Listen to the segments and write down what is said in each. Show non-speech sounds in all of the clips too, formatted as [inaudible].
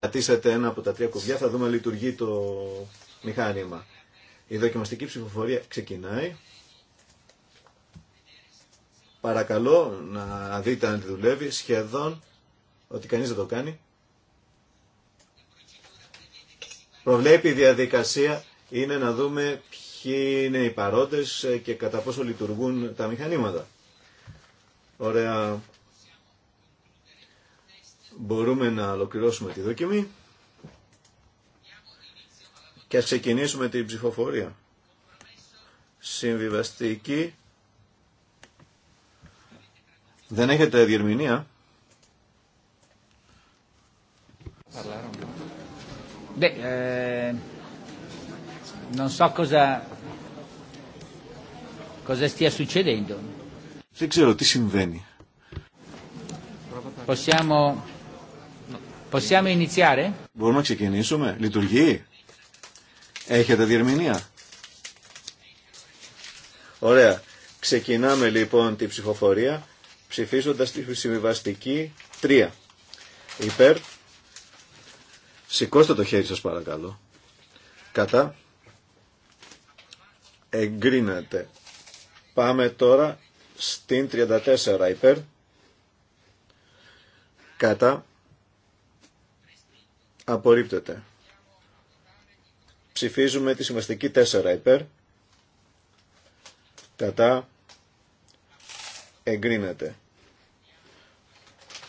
κρατήσετε ένα από τα τρία κουμπιά θα δούμε λειτουργεί το μηχάνημα. Η δοκιμαστική ψηφοφορία ξεκινάει. Παρακαλώ να δείτε αν δουλεύει σχεδόν ότι κανείς δεν το κάνει. Προβλέπει η διαδικασία είναι να δούμε ποιοι είναι οι παρόντες και κατά πόσο λειτουργούν τα μηχανήματα. Ωραία. Μπορούμε να ολοκληρώσουμε τη δοκιμή και ξεκινήσουμε την ψηφοφορία. Συμβιβαστική. Δεν έχετε διερμηνία. Eh, Δεν ξέρω τι συμβαίνει. Possiamo Μπορούμε να ξεκινήσουμε. Λειτουργεί. Έχετε διερμηνία. Ωραία. Ξεκινάμε λοιπόν τη ψηφοφορία ψηφίζοντας τη συμβιβαστική 3. Υπέρ. Σηκώστε το χέρι σας παρακαλώ. Κατά. Εγκρίνατε. Πάμε τώρα στην 34 υπέρ. Κατά Απορρίπτεται. Ψηφίζουμε τη συμβαστική 4 υπέρ. Κατά. Εγκρίνεται.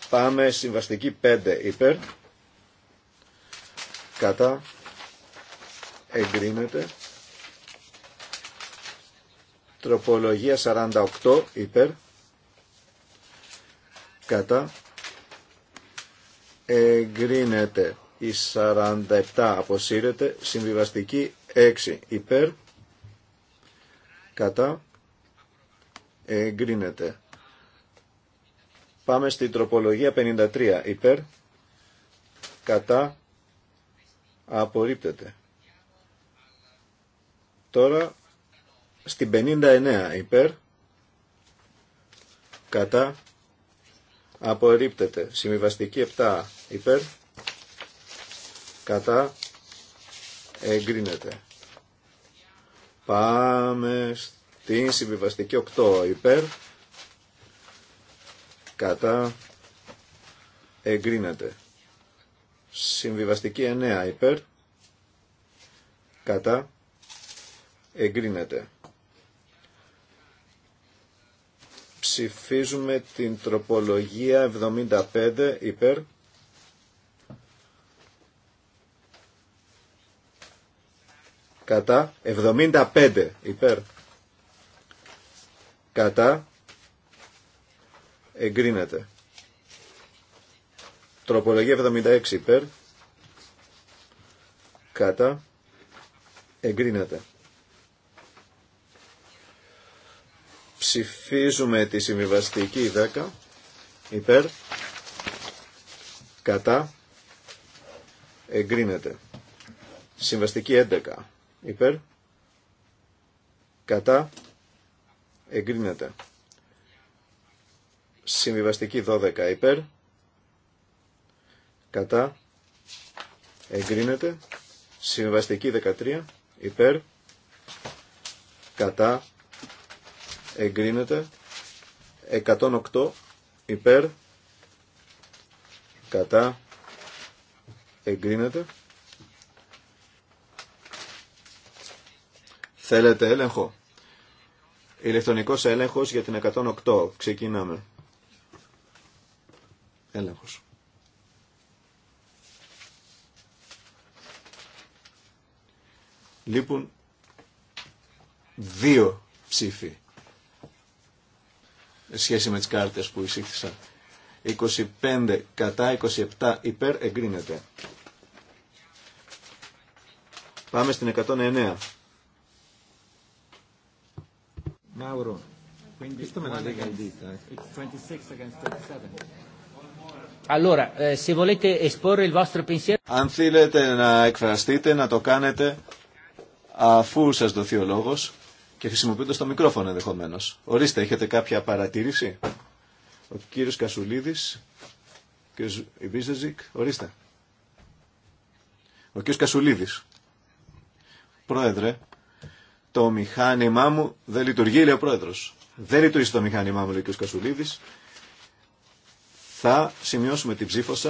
Πάμε συμβαστική 5 υπέρ. Κατά. Εγκρίνεται. Τροπολογία 48 υπέρ. Κατά. Εγκρίνεται. Η 47 αποσύρεται. Συμβιβαστική 6 υπέρ. Κατά. Εγκρίνεται. Πάμε στην τροπολογία 53 υπέρ. Κατά. Απορρίπτεται. Τώρα στην 59 υπέρ. Κατά. Απορρίπτεται. Συμβιβαστική 7 υπέρ κατά εγκρίνεται. Πάμε στην συμβιβαστική 8 υπέρ κατά εγκρίνεται. Συμβιβαστική 9 υπέρ κατά εγκρίνεται. Ψηφίζουμε την τροπολογία 75 υπέρ κατά 75 υπέρ κατά εγκρίνεται. Τροπολογία 76 υπέρ κατά εγκρίνεται. Ψηφίζουμε τη συμβιβαστική 10 υπέρ κατά εγκρίνεται. Συμβαστική 11 υπέρ κατά εγκρίνεται. Συμβιβαστική 12 υπέρ κατά εγκρίνεται. Συμβιβαστική 13 υπέρ κατά εγκρίνεται. 108 υπέρ κατά εγκρίνεται. Θέλετε έλεγχο. Ηλεκτρονικός έλεγχος για την 108. Ξεκινάμε. Έλεγχος. Λείπουν δύο ψήφοι σε σχέση με τις κάρτες που εισήχθησαν. 25 κατά 27 υπέρ εγκρίνεται. Πάμε στην 109. Mauro, questo me eh. eh, se volete esporre il vostro pensiero... Αν θέλετε να εκφραστείτε, να το κάνετε αφού σας δοθεί ο λόγος και χρησιμοποιώντα το μικρόφωνο ενδεχομένω. Ορίστε, έχετε κάποια παρατήρηση. Ο κύριος Κασουλίδης, ο κύριος Ιμπίζεζικ, ορίστε. Ο κύριος Κασουλίδης. Πρόεδρε, το μηχάνημά μου δεν λειτουργεί, λέει ο πρόεδρο. Δεν λειτουργεί το μηχάνημά μου, λέει ο κ. Κασουλίδη. Θα σημειώσουμε την ψήφο σα.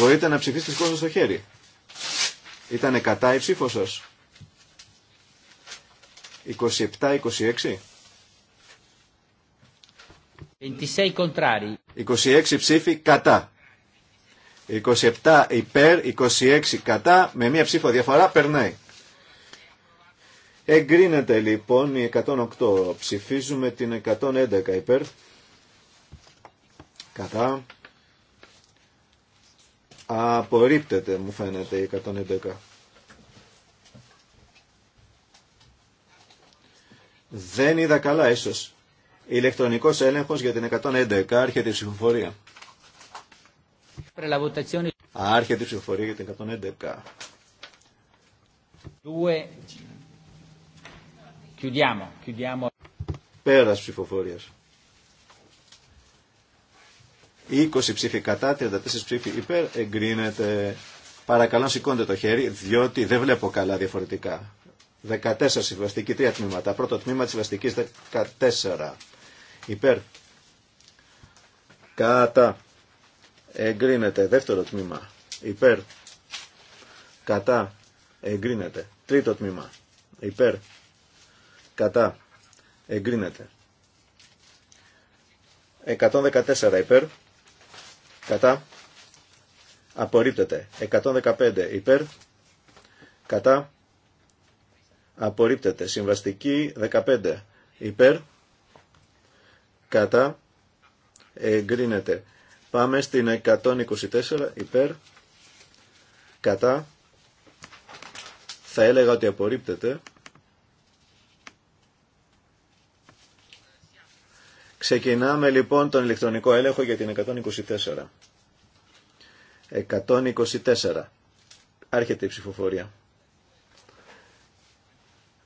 Μπορείτε να ψηφίσετε κόσμο στο χέρι. Ήτανε κατά η ψήφο σα. 27-26. 26 κοντράρι. 26 ψήφοι κατά. 27 υπέρ, 26 26 26 ψηφοι κατα 27 υπερ 26 κατα με μία ψήφο διαφορά περνάει. Εγκρίνεται λοιπόν η 108. Ψηφίζουμε την 111 υπέρ. Κατά. Απορρίπτεται μου φαίνεται η 111. Δεν είδα καλά ίσως. Ηλεκτρονικός έλεγχος για την 111. Άρχεται η ψηφοφορία. Άρχεται η ψηφοφορία για την 111. Chiudiamo, chiudiamo. ψηφοφορία. 20 ψήφοι κατά, 34 ψήφοι υπέρ, εγκρίνεται. Παρακαλώ σηκώντε το χέρι, διότι δεν βλέπω καλά διαφορετικά. 14 συμβαστική, τρία τμήματα. Πρώτο τμήμα τη συμβαστική, 14. Υπέρ. Κατά. Εγκρίνεται. Δεύτερο τμήμα. Υπέρ. Κατά. Εγκρίνεται. Τρίτο τμήμα. Υπέρ κατά εγκρίνεται 114 υπέρ κατά απορρίπτεται 115 υπέρ κατά απορρίπτεται συμβαστική 15 υπέρ κατά εγκρίνεται πάμε στην 124 υπέρ κατά θα έλεγα ότι απορρίπτεται Ξεκινάμε λοιπόν τον ηλεκτρονικό έλεγχο για την 124. 124. Άρχεται η ψηφοφορία.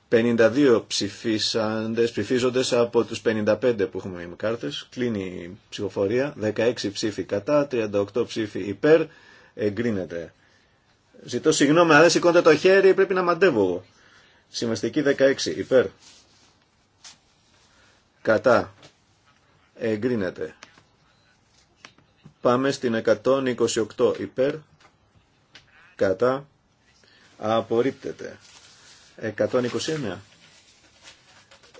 52 ψηφίσαντες, ψηφίζοντες από τους 55 που έχουμε οι κάρτες. Κλείνει η ψηφοφορία. 16 ψήφοι κατά, 38 ψήφοι υπέρ. Εγκρίνεται. Ζητώ συγγνώμη, αν δεν σηκώνετε το χέρι πρέπει να μαντεύω εγώ. Συμβαστική 16 υπέρ. Κατά εγκρίνεται. Πάμε στην 128 υπέρ, κατά, απορρίπτεται. 129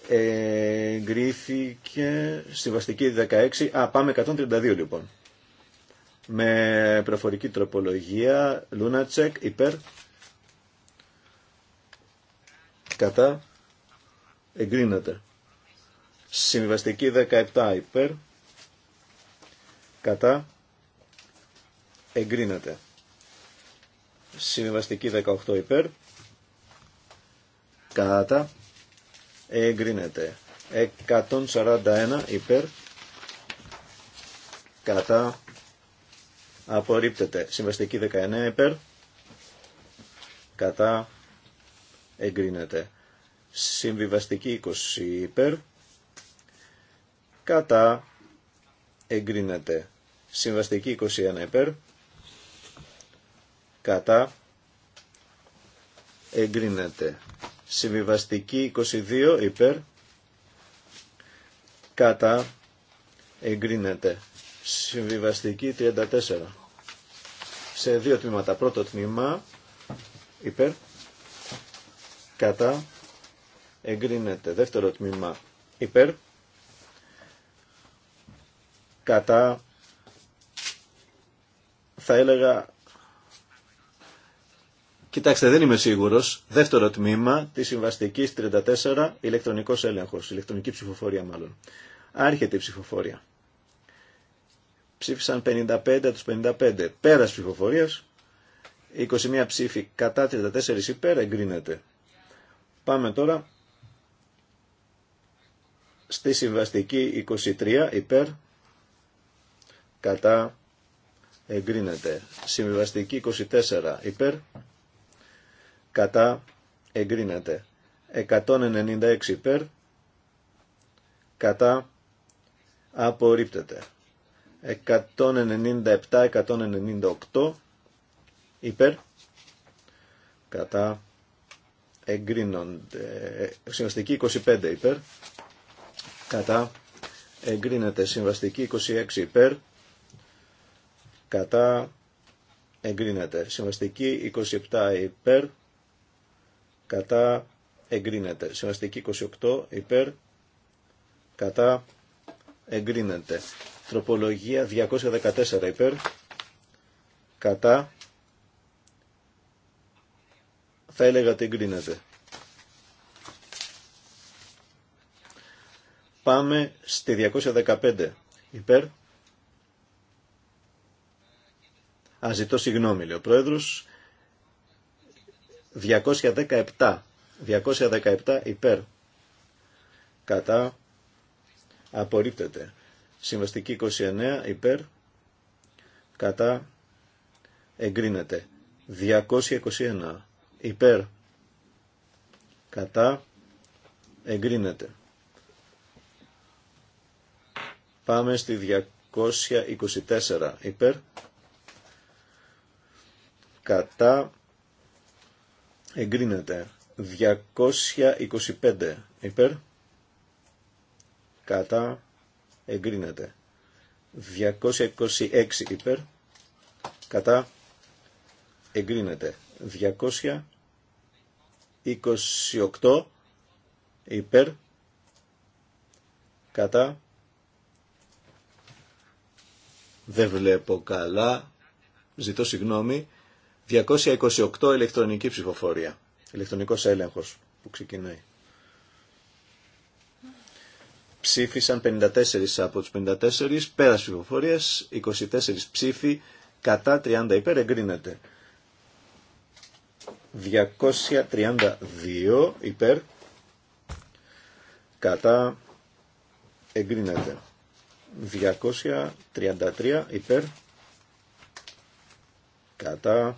εγκρίθηκε στη βαστική 16. Α, πάμε 132 λοιπόν. Με προφορική τροπολογία, Λούνατσεκ, υπέρ, κατά, εγκρίνεται. Συμβαστική 17 υπέρ. Κατά. Εγκρίνεται. Συμβαστική 18 υπέρ. Κατά. Εγκρίνεται. 141 υπέρ. Κατά. Απορρίπτεται. Συμβαστική 19 υπέρ. Κατά. Εγκρίνεται. Συμβιβαστική 20 υπέρ κατά εγκρίνεται. Συμβαστική 21 υπέρ κατά εγκρίνεται. Συμβιβαστική 22 υπέρ κατά εγκρίνεται. Συμβιβαστική 34 σε δύο τμήματα. Πρώτο τμήμα υπέρ κατά εγκρίνεται. Δεύτερο τμήμα υπέρ κατά θα έλεγα Κοιτάξτε, δεν είμαι σίγουρο. Δεύτερο τμήμα τη συμβαστική 34, ηλεκτρονικό έλεγχο. Ηλεκτρονική ψηφοφορία, μάλλον. Άρχεται η ψηφοφορία. Ψήφισαν 55 του 55. Πέρα ψηφοφορία. 21 ψήφοι κατά 34 υπέρ εγκρίνεται. Πάμε τώρα στη συμβαστική 23 υπέρ κατά εγκρίνεται. Συμβιβαστική 24 υπέρ κατά εγκρίνεται. 196 υπέρ κατά απορρίπτεται. 197-198 υπέρ κατά εγκρίνονται. Συμβαστική 25 υπέρ κατά εγκρίνεται. Συμβαστική 26 υπέρ κατά εγκρίνεται. Συμβαστική 27 υπέρ κατά εγκρίνεται. Συμβαστική 28 υπέρ κατά εγκρίνεται. Τροπολογία 214 υπέρ κατά θα έλεγα ότι εγκρίνεται. Πάμε στη 215 υπέρ Α, ζητώ συγγνώμη, λέει ο Πρόεδρος. 217. 217 υπέρ. Κατά. Απορρίπτεται. Συμβαστική 29 υπέρ. Κατά. Εγκρίνεται. 221 υπέρ. Κατά. Εγκρίνεται. Πάμε στη 224 υπέρ κατά εγκρίνεται 225 υπέρ κατά εγκρίνεται 226 υπέρ κατά εγκρίνεται 228 υπέρ κατά δεν βλέπω καλά ζητώ συγγνώμη 228 ηλεκτρονική ψηφοφορία. Ηλεκτρονικός έλεγχος που ξεκινάει. Ψήφισαν 54 από τους 54, πέρας ψηφοφορίας, 24 ψήφι κατά 30 υπέρ εγκρίνεται. 232 υπέρ, κατά εγκρίνεται. 233 υπέρ, κατά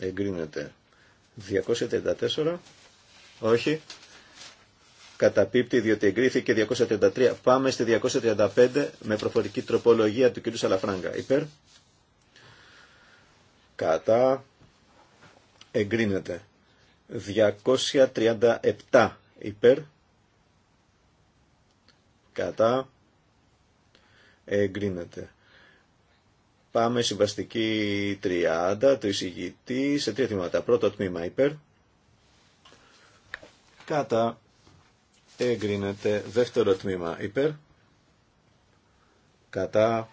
εγκρίνεται. 234, όχι, καταπίπτει διότι εγκρίθηκε 233. Πάμε στη 235 με προφορική τροπολογία του κ. Σαλαφράγκα. Υπέρ, κατά, εγκρίνεται. 237 υπέρ, κατά, εγκρίνεται. Πάμε συμβαστική 30 του εισηγητή σε τρία τμήματα. Πρώτο τμήμα υπέρ. Κατά εγκρίνεται δεύτερο τμήμα υπέρ. Κατά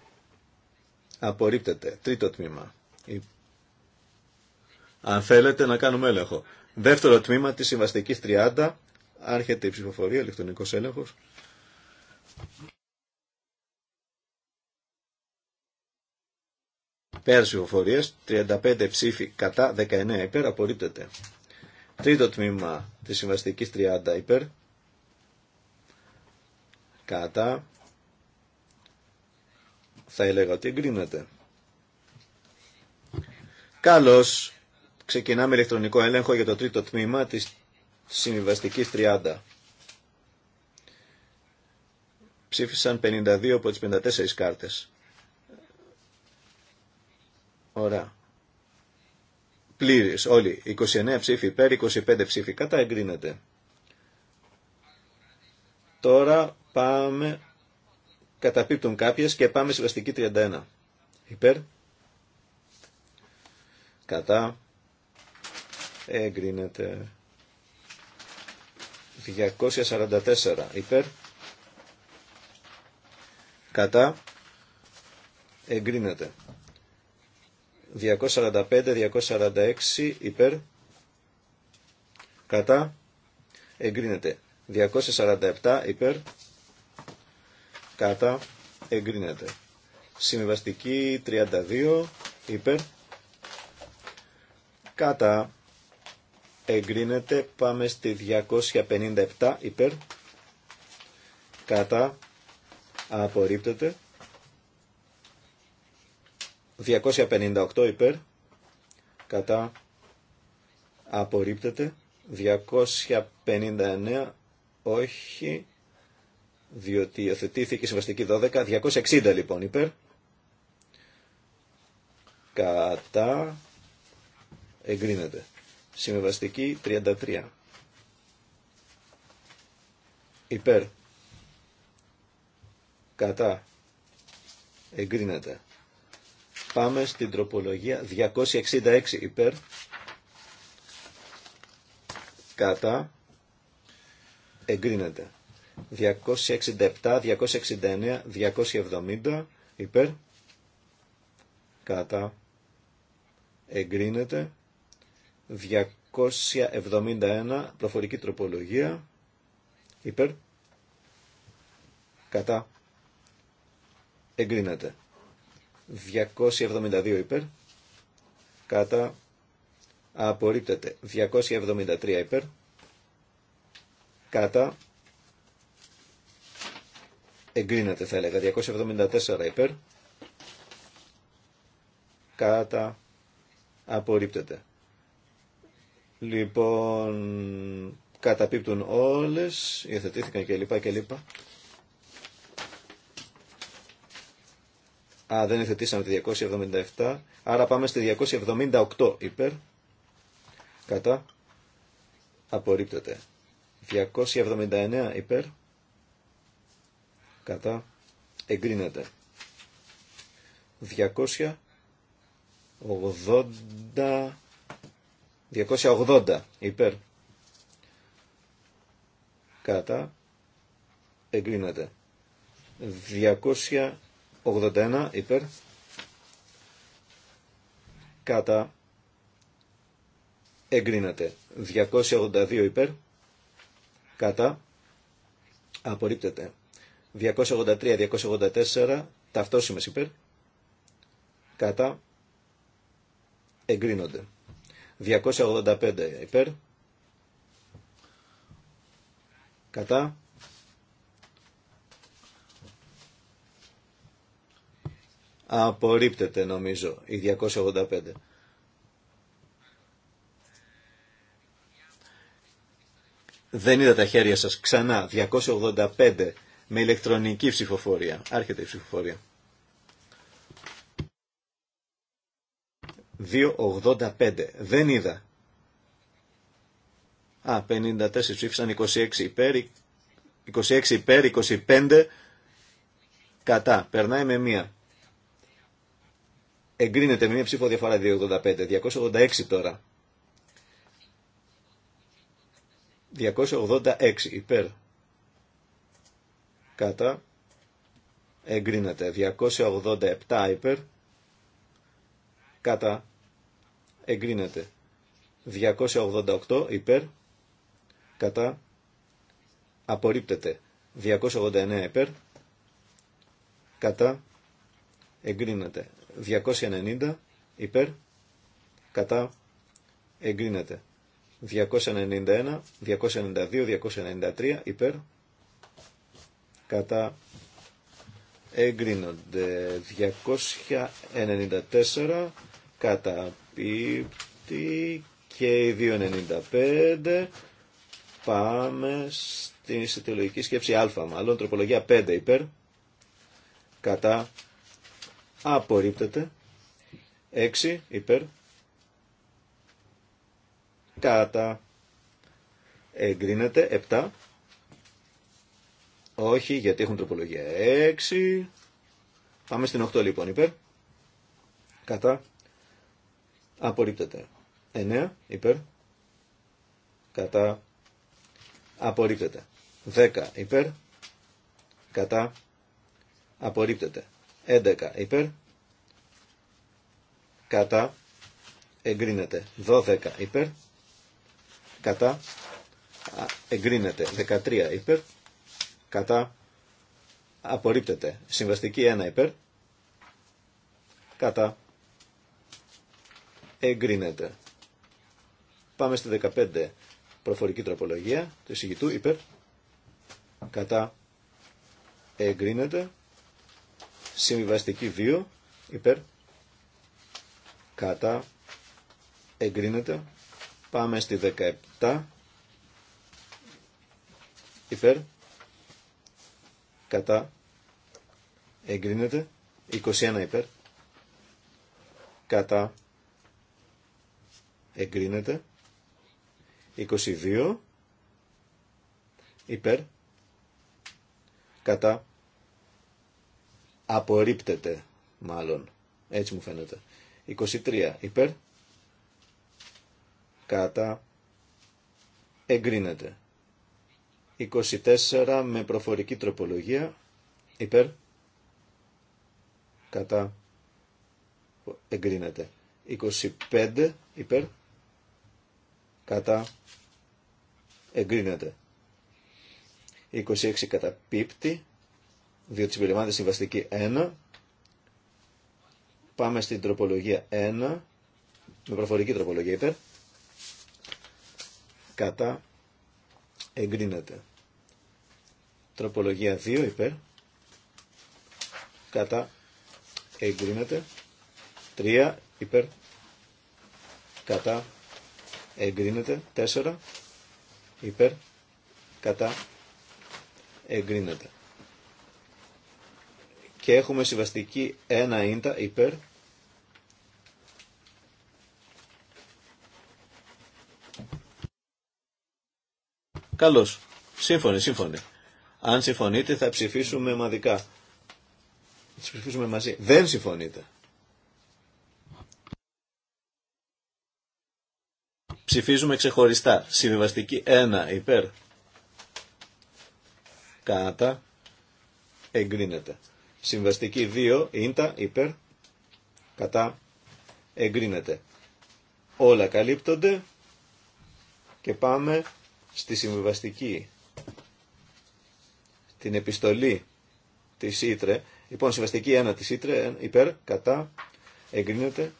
απορρίπτεται τρίτο τμήμα. Αν θέλετε να κάνουμε έλεγχο. Δεύτερο τμήμα της συμβαστικής 30. Άρχεται η ψηφοφορία, ηλεκτρονικός έλεγχος. Πέρσι οφορίε, 35 ψήφοι κατά, 19 υπέρ, απορρίπτεται. Τρίτο τμήμα της συμβαστική 30 υπέρ, κατά, θα έλεγα ότι εγκρίνεται. Καλώς, ξεκινάμε ηλεκτρονικό έλεγχο για το τρίτο τμήμα της συμβαστική 30. Ψήφισαν 52 από τις 54 κάρτες. Ωραία. Πλήρης όλοι. 29 ψήφοι υπέρ, 25 ψήφοι κατά εγκρίνεται. Τώρα πάμε, καταπίπτουν κάποιες και πάμε συμβαστική 31. Υπέρ. Κατά. Εγκρίνεται. 244 υπέρ. Κατά. Εγκρίνεται. 245-246 υπέρ κατά εγκρίνεται. 247 υπέρ κατά εγκρίνεται. Συμβαστική 32 υπέρ κατά εγκρίνεται. Πάμε στη 257 υπέρ κατά απορρίπτεται. 258 υπέρ κατά απορρίπτεται 259 όχι διότι υιοθετήθηκε η συμβαστική 12 260 λοιπόν υπέρ κατά εγκρίνεται συμβαστική 33 υπέρ κατά εγκρίνεται Πάμε στην τροπολογία 266 υπέρ. Κατά. Εγκρίνεται. 267, 269, 270 υπέρ. Κατά. Εγκρίνεται. 271 προφορική τροπολογία υπέρ. Κατά. Εγκρίνεται. 272 υπέρ, κατά απορρίπτεται 273 υπέρ, κατά εγκρίνεται θα έλεγα 274 υπέρ, κατά απορρίπτεται. Λοιπόν, καταπίπτουν όλες, υιοθετήθηκαν κλπ. κλπ. Α, δεν υιοθετήσαμε τη 277. Άρα πάμε στη 278 υπέρ. Κατά. Απορρίπτεται. 279 υπέρ. Κατά. Εγκρίνεται. 280. 280 υπέρ. Κατά. Εγκρίνεται. 81 υπέρ κατά εγκρίνεται 282 υπέρ κατά απορρίπτεται 283-284 ταυτόσιμες υπέρ κατά εγκρίνονται 285 υπέρ κατά Απορρίπτεται νομίζω η 285. Δεν είδα τα χέρια σας ξανά. 285 με ηλεκτρονική ψηφοφορία. Άρχεται η ψηφοφορία. 2,85. Δεν είδα. Α, 54 ψήφισαν 26 υπέρ, 26 υπέρ, 25 κατά. Περνάει με μία. Εγκρίνεται με μια ψήφο διαφορά 285. 286 τώρα. 286 υπέρ. Κατά. Εγκρίνεται. 287 υπέρ. Κατά. Εγκρίνεται. 288 υπέρ. Κατά. Απορρίπτεται. 289 υπέρ. Κατά. Εγκρίνεται. 290 υπέρ κατά εγκρίνεται. 291, 292, 293 υπέρ κατά εγκρίνονται. 294 κατά πίπτη και 295 πάμε στην συντηρολογική σκέψη α μάλλον τροπολογία 5 υπέρ κατά απορρίπτεται 6 υπέρ κατά εγκρίνεται 7 όχι γιατί έχουν τροπολογία 6 πάμε στην 8 λοιπόν υπέρ κατά απορρίπτεται 9 υπέρ κατά απορρίπτεται 10 υπέρ κατά απορρίπτεται 11 υπέρ κατά εγκρίνεται 12 υπέρ κατά εγκρίνεται 13 υπέρ κατά απορρίπτεται συμβαστική 1 υπέρ κατά εγκρίνεται πάμε στη 15 προφορική τροπολογία του εισηγητού υπέρ κατά εγκρίνεται Συμβιβαστική 2 υπέρ κατά εγκρίνεται. Πάμε στη 17 υπέρ κατά εγκρίνεται. 21 υπέρ κατά εγκρίνεται. 22 υπέρ κατά Απορρίπτεται μάλλον. Έτσι μου φαίνεται. 23 υπέρ. Κατά. Εγκρίνεται. 24 με προφορική τροπολογία. Υπέρ. Κατά. Εγκρίνεται. 25 υπέρ. Κατά. Εγκρίνεται. 26 κατά διότι συμπεριλαμβάνεται συμβαστική 1. Πάμε στην τροπολογία 1, με προφορική τροπολογία υπέρ. Κατά εγκρίνεται. Τροπολογία 2 υπέρ. Κατά εγκρίνεται. 3 υπέρ. Κατά εγκρίνεται. 4 υπέρ. Κατά εγκρίνεται και έχουμε συμβαστική 1 ίντα υπέρ Καλώς. Σύμφωνοι, σύμφωνοι. Αν συμφωνείτε θα ψηφίσουμε μαδικά. Θα ψηφίσουμε μαζί. Δεν συμφωνείτε. Ψηφίζουμε ξεχωριστά. Συμβαστική 1 υπέρ. Κάτα. Εγκρίνεται. Συμβαστική 2, ίντα, υπέρ, κατά, εγκρίνεται. Όλα καλύπτονται και πάμε στη συμβιβαστική, την επιστολή της Ήτρε. Λοιπόν, συμβαστική 1 της Ήτρε, ε, υπέρ, κατά, εγκρίνεται.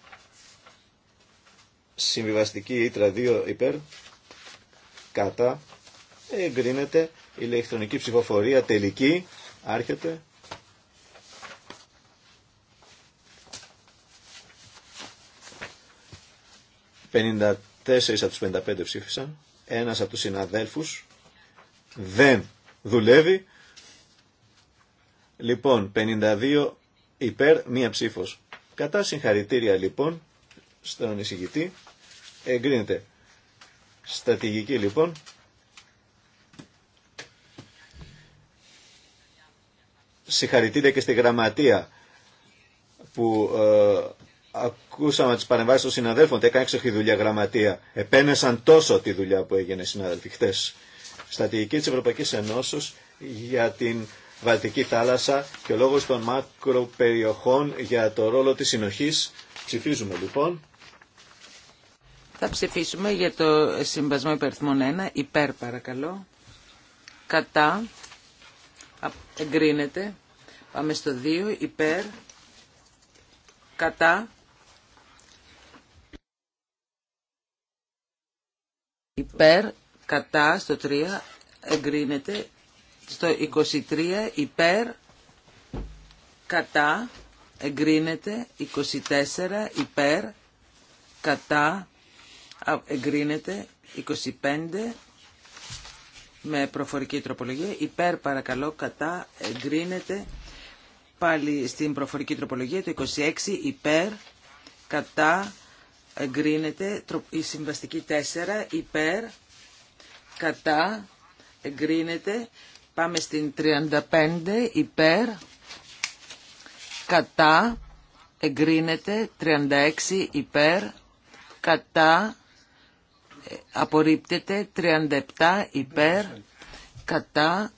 Συμβιβαστική Ήτρα 2, υπέρ, κατά, εγκρίνεται. Ηλεκτρονική ψηφοφορία τελική, άρχεται. 54 από τους 55 ψήφισαν. Ένας από τους συναδέλφους δεν δουλεύει. Λοιπόν, 52 υπέρ, μία ψήφος. Κατά συγχαρητήρια λοιπόν στον εισηγητή. Εγκρίνεται. Στρατηγική, λοιπόν. Συγχαρητήρια και στη γραμματεία που ε, Ακούσαμε τις παρεμβάσεις των συναδέλφων ότι έκανε εξοχή δουλειά γραμματεία. Επένεσαν τόσο τη δουλειά που έγινε συναδελφοί χτες. Στατηγική της Ευρωπαϊκής Ενώσεως για την Βαλτική θάλασσα και ο λόγος των μακροπεριοχών για το ρόλο της συνοχής. Ψηφίζουμε λοιπόν. Θα ψηφίσουμε για το συμβασμό υπερθμών 1. Υπέρ παρακαλώ. Κατά. Εγκρίνεται. Πάμε στο 2. Υπέρ. Κατά. υπέρ, κατά, στο 3 εγκρίνεται, στο 23 υπέρ, κατά, εγκρίνεται, 24 υπέρ, κατά, εγκρίνεται, 25 με προφορική τροπολογία, υπέρ παρακαλώ, κατά, εγκρίνεται, πάλι στην προφορική τροπολογία, το 26 υπέρ, κατά, εγκρίνεται η συμβαστική 4 υπέρ κατά εγκρίνεται πάμε στην 35 υπέρ κατά εγκρίνεται 36 υπέρ κατά ε, απορρίπτεται 37 υπέρ κατά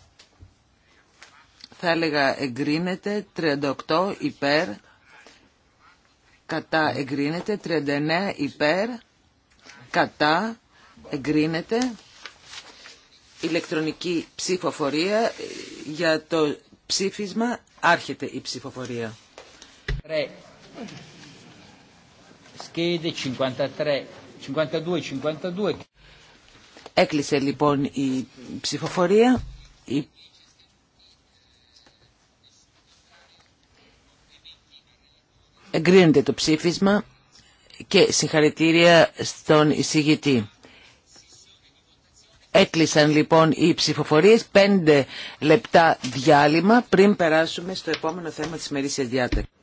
θα έλεγα εγκρίνεται 38 υπέρ κατά εγκρίνεται, 39 υπέρ, κατά εγκρίνεται, ηλεκτρονική ψηφοφορία ε, για το ψήφισμα άρχεται η ψηφοφορία. Ρε. Σκέδε 53, 52, 52. Έκλεισε λοιπόν η ψηφοφορία. Εγκρίνεται το ψήφισμα και συγχαρητήρια στον εισηγητή. Έκλεισαν λοιπόν οι ψηφοφορίες, πέντε λεπτά διάλειμμα πριν περάσουμε στο επόμενο θέμα της μερίσιας διάταξης.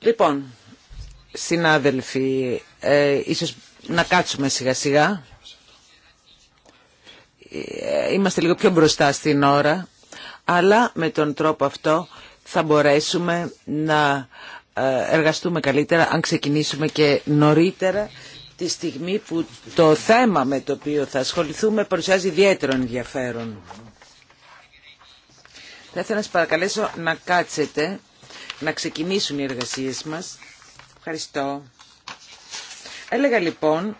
Λοιπόν, συνάδελφοι, ε, ίσως να κάτσουμε σιγά σιγά. Ε, είμαστε λίγο πιο μπροστά στην ώρα, αλλά με τον τρόπο αυτό θα μπορέσουμε να ε, εργαστούμε καλύτερα αν ξεκινήσουμε και νωρίτερα τη στιγμή που το θέμα με το οποίο θα ασχοληθούμε παρουσιάζει ιδιαίτερο ενδιαφέρον. Θα ήθελα να σας παρακαλέσω να κάτσετε, να ξεκινήσουν οι εργασίες μας. Ευχαριστώ. Έλεγα λοιπόν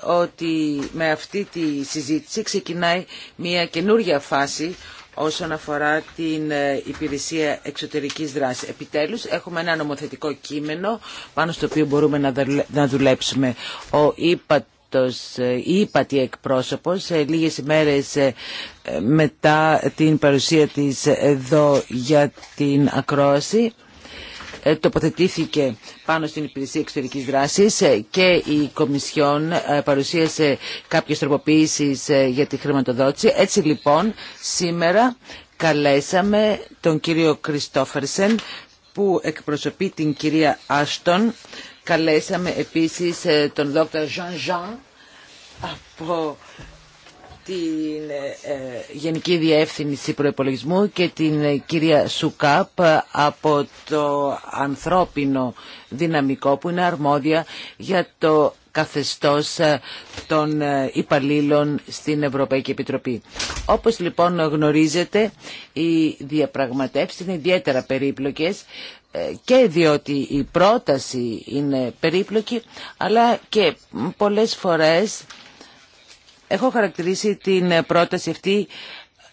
ότι με αυτή τη συζήτηση ξεκινάει μια καινούργια φάση όσον αφορά την ε, υπηρεσία εξωτερικής δράσης. Επιτέλους έχουμε ένα νομοθετικό κείμενο πάνω στο οποίο μπορούμε να δουλέψουμε. Ο ή ε, ύπατη εκπρόσωπος ε, λίγες ημέρες ε, μετά την παρουσία της εδώ για την ακρόαση τοποθετήθηκε πάνω στην υπηρεσία εξωτερικής δράσης και η Κομισιόν παρουσίασε κάποιες τροποποίησεις για τη χρηματοδότηση. Έτσι λοιπόν σήμερα καλέσαμε τον κύριο Κριστόφερσεν που εκπροσωπεί την κυρία Άστον. Καλέσαμε επίσης τον δόκτωρ Jean Jean από την ε, ε, Γενική Διεύθυνση Προϋπολογισμού και την ε, κυρία Σουκάπ από το ανθρώπινο δυναμικό που είναι αρμόδια για το καθεστώς των υπαλλήλων στην Ευρωπαϊκή Επιτροπή. Όπως λοιπόν γνωρίζετε, οι διαπραγματεύσεις είναι ιδιαίτερα περίπλοκες και διότι η πρόταση είναι περίπλοκη, αλλά και πολλές φορές έχω χαρακτηρίσει την ε, πρόταση αυτή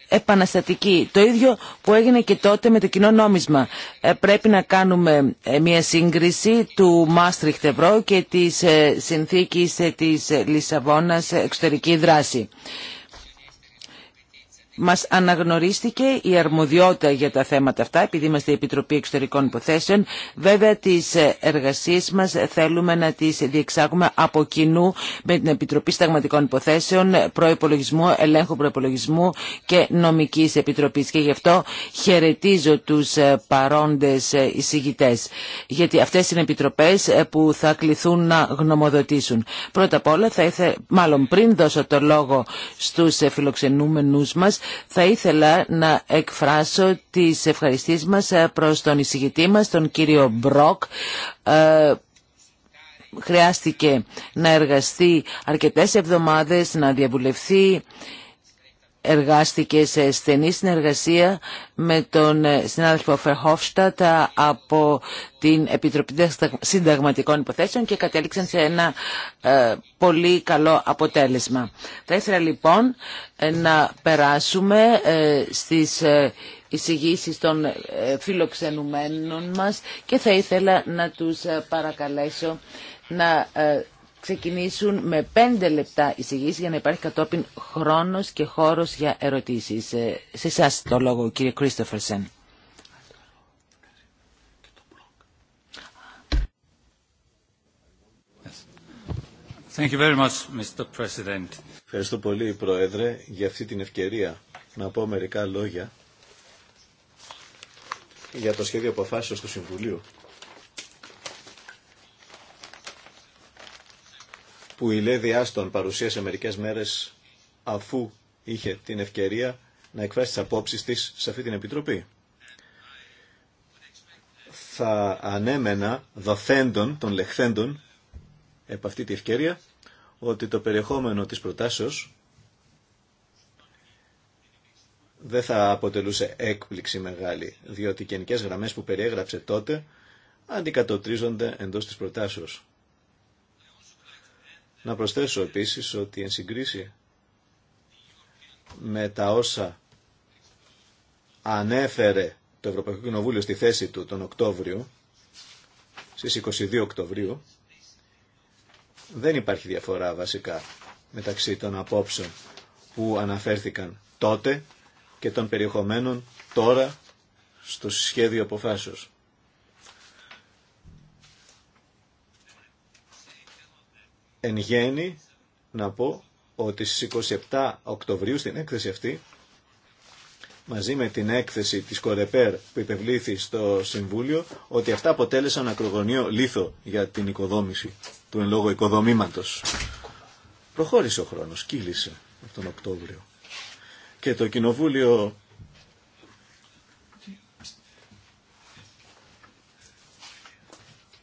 επαναστατική. Το ίδιο που έγινε και τότε με το κοινό νόμισμα. Ε, πρέπει να κάνουμε ε, μια σύγκριση του Μάστριχτ Ευρώ και της συνθήκης της Λισαβόνας εξωτερική δράση μας αναγνωρίστηκε η αρμοδιότητα για τα θέματα αυτά, επειδή είμαστε η Επιτροπή Εξωτερικών Υποθέσεων. Βέβαια, τις εργασίες μας θέλουμε να τις διεξάγουμε από κοινού με την Επιτροπή Σταγματικών Υποθέσεων, Προϋπολογισμού, Ελέγχου Προϋπολογισμού και Νομικής Επιτροπής. Και γι' αυτό χαιρετίζω τους παρόντες εισηγητές, γιατί αυτές είναι επιτροπές που θα κληθούν να γνωμοδοτήσουν. Πρώτα απ' όλα, θα ήθελα μάλλον πριν δώσω το λόγο στους φιλοξενούμενους μας, θα ήθελα να εκφράσω τις ευχαριστήσεις μας ε, προς τον εισηγητή μας, τον κύριο Μπροκ, ε, χρειάστηκε να εργαστεί αρκετές εβδομάδες, να διαβουλευθεί εργάστηκε σε στενή συνεργασία με τον ε, συνάδελφο Φερχόφστατ ε, από την Επιτροπή Συνταγματικών Υποθέσεων και κατέληξαν σε ένα ε, πολύ καλό αποτέλεσμα. Θα ήθελα λοιπόν να περάσουμε ε, στις ε, εισηγήσεις των φιλοξενουμένων μας και θα ήθελα να τους παρακαλέσω να ξεκινήσουν με πέντε λεπτά εισηγήσει για να υπάρχει κατόπιν χρόνος και χώρος για ερωτήσεις. Ε, σε εσά το λόγο, κύριε Κρίστοφερσεν. Thank you very much, Mr. President. Ευχαριστώ πολύ, Πρόεδρε, για αυτή την ευκαιρία να πω μερικά λόγια για το σχέδιο αποφάσεως του Συμβουλίου που η Λέδη Άστον παρουσίασε μερικές μέρες αφού είχε την ευκαιρία να εκφράσει τις απόψεις της σε αυτή την Επιτροπή. Θα ανέμενα δοθέντων των λεχθέντων επ' αυτή τη ευκαιρία ότι το περιεχόμενο της προτάσεως δεν θα αποτελούσε έκπληξη μεγάλη, διότι οι γενικές γραμμές που περιέγραψε τότε αντικατοπτρίζονται εντός της προτάσεως. Να προσθέσω επίσης ότι εν συγκρίση με τα όσα ανέφερε το Ευρωπαϊκό Κοινοβούλιο στη θέση του τον Οκτώβριο, στις 22 Οκτωβρίου, δεν υπάρχει διαφορά βασικά μεταξύ των απόψεων που αναφέρθηκαν τότε και των περιεχομένων τώρα στο σχέδιο αποφάσεως. Εν γέννη, να πω ότι στις 27 Οκτωβρίου στην έκθεση αυτή, μαζί με την έκθεση της Κορεπέρ που υπευλήθη στο Συμβούλιο, ότι αυτά αποτέλεσαν ακρογωνίο λίθο για την οικοδόμηση του εν λόγω οικοδομήματος. Προχώρησε ο χρόνος, κύλησε από τον Οκτώβριο. Και το Κοινοβούλιο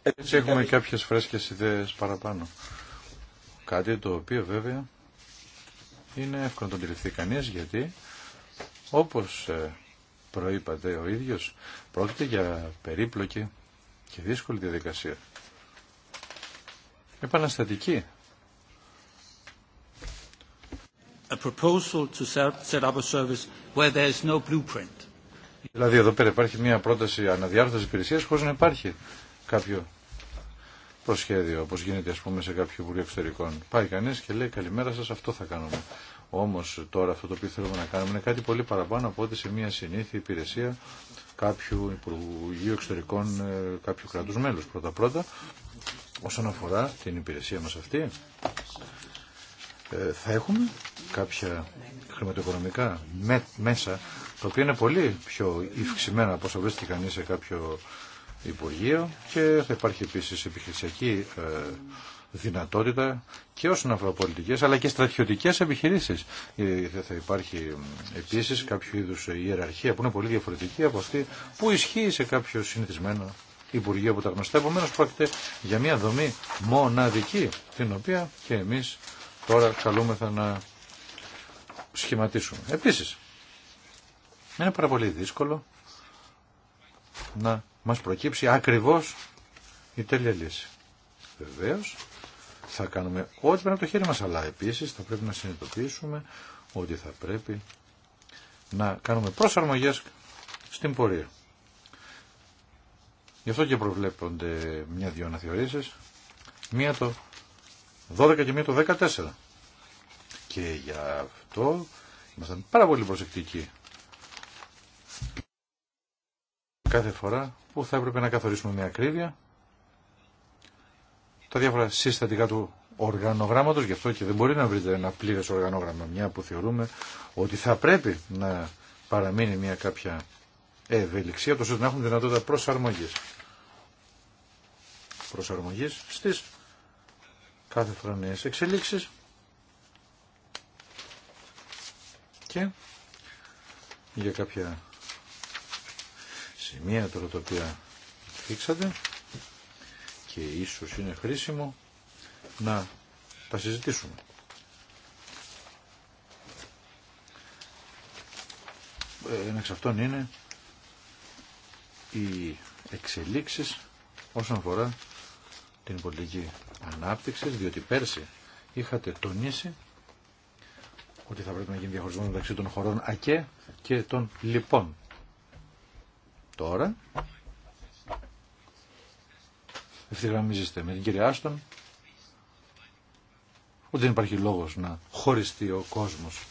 Έτσι έχουμε κάποιες φρέσκες ιδέες παραπάνω. Κάτι το οποίο βέβαια είναι εύκολο να το αντιληφθεί κανείς γιατί όπως ε, προείπατε ο ίδιος πρόκειται για περίπλοκη και δύσκολη διαδικασία. Επαναστατική. A proposal to set up a service where no blueprint. Δηλαδή εδώ πέρα υπάρχει μια πρόταση αναδιάρθρωσης υπηρεσίας χωρίς να υπάρχει κάποιο προσχέδιο, όπως γίνεται ας πούμε σε κάποιο Υπουργείο Εξωτερικών. Πάει κανείς και λέει καλημέρα σας, αυτό θα κάνουμε. Όμως τώρα αυτό το οποίο θέλουμε να κάνουμε είναι κάτι πολύ παραπάνω από ότι σε μια συνήθεια υπηρεσία κάποιου Υπουργείου Εξωτερικών ε, κάποιου κράτους μέλους. Πρώτα-πρώτα, όσον αφορά την υπηρεσία μας αυτή, ε, θα έχουμε κάποια χρηματοοικονομικά μέσα, τα οποία είναι πολύ πιο ευξημένα από όσο βρίσκεται κανείς σε κάποιο Υπουργείο και θα υπάρχει επίσης επιχειρησιακή ε, δυνατότητα και όσον αφορά αλλά και στρατιωτικές επιχειρήσεις. Ε, θα υπάρχει επίσης κάποιο είδους ε, ιεραρχία που είναι πολύ διαφορετική από αυτή που ισχύει σε κάποιο συνηθισμένο Υπουργείο από τα γνωστά. Επομένω πρόκειται για μια δομή μοναδική την οποία και εμείς τώρα καλούμεθα να σχηματίσουμε. Επίσης, είναι πάρα πολύ δύσκολο να μας προκύψει ακριβώς η τέλεια λύση. Βεβαίως θα κάνουμε ό,τι πρέπει από το χέρι μας, αλλά επίσης θα πρέπει να συνειδητοποιήσουμε ότι θα πρέπει να κάνουμε προσαρμογές στην πορεία. Γι' αυτό και προβλέπονται μια-δυο αναθεωρήσεις, μία το 12 και μία το 14. Και γι' αυτό ήμασταν πάρα πολύ προσεκτικοί. Κάθε φορά που θα έπρεπε να καθορίσουμε μια ακρίβεια τα διάφορα συστατικά του οργανογράμματος, γι' αυτό και δεν μπορεί να βρείτε ένα πλήρες οργανόγραμμα, μια που θεωρούμε ότι θα πρέπει να παραμείνει μια κάποια ευελιξία, τόσο να έχουμε δυνατότητα προσαρμογής. Προσαρμογής στις κάθε φορά νέες εξελίξεις και για κάποια σημεία τώρα τα οποία φίξατε και ίσως είναι χρήσιμο να τα συζητήσουμε. Ε, ένα εξ αυτών είναι οι εξελίξεις όσον αφορά την πολιτική ανάπτυξη, διότι πέρσι είχατε τονίσει ότι θα πρέπει να γίνει διαχωρισμό μεταξύ των χωρών ΑΚΕ και των λοιπών τώρα ευθυγραμμίζεστε με την κυρία Άστον ότι δεν υπάρχει λόγος να χωριστεί ο κόσμος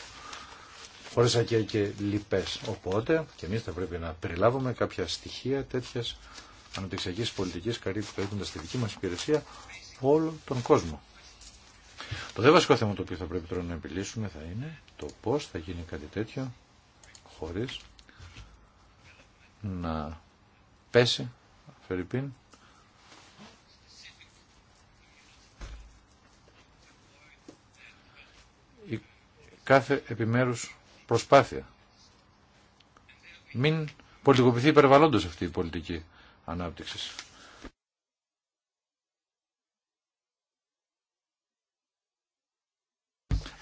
χωρίς ακέα και λοιπές. Οπότε και εμείς θα πρέπει να περιλάβουμε κάποια στοιχεία τέτοιας αναπτυξιακής πολιτικής καλύπτοντας στη δική μας υπηρεσία όλο τον κόσμο. Το δε βασικό θέμα το οποίο θα πρέπει τώρα να επιλύσουμε θα είναι το πώς θα γίνει κάτι τέτοιο χωρίς να πέσει, Φερρυπίν. Η κάθε επιμέρους προσπάθεια. Μην πολιτικοποιηθεί υπερβαλλόντως αυτή η πολιτική ανάπτυξης.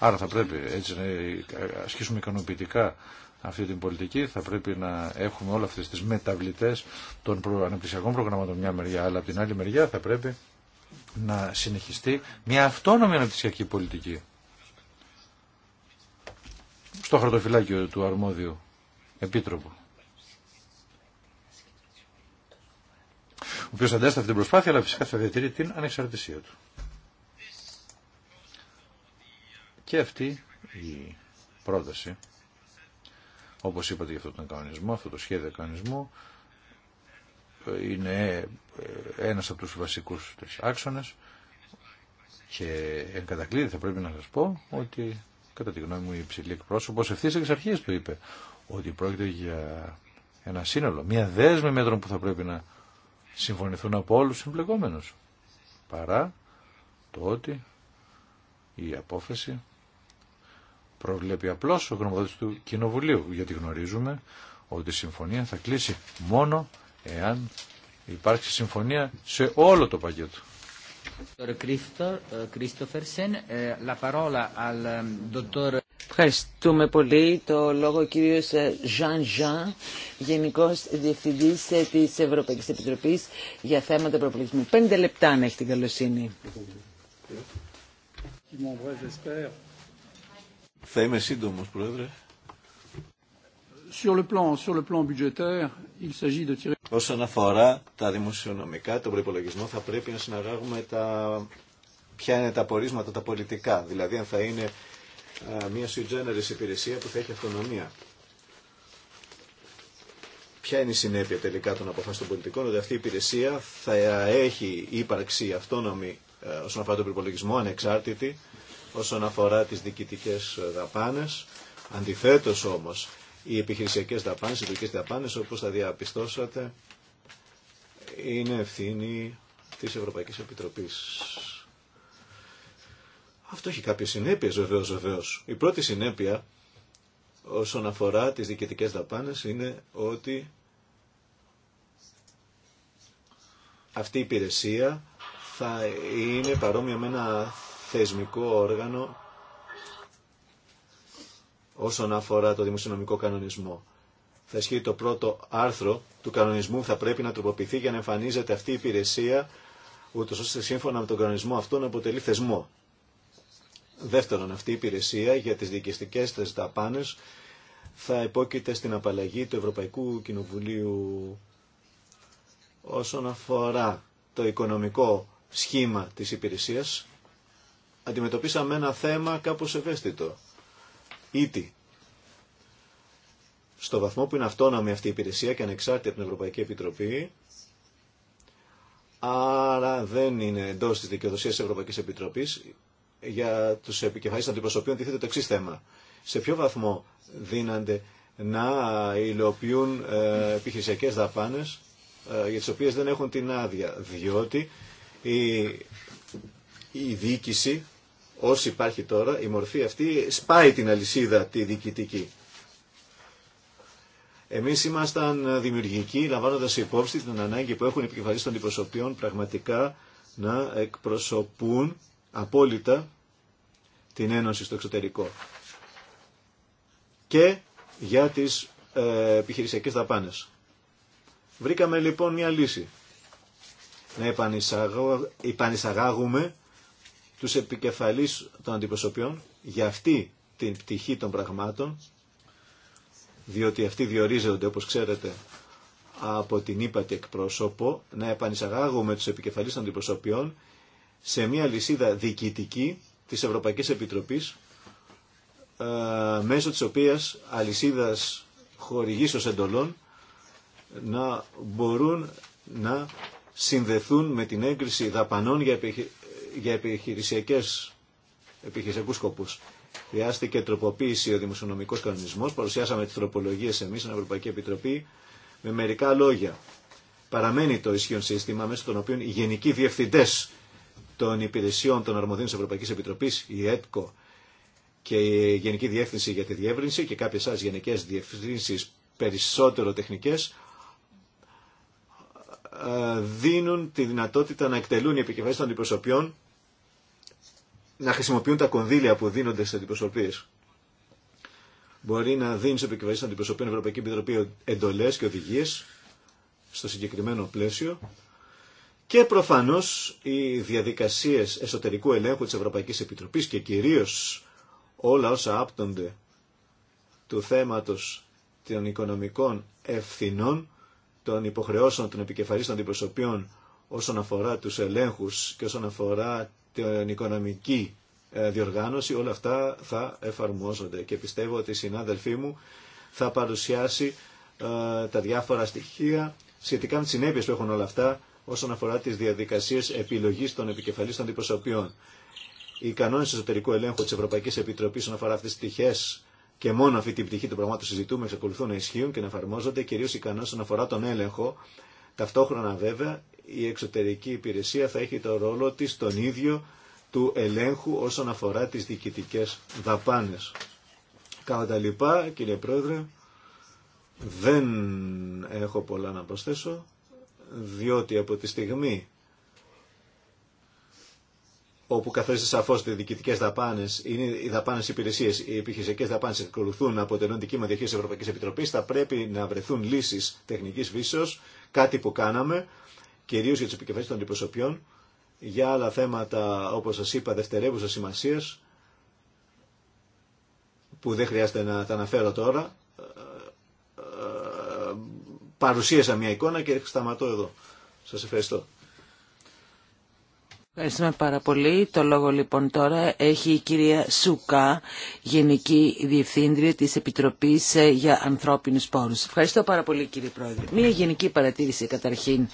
Άρα θα πρέπει έτσι να ασκήσουμε ικανοποιητικά αυτή την πολιτική. Θα πρέπει να έχουμε όλα αυτές τις μεταβλητές των αναπτυσιακών προγραμμάτων μια μεριά, αλλά από την άλλη μεριά θα πρέπει να συνεχιστεί μια αυτόνομη αναπτυσιακή πολιτική στο χαρτοφυλάκιο του αρμόδιου επίτροπου. Ο οποίος αντέσταται την προσπάθεια, αλλά φυσικά θα διατηρεί την ανεξαρτησία του. Και αυτή η πρόταση όπως είπατε για αυτόν τον κανονισμό, αυτό το σχέδιο κανονισμού είναι ε, ένας από τους βασικούς της άξονες και εν κατακλείδη θα πρέπει να σας πω ότι κατά τη γνώμη μου η υψηλή εκπρόσωπο. ευθύς εξ αρχής του είπε ότι πρόκειται για ένα σύνολο, μια δέσμη μέτρων που θα πρέπει να συμφωνηθούν από όλους τους συμπλεκόμενους παρά το ότι η απόφαση προβλέπει απλώς ο γνωμοδότης του Κοινοβουλίου, γιατί γνωρίζουμε ότι η συμφωνία θα κλείσει μόνο εάν υπάρξει συμφωνία σε όλο το πακέτο. Ε, ε, ε, Ευχαριστούμε πολύ. Το λόγο ο κύριος Ζαν Ζαν, Γενικός Διευθυντής της Ευρωπαϊκής Επιτροπής για θέματα προπολογισμού. Πέντε λεπτά να έχει την καλοσύνη. Θα είμαι σύντομο, Πρόεδρε. Sur le plan, sur le plan il de tirer... Όσον αφορά τα δημοσιονομικά, τον προπολογισμό, θα πρέπει να συναγάγουμε τα... ποια είναι τα πορίσματα, τα πολιτικά. Δηλαδή, αν θα είναι μια sui υπηρεσία που θα έχει αυτονομία. Ποια είναι η συνέπεια τελικά των αποφάσεων των πολιτικών, ότι αυτή η υπηρεσία θα έχει ύπαρξη αυτόνομη όσον αφορά τον προπολογισμό, ανεξάρτητη, όσον αφορά τις διοικητικές δαπάνες. Αντιθέτως όμως, οι επιχειρησιακές δαπάνες, οι ειδικές δαπάνες, όπως θα διαπιστώσατε, είναι ευθύνη της Ευρωπαϊκής Επιτροπής. Αυτό έχει κάποιες συνέπειες βεβαίω βεβαίω. Η πρώτη συνέπεια όσον αφορά τις διοικητικές δαπάνες είναι ότι αυτή η υπηρεσία θα είναι παρόμοια με ένα θεσμικό όργανο όσον αφορά το δημοσιονομικό κανονισμό. Θα ισχύει το πρώτο άρθρο του κανονισμού θα πρέπει να τροποποιηθεί για να εμφανίζεται αυτή η υπηρεσία ούτω ώστε σύμφωνα με τον κανονισμό αυτό να αποτελεί θεσμό. Δεύτερον, αυτή η υπηρεσία για τις διοικητικέ της θα υπόκειται στην απαλλαγή του Ευρωπαϊκού Κοινοβουλίου όσον αφορά το οικονομικό σχήμα της υπηρεσίας αντιμετωπίσαμε ένα θέμα κάπως ευαίσθητο. Ήτι. Στο βαθμό που είναι αυτόνομη αυτή η υπηρεσία και ανεξάρτητη από την Ευρωπαϊκή Επιτροπή, άρα δεν είναι εντός της δικαιοδοσίας της Ευρωπαϊκής Επιτροπής για τους επικεφαλής αντιπροσωπείων τίθεται το εξή θέμα. Σε ποιο βαθμό δίνανται να υλοποιούν ε, επιχειρησιακές δαπάνες ε, για τις οποίες δεν έχουν την άδεια διότι η, η διοίκηση Όσοι υπάρχει τώρα, η μορφή αυτή σπάει την αλυσίδα τη διοικητική. Εμεί ήμασταν δημιουργικοί, λαμβάνοντα υπόψη την ανάγκη που έχουν οι επικεφαλεί των αντιπροσωπείων πραγματικά να εκπροσωπούν απόλυτα την Ένωση στο εξωτερικό και για τις ε, επιχειρησιακές Βρήκαμε λοιπόν μια λύση. Να επανεισαγάγουμε τους επικεφαλής των αντιπροσωπιών για αυτή την πτυχή των πραγμάτων, διότι αυτοί διορίζονται, όπως ξέρετε, από την ύπατη εκπρόσωπο, να επανεισαγάγουμε τους επικεφαλής των αντιπροσωπιών σε μια λυσίδα διοικητική της Ευρωπαϊκής Επιτροπής, ε, μέσω της οποίας αλυσίδας ως εντολών να μπορούν να συνδεθούν με την έγκριση δαπανών για για επιχειρησιακές, επιχειρησιακούς σκοπούς. Χρειάστηκε τροποποίηση ο δημοσιονομικός κανονισμός, παρουσιάσαμε τις τροπολογίες εμείς στην Ευρωπαϊκή Επιτροπή με μερικά λόγια. Παραμένει το ισχύον σύστημα μέσω των οποίων οι γενικοί διευθυντές των υπηρεσιών των αρμοδίων της Ευρωπαϊκής Επιτροπής, η ΕΤΚΟ και η Γενική Διεύθυνση για τη Διεύρυνση και κάποιες άλλες γενικές διευθύνσεις περισσότερο τεχνικές ε, δίνουν τη δυνατότητα να εκτελούν οι επικεφαλής των αντιπροσωπιών να χρησιμοποιούν τα κονδύλια που δίνονται στι αντιπροσωπείε. Μπορεί να δίνει σε των αντιπροσωπείων Ευρωπαϊκή Επιτροπή εντολέ και οδηγίε στο συγκεκριμένο πλαίσιο. Και προφανώ οι διαδικασίε εσωτερικού ελέγχου τη Ευρωπαϊκή Επιτροπή και κυρίω όλα όσα άπτονται του θέματο των οικονομικών ευθυνών, των υποχρεώσεων των επικεφαλή των αντιπροσωπείων όσον αφορά τους ελέγχους και όσον αφορά την οικονομική ε, διοργάνωση, όλα αυτά θα εφαρμόζονται. Και πιστεύω ότι η συνάδελφή μου θα παρουσιάσει ε, τα διάφορα στοιχεία σχετικά με τις συνέπειες που έχουν όλα αυτά όσον αφορά τις διαδικασίες επιλογής των επικεφαλής των αντιπροσωπιών. Οι κανόνες εσωτερικού ελέγχου της Ευρωπαϊκής Επιτροπής όσον αφορά αυτές τις πτυχές και μόνο αυτή την πτυχή του πραγμάτων συζητούμε εξακολουθούν να ισχύουν και να εφαρμόζονται κυρίως οι κανόνες όσον αφορά τον έλεγχο. Ταυτόχρονα βέβαια η εξωτερική υπηρεσία θα έχει το ρόλο της τον ίδιο του ελέγχου όσον αφορά τις διοικητικές δαπάνες. Κατά τα λοιπά, κύριε Πρόεδρε, δεν έχω πολλά να προσθέσω, διότι από τη στιγμή όπου καθορίζεται σαφώ ότι οι διοικητικέ δαπάνε είναι οι δαπάνε υπηρεσίε, οι επιχειρησιακέ δαπάνε από να αποτελούν δικήμα διαχείριση Ευρωπαϊκή Επιτροπή, θα πρέπει να βρεθούν λύσει τεχνική φύσεω, κάτι που κάναμε κυρίως για τι επικεφαλής των αντιπροσωπιών, για άλλα θέματα, όπως σα είπα, δευτερεύουσα σημασία, που δεν χρειάζεται να τα αναφέρω τώρα, ε, ε, παρουσίασα μια εικόνα και σταματώ εδώ. Σας ευχαριστώ. Ευχαριστούμε πάρα πολύ. Το λόγο λοιπόν τώρα έχει η κυρία Σουκά, Γενική Διευθύντρια της Επιτροπής ε, για Ανθρώπινους Πόρους. Ευχαριστώ πάρα πολύ κύριε Πρόεδρε. Μία γενική παρατήρηση καταρχήν.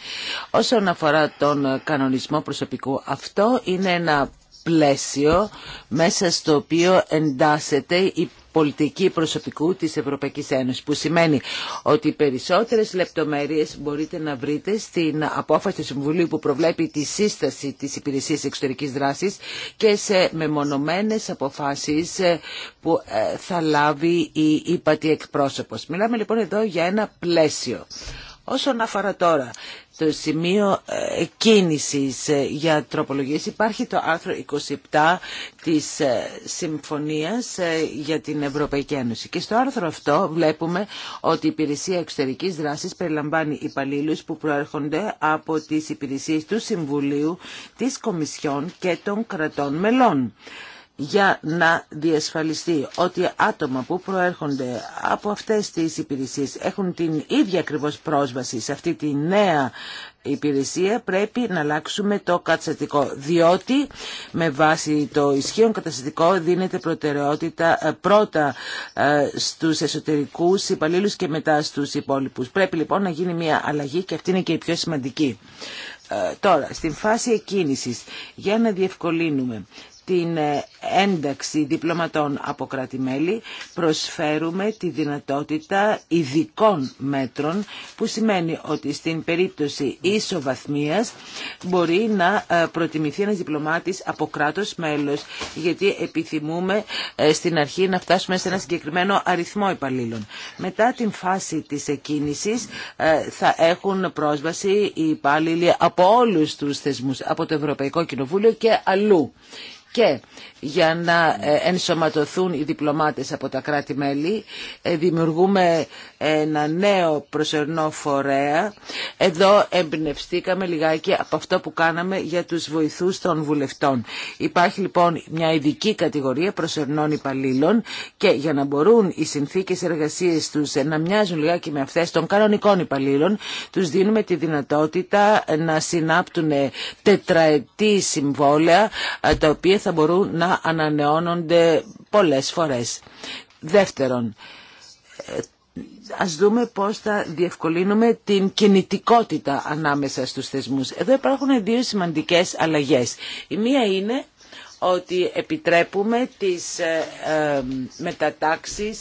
Όσον αφορά τον κανονισμό προσωπικού, αυτό είναι ένα πλαίσιο μέσα στο οποίο εντάσσεται η πολιτική προσωπικού της Ευρωπαϊκής Ένωσης που σημαίνει ότι περισσότερες λεπτομέρειες μπορείτε να βρείτε στην απόφαση του Συμβουλίου που προβλέπει τη σύσταση της Υπηρεσίας Εξωτερικής Δράσης και σε μεμονωμένες αποφάσεις ε, που ε, θα λάβει η ύπατη εκπρόσωπος. Μιλάμε λοιπόν εδώ για ένα πλαίσιο Όσον αφορά τώρα το σημείο ε, κίνησης ε, για τροπολογίες υπάρχει το άρθρο 27 της ε, Συμφωνίας για την Ευρωπαϊκή Ένωση και στο άρθρο αυτό βλέπουμε ότι η υπηρεσία εξωτερικής δράσης περιλαμβάνει υπαλλήλους που προέρχονται από τις υπηρεσίες του Συμβουλίου, της Κομισιόν και των κρατών μελών για να διασφαλιστεί ότι άτομα που προέρχονται από αυτές τις υπηρεσίες έχουν την ίδια ακριβώ πρόσβαση σε αυτή τη νέα υπηρεσία πρέπει να αλλάξουμε το καταστατικό διότι με βάση το ισχύον καταστατικό δίνεται προτεραιότητα ε, πρώτα ε, στους εσωτερικούς υπαλλήλου και μετά στους υπόλοιπους. Πρέπει λοιπόν να γίνει μια αλλαγή και αυτή είναι και η πιο σημαντική. Ε, τώρα, στην φάση εκκίνησης, για να διευκολύνουμε την ε, ένταξη διπλωματών από κράτη-μέλη προσφέρουμε τη δυνατότητα ειδικών μέτρων που σημαίνει ότι στην περίπτωση ισοβαθμίας μπορεί να ε, προτιμηθεί ένας διπλωμάτης από κράτος μέλος γιατί επιθυμούμε ε, στην αρχή να φτάσουμε σε ένα συγκεκριμένο αριθμό υπαλλήλων. Μετά την φάση της εκκίνησης θα έχουν πρόσβαση οι υπάλληλοι από όλους τους θεσμούς, από το Ευρωπαϊκό Κοινοβούλιο και αλλού και για να ε, ενσωματωθούν οι διπλωμάτες από τα κράτη-μέλη. Ε, δημιουργούμε ένα νέο προσωρινό φορέα. Εδώ εμπνευστήκαμε λιγάκι από αυτό που κάναμε για τους βοηθούς των βουλευτών. Υπάρχει λοιπόν μια ειδική κατηγορία προσωρινών υπαλλήλων και για να μπορούν οι συνθήκες εργασίες τους να μοιάζουν λιγάκι με αυτές των κανονικών υπαλλήλων, τους δίνουμε τη δυνατότητα να συνάπτουν τετραετή συμβόλαια ε, τα οποία θα μπορούν να ανανεώνονται πολλές φορές. Δεύτερον, ε, ας δούμε πώς θα διευκολύνουμε την κινητικότητα ανάμεσα στους θεσμούς. Εδώ υπάρχουν δύο σημαντικές αλλαγές. Η μία είναι ότι επιτρέπουμε τις ε, ε, μετατάξεις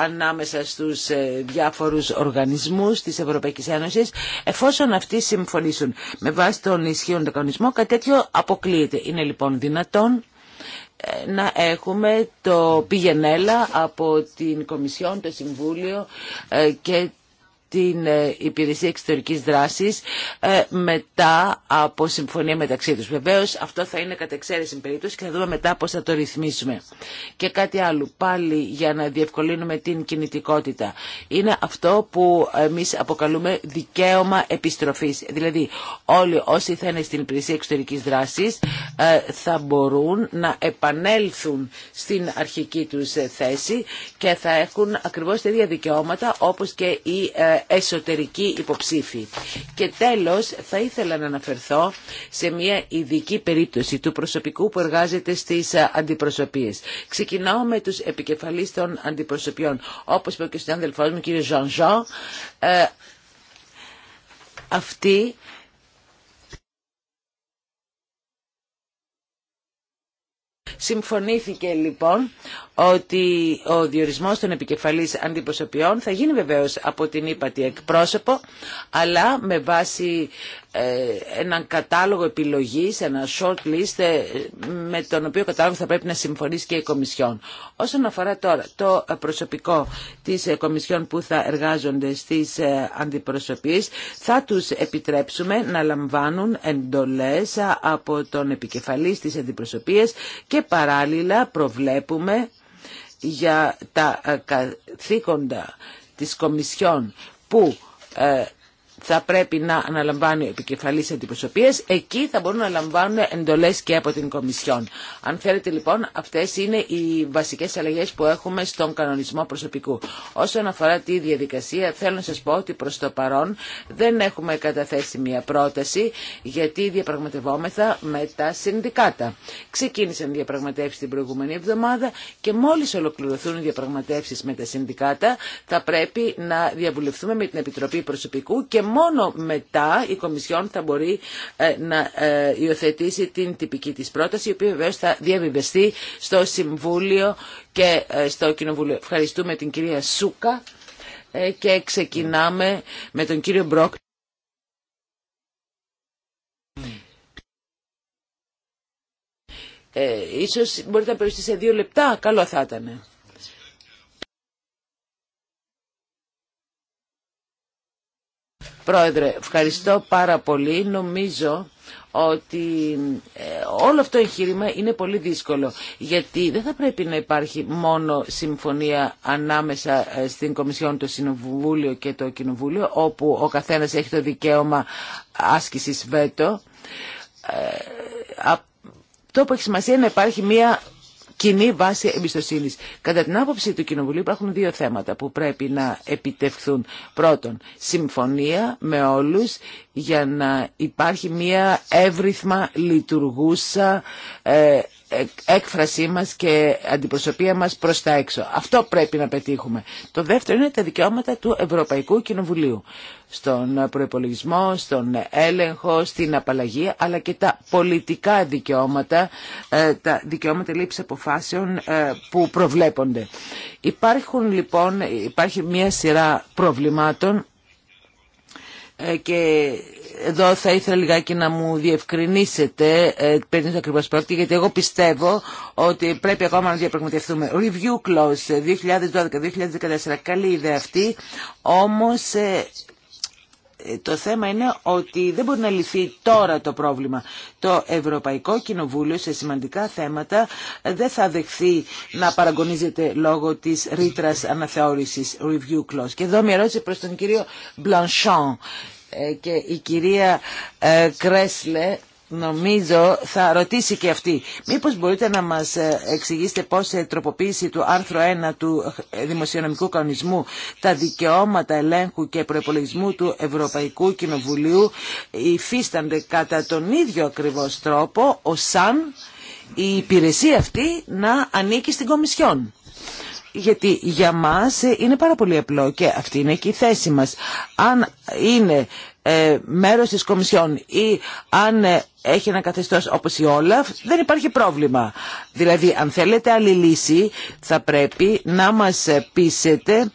ανάμεσα στους διάφορους οργανισμούς της Ευρωπαϊκής Ένωσης εφόσον αυτοί συμφωνήσουν. Με βάση τον ισχύοντα κανονισμό κάτι τέτοιο αποκλείεται. Είναι λοιπόν δυνατόν να έχουμε το πηγενέλα από την Κομισιόν, το Συμβούλιο ε, και την ε, Υπηρεσία Εξωτερικής Δράσης ε, μετά από συμφωνία μεταξύ τους. Βεβαίως αυτό θα είναι κατά εξαίρεση περίπτωση και θα δούμε μετά πώς θα το ρυθμίσουμε. Και κάτι άλλο πάλι για να διευκολύνουμε την κινητικότητα. Είναι αυτό που εμείς αποκαλούμε δικαίωμα επιστροφής. Δηλαδή όλοι όσοι θα είναι στην Υπηρεσία Εξωτερικής Δράσης ε, θα μπορούν να επανέλθουν στην αρχική τους θέση και θα έχουν ακριβώς τα ίδια δικαιώματα όπως και οι εσωτερική υποψήφοι. Και τέλος θα ήθελα να αναφερθώ σε μια ειδική περίπτωση του προσωπικού που εργάζεται στις ε, αντιπροσωπίες. Ξεκινάω με τους επικεφαλείς των αντιπροσωπιών. Όπως είπε και ο συνάδελφός μου, κύριο Ζαν Ζαν, Συμφωνήθηκε λοιπόν ότι ο διορισμός των επικεφαλής αντιπροσωπιών θα γίνει βεβαίως από την ύπατη εκπρόσωπο, αλλά με βάση ε, έναν κατάλογο επιλογής, ένα short list, ε, με τον οποίο κατάλογο θα πρέπει να συμφωνήσει και η Κομισιόν. Όσον αφορά τώρα το προσωπικό της ε, Κομισιόν που θα εργάζονται στις αντιπροσωπείς, θα τους επιτρέψουμε να λαμβάνουν εντολές από τον επικεφαλής της αντιπροσωπείας και παράλληλα προβλέπουμε για τα ε, καθήκοντα της Κομισιόν που ε, θα πρέπει να αναλαμβάνει επικεφαλής αντιπροσωπείας, εκεί θα μπορούν να λαμβάνουν εντολές και από την Κομισιόν. Αν θέλετε λοιπόν, αυτές είναι οι βασικές αλλαγές που έχουμε στον κανονισμό προσωπικού. Όσον αφορά τη διαδικασία, θέλω να σας πω ότι προς το παρόν δεν έχουμε καταθέσει μια πρόταση, γιατί διαπραγματευόμεθα με τα συνδικάτα. Ξεκίνησαν διαπραγματεύσεις την προηγούμενη εβδομάδα και μόλις ολοκληρωθούν οι διαπραγματεύσεις με τα συνδικάτα, θα πρέπει να διαβουλευτούμε με την Επιτροπή Προσωπικού και μόνο μετά η Κομισιόν θα μπορεί ε, να ε, υιοθετήσει την τυπική της πρόταση, η οποία βεβαίως θα διαβιβεστεί στο Συμβούλιο και ε, στο Κοινοβούλιο. Ευχαριστούμε την κυρία Σούκα και ξεκινάμε με τον κύριο Μπρόκ. Ε, ίσως μπορείτε να περιοριστεί σε δύο λεπτά. Καλό θα ήταν. Πρόεδρε, ευχαριστώ πάρα πολύ. Νομίζω ότι ε, όλο αυτό το εγχείρημα είναι πολύ δύσκολο γιατί δεν θα πρέπει να υπάρχει μόνο συμφωνία ανάμεσα ε, στην Κομισιόν, το Συνοβούλιο και το Κοινοβούλιο όπου ο καθένας έχει το δικαίωμα άσκησης βέτο. Ε, το που έχει σημασία είναι να υπάρχει μια κοινή βάση εμπιστοσύνη. Κατά την άποψη του Κοινοβουλίου υπάρχουν δύο θέματα που πρέπει να επιτευχθούν. Πρώτον, συμφωνία με όλου για να υπάρχει μια εύρυθμα λειτουργούσα ε, ε, έκφρασή μας και αντιπροσωπεία μας προς τα έξω. Αυτό πρέπει να πετύχουμε. Το δεύτερο είναι τα δικαιώματα του Ευρωπαϊκού Κοινοβουλίου. Στον προπολογισμό, στον έλεγχο, στην απαλλαγή, αλλά και τα πολιτικά δικαιώματα, ε, τα δικαιώματα λήψη αποφάσεων ε, που προβλέπονται. Υπάρχουν λοιπόν, υπάρχει μια σειρά προβλημάτων ε, και εδώ θα ήθελα λιγάκι να μου διευκρινίσετε ε, πριν ακριβώ πρόκειται, γιατί εγώ πιστεύω ότι πρέπει ακόμα να διαπραγματευτούμε. Review clause 2012-2014, ε, καλή ιδέα αυτή, όμως το θέμα είναι ότι δεν μπορεί να λυθεί τώρα το πρόβλημα. Το Ευρωπαϊκό Κοινοβούλιο σε σημαντικά θέματα δεν θα δεχθεί να παραγωνίζεται λόγω της ρήτρα αναθεώρησης review clause. Και εδώ μια ερώτηση προς τον κύριο Μπλανσόν. Ε, και η κυρία ε, Κρέσλε νομίζω θα ρωτήσει και αυτή. Μήπως μπορείτε να μας ε, εξηγήσετε πώς η τροποποίηση του άρθρου 1 του Δημοσιονομικού Κανονισμού τα δικαιώματα ελέγχου και προπολογισμού του Ευρωπαϊκού Κοινοβουλίου υφίστανται κατά τον ίδιο ακριβώς τρόπο ο αν η υπηρεσία αυτή να ανήκει στην Κομισιόν γιατί για μας ε, είναι πάρα πολύ απλό και αυτή είναι και η θέση μας. Αν είναι ε, μέρος της Κομισιόν ή αν ε, έχει ένα καθεστώς όπως η Όλαφ, δεν υπάρχει πρόβλημα. Δηλαδή, αν θέλετε άλλη λύση, θα πρέπει να μας ε, πείσετε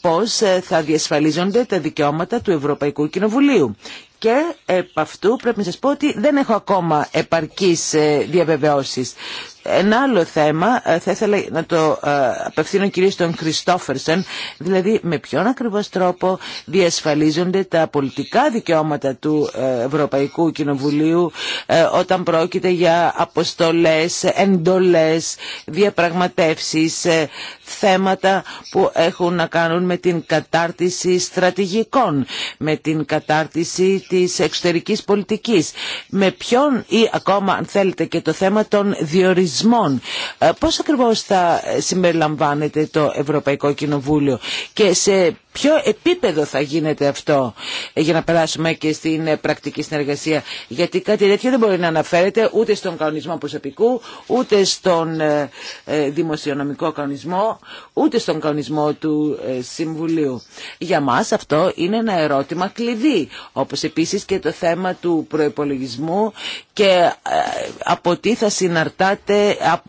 πώς θα διασφαλίζονται τα δικαιώματα του Ευρωπαϊκού Κοινοβουλίου. Και επ' αυτού πρέπει να σας πω ότι δεν έχω ακόμα επαρκείς διαβεβαιώσεις. Ένα άλλο θέμα ε, θα ήθελα να το ε, απευθύνω κυρίως τον Χριστόφερσεν, δηλαδή με ποιον ακριβώς τρόπο διασφαλίζονται τα πολιτικά δικαιώματα του ε, Ευρωπαϊκού Κοινοβουλίου όταν πρόκειται για αποστολές, εντολές, διαπραγματεύσεις, θέματα που έχουν να κάνουν με την κατάρτιση στρατηγικών, με την κατάρτιση της εξωτερικής πολιτικής, με ποιον ή ακόμα αν θέλετε και το θέμα των διορισμών Πώ ε, Πώς ακριβώς θα ε, συμπεριλαμβάνεται το Ευρωπαϊκό Κοινοβούλιο και σε ποιο επίπεδο θα γίνεται αυτό ε, για να περάσουμε και στην ε, πρακτική συνεργασία. Γιατί κάτι τέτοιο δεν μπορεί να αναφέρεται ούτε στον κανονισμό προσωπικού, ούτε στον ε, δημοσιονομικό κανονισμό, ούτε στον κανονισμό του Συμβουλίου. Για μας αυτό είναι ένα ερώτημα κλειδί, όπως επίσης και το θέμα του προϋπολογισμού και από τι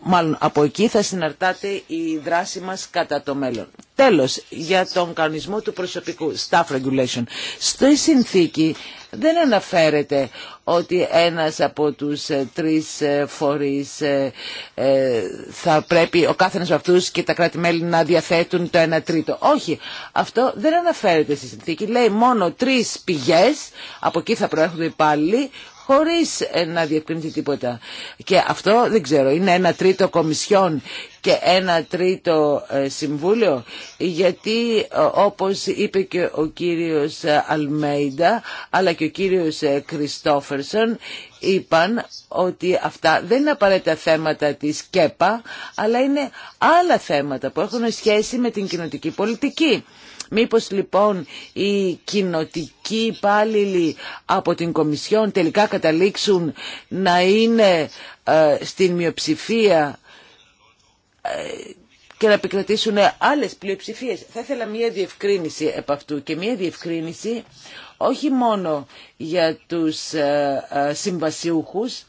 μάλλον από εκεί θα συναρτάται η δράση μας κατά το μέλλον. Τέλος, για τον κανονισμό του προσωπικού, staff regulation. στο συνθήκη δεν αναφέρεται ότι ένας από τους ε, τρεις ε, φορείς ε, θα πρέπει ο κάθε ένας από αυτούς και τα κράτη-μέλη να διαθέτουν το ένα τρίτο. Όχι, αυτό δεν αναφέρεται στη συνθήκη. Λέει μόνο τρεις πηγές, από εκεί θα προέρχονται πάλι, υπάλληλοι, χωρίς να διευκρινθεί τίποτα. Και αυτό δεν ξέρω, είναι ένα τρίτο κομισιόν και ένα τρίτο ε, συμβούλιο γιατί ε, όπως είπε και ο κύριος ε, Αλμέιντα αλλά και ο κύριος Κριστόφερσον είπαν ότι αυτά δεν είναι απαραίτητα θέματα της ΚΕΠΑ αλλά είναι άλλα θέματα που έχουν σχέση με την κοινοτική πολιτική. Μήπως λοιπόν οι κοινοτικοί υπάλληλοι από την Κομισιόν τελικά καταλήξουν να είναι στην μειοψηφία και να επικρατήσουν άλλες πλειοψηφίες. Θα ήθελα μια διευκρίνηση επ' αυτού και μια διευκρίνηση όχι μόνο για τους ε, ε, συμβασιούχους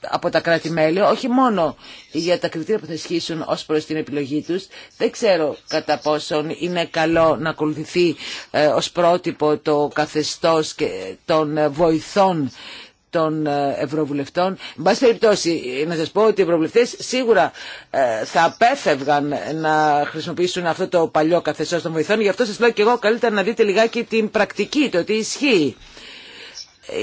από τα κράτη-μέλη, όχι μόνο για τα κριτήρια που θα ισχύσουν ως προς την επιλογή τους. Δεν ξέρω κατά πόσον είναι καλό να ακολουθηθεί ε, ως πρότυπο το καθεστώς και των βοηθών των ε, Ευρωβουλευτών. Εν πάση περιπτώσει, να σας πω ότι οι Ευρωβουλευτές σίγουρα ε, θα απέφευγαν να χρησιμοποιήσουν αυτό το παλιό καθεστώς των βοηθών. Γι' αυτό σας λέω και εγώ καλύτερα να δείτε λιγάκι την πρακτική, το τι ισχύει.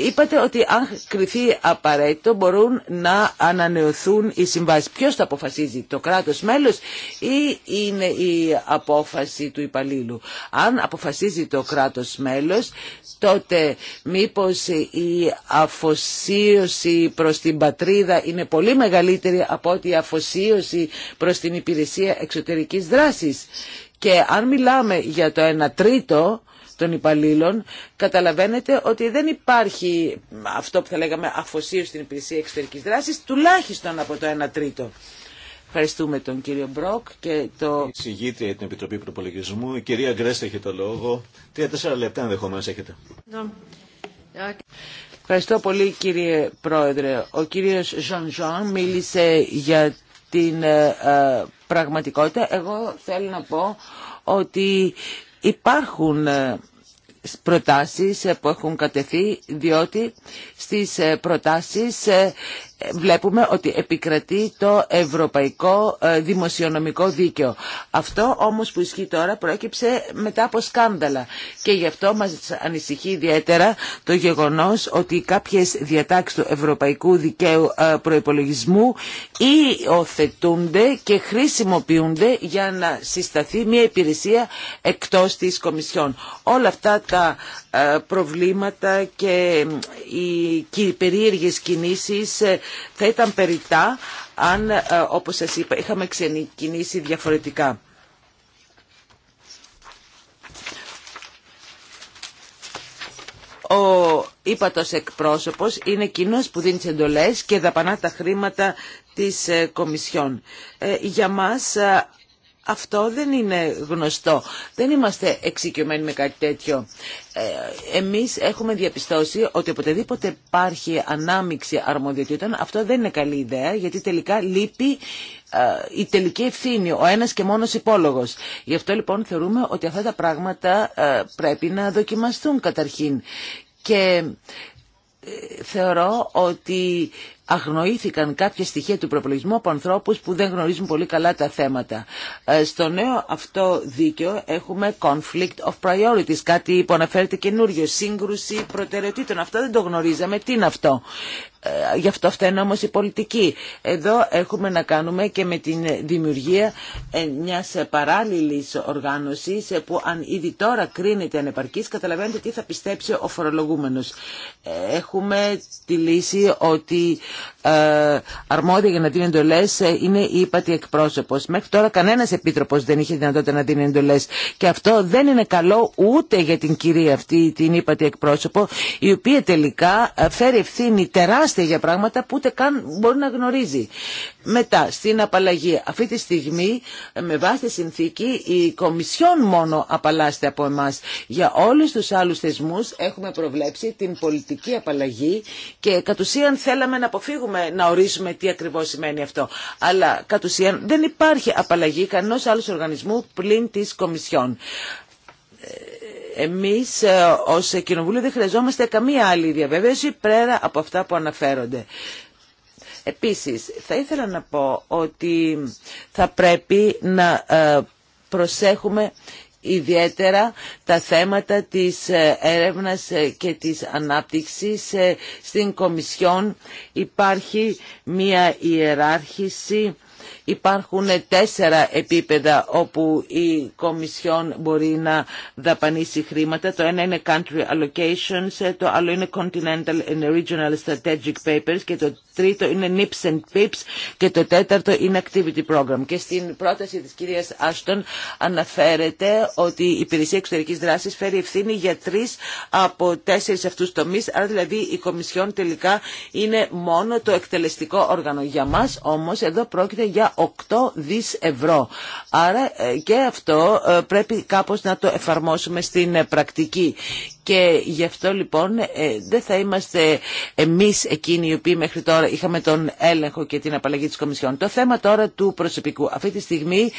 Είπατε ότι αν κρυθεί απαραίτητο μπορούν να ανανεωθούν οι συμβάσεις. Ποιος το αποφασίζει, το κράτος μέλος ή είναι η απόφαση του υπαλλήλου. Αν αποφασίζει το κράτος μέλος, τότε μήπως η αφοσίωση προς την πατρίδα είναι πολύ μεγαλύτερη από ότι η αφοσίωση προς την υπηρεσία εξωτερικής δράσης. Και αν μιλάμε για το 1 τρίτο, των υπαλλήλων, καταλαβαίνετε ότι δεν υπάρχει αυτό που θα λέγαμε αφοσίωση στην υπηρεσία εξωτερικής δράσης, τουλάχιστον από το 1 τρίτο. Ευχαριστούμε τον κύριο Μπροκ και το... Συγγήτρια την Επιτροπή Προπολογισμού, η κυρία Γκρέστα έχει το λόγο. Τρία-τέσσερα λεπτά ενδεχομένω έχετε. Ευχαριστώ πολύ κύριε Πρόεδρε. Ο κύριος Ζων Ζων μίλησε για την ε, ε, πραγματικότητα. Εγώ θέλω να πω ότι Υπάρχουν ε, προτάσεις ε, που έχουν κατεθεί διότι στις ε, προτάσεις βλέπουμε ότι επικρατεί το ευρωπαϊκό ε, δημοσιονομικό δίκαιο. Αυτό όμως που ισχύει τώρα προέκυψε μετά από σκάνδαλα και γι' αυτό μας ανησυχεί ιδιαίτερα το γεγονός ότι κάποιες διατάξεις του ευρωπαϊκού δικαίου ε, προϋπολογισμού υιοθετούνται και χρησιμοποιούνται για να συσταθεί μια υπηρεσία εκτός της Κομισιόν. Όλα αυτά τα ε, προβλήματα και οι περίεργες κινήσεις θα ήταν περιτά αν, ε, όπως σας είπα, είχαμε ξεκινήσει διαφορετικά. Ο ύπατος εκπρόσωπος είναι εκείνο που δίνει τις εντολές και δαπανά τα χρήματα της ε, Κομισιόν. Ε, για μας αυτό δεν είναι γνωστό. Δεν είμαστε εξοικειωμένοι με κάτι τέτοιο. Ε, εμείς έχουμε διαπιστώσει ότι οποτεδήποτε υπάρχει ανάμειξη αρμοδιοτήτων, αυτό δεν είναι καλή ιδέα, γιατί τελικά λείπει ε, η τελική ευθύνη, ο ένας και μόνος υπόλογος. Γι' αυτό λοιπόν θεωρούμε ότι αυτά τα πράγματα ε, πρέπει να δοκιμαστούν καταρχήν. Και θεωρώ ότι αγνοήθηκαν κάποια στοιχεία του προπολογισμού από ανθρώπους που δεν γνωρίζουν πολύ καλά τα θέματα. Ε, στο νέο αυτό δίκαιο έχουμε conflict of priorities, κάτι που αναφέρεται καινούριο, σύγκρουση προτεραιοτήτων. Αυτό δεν το γνωρίζαμε. Τι είναι αυτό. Ε, γι' αυτό φταίνε όμως η πολιτική. Εδώ έχουμε να κάνουμε και με την δημιουργία ε, μιας παράλληλης οργάνωσης ε, που αν ήδη τώρα κρίνεται ανεπαρκής καταλαβαίνετε τι θα πιστέψει ο φορολογούμενος. Έχουμε τη λύση ότι αρμόδια για να δίνει εντολέ είναι η ύπατη εκπρόσωπο. Μέχρι τώρα κανένα επίτροπο δεν είχε δυνατότητα να δίνει εντολέ. Και αυτό δεν είναι καλό ούτε για την κυρία αυτή, την ύπατη εκπρόσωπο, η οποία τελικά φέρει ευθύνη τεράστια για πράγματα που ούτε καν μπορεί να γνωρίζει. Μετά, στην απαλλαγή. Αυτή τη στιγμή, με βάση συνθήκη, η Κομισιόν μόνο απαλλάσσεται από εμά. Για όλου τους άλλου θεσμού έχουμε προβλέψει την πολιτική απαλλαγή και κατ' ουσίαν θέλαμε να αποφύγουμε να ορίσουμε τι ακριβώ σημαίνει αυτό. Αλλά κατ' ουσίαν δεν υπάρχει απαλλαγή κανό άλλου οργανισμού πλην τη Κομισιόν ε, εμείς ε, ως Κοινοβούλιο δεν χρειαζόμαστε καμία άλλη διαβεβαίωση πέρα από αυτά που αναφέρονται. Επίσης, θα ήθελα να πω ότι θα πρέπει να ε, προσέχουμε ιδιαίτερα τα θέματα της ε, έρευνας και της ανάπτυξης. Στην Κομισιόν υπάρχει μία ιεράρχηση Υπάρχουν τέσσερα επίπεδα όπου η Κομισιόν μπορεί να δαπανίσει χρήματα. Το ένα είναι Country Allocations, το άλλο είναι Continental and Regional Strategic Papers και το τρίτο είναι Nips and Pips και το τέταρτο είναι Activity Program. Και στην πρόταση της κυρίας Άστον αναφέρεται ότι η Υπηρεσία Εξωτερικής Δράσης φέρει ευθύνη για τρεις από τέσσερις αυτούς τομείς, άρα δηλαδή η Κομισιόν τελικά είναι μόνο το εκτελεστικό όργανο. Για μας όμως εδώ πρόκειται για δις ευρώ. Άρα ε, και αυτό ε, πρέπει κάπως να το εφαρμόσουμε στην ε, πρακτική. Και γι' αυτό λοιπόν δεν θα είμαστε εμείς εκείνοι οι οποίοι μέχρι τώρα είχαμε τον έλεγχο και την απαλλαγή της Κομισιόν. Το θέμα τώρα του προσωπικού. Αυτή τη στιγμή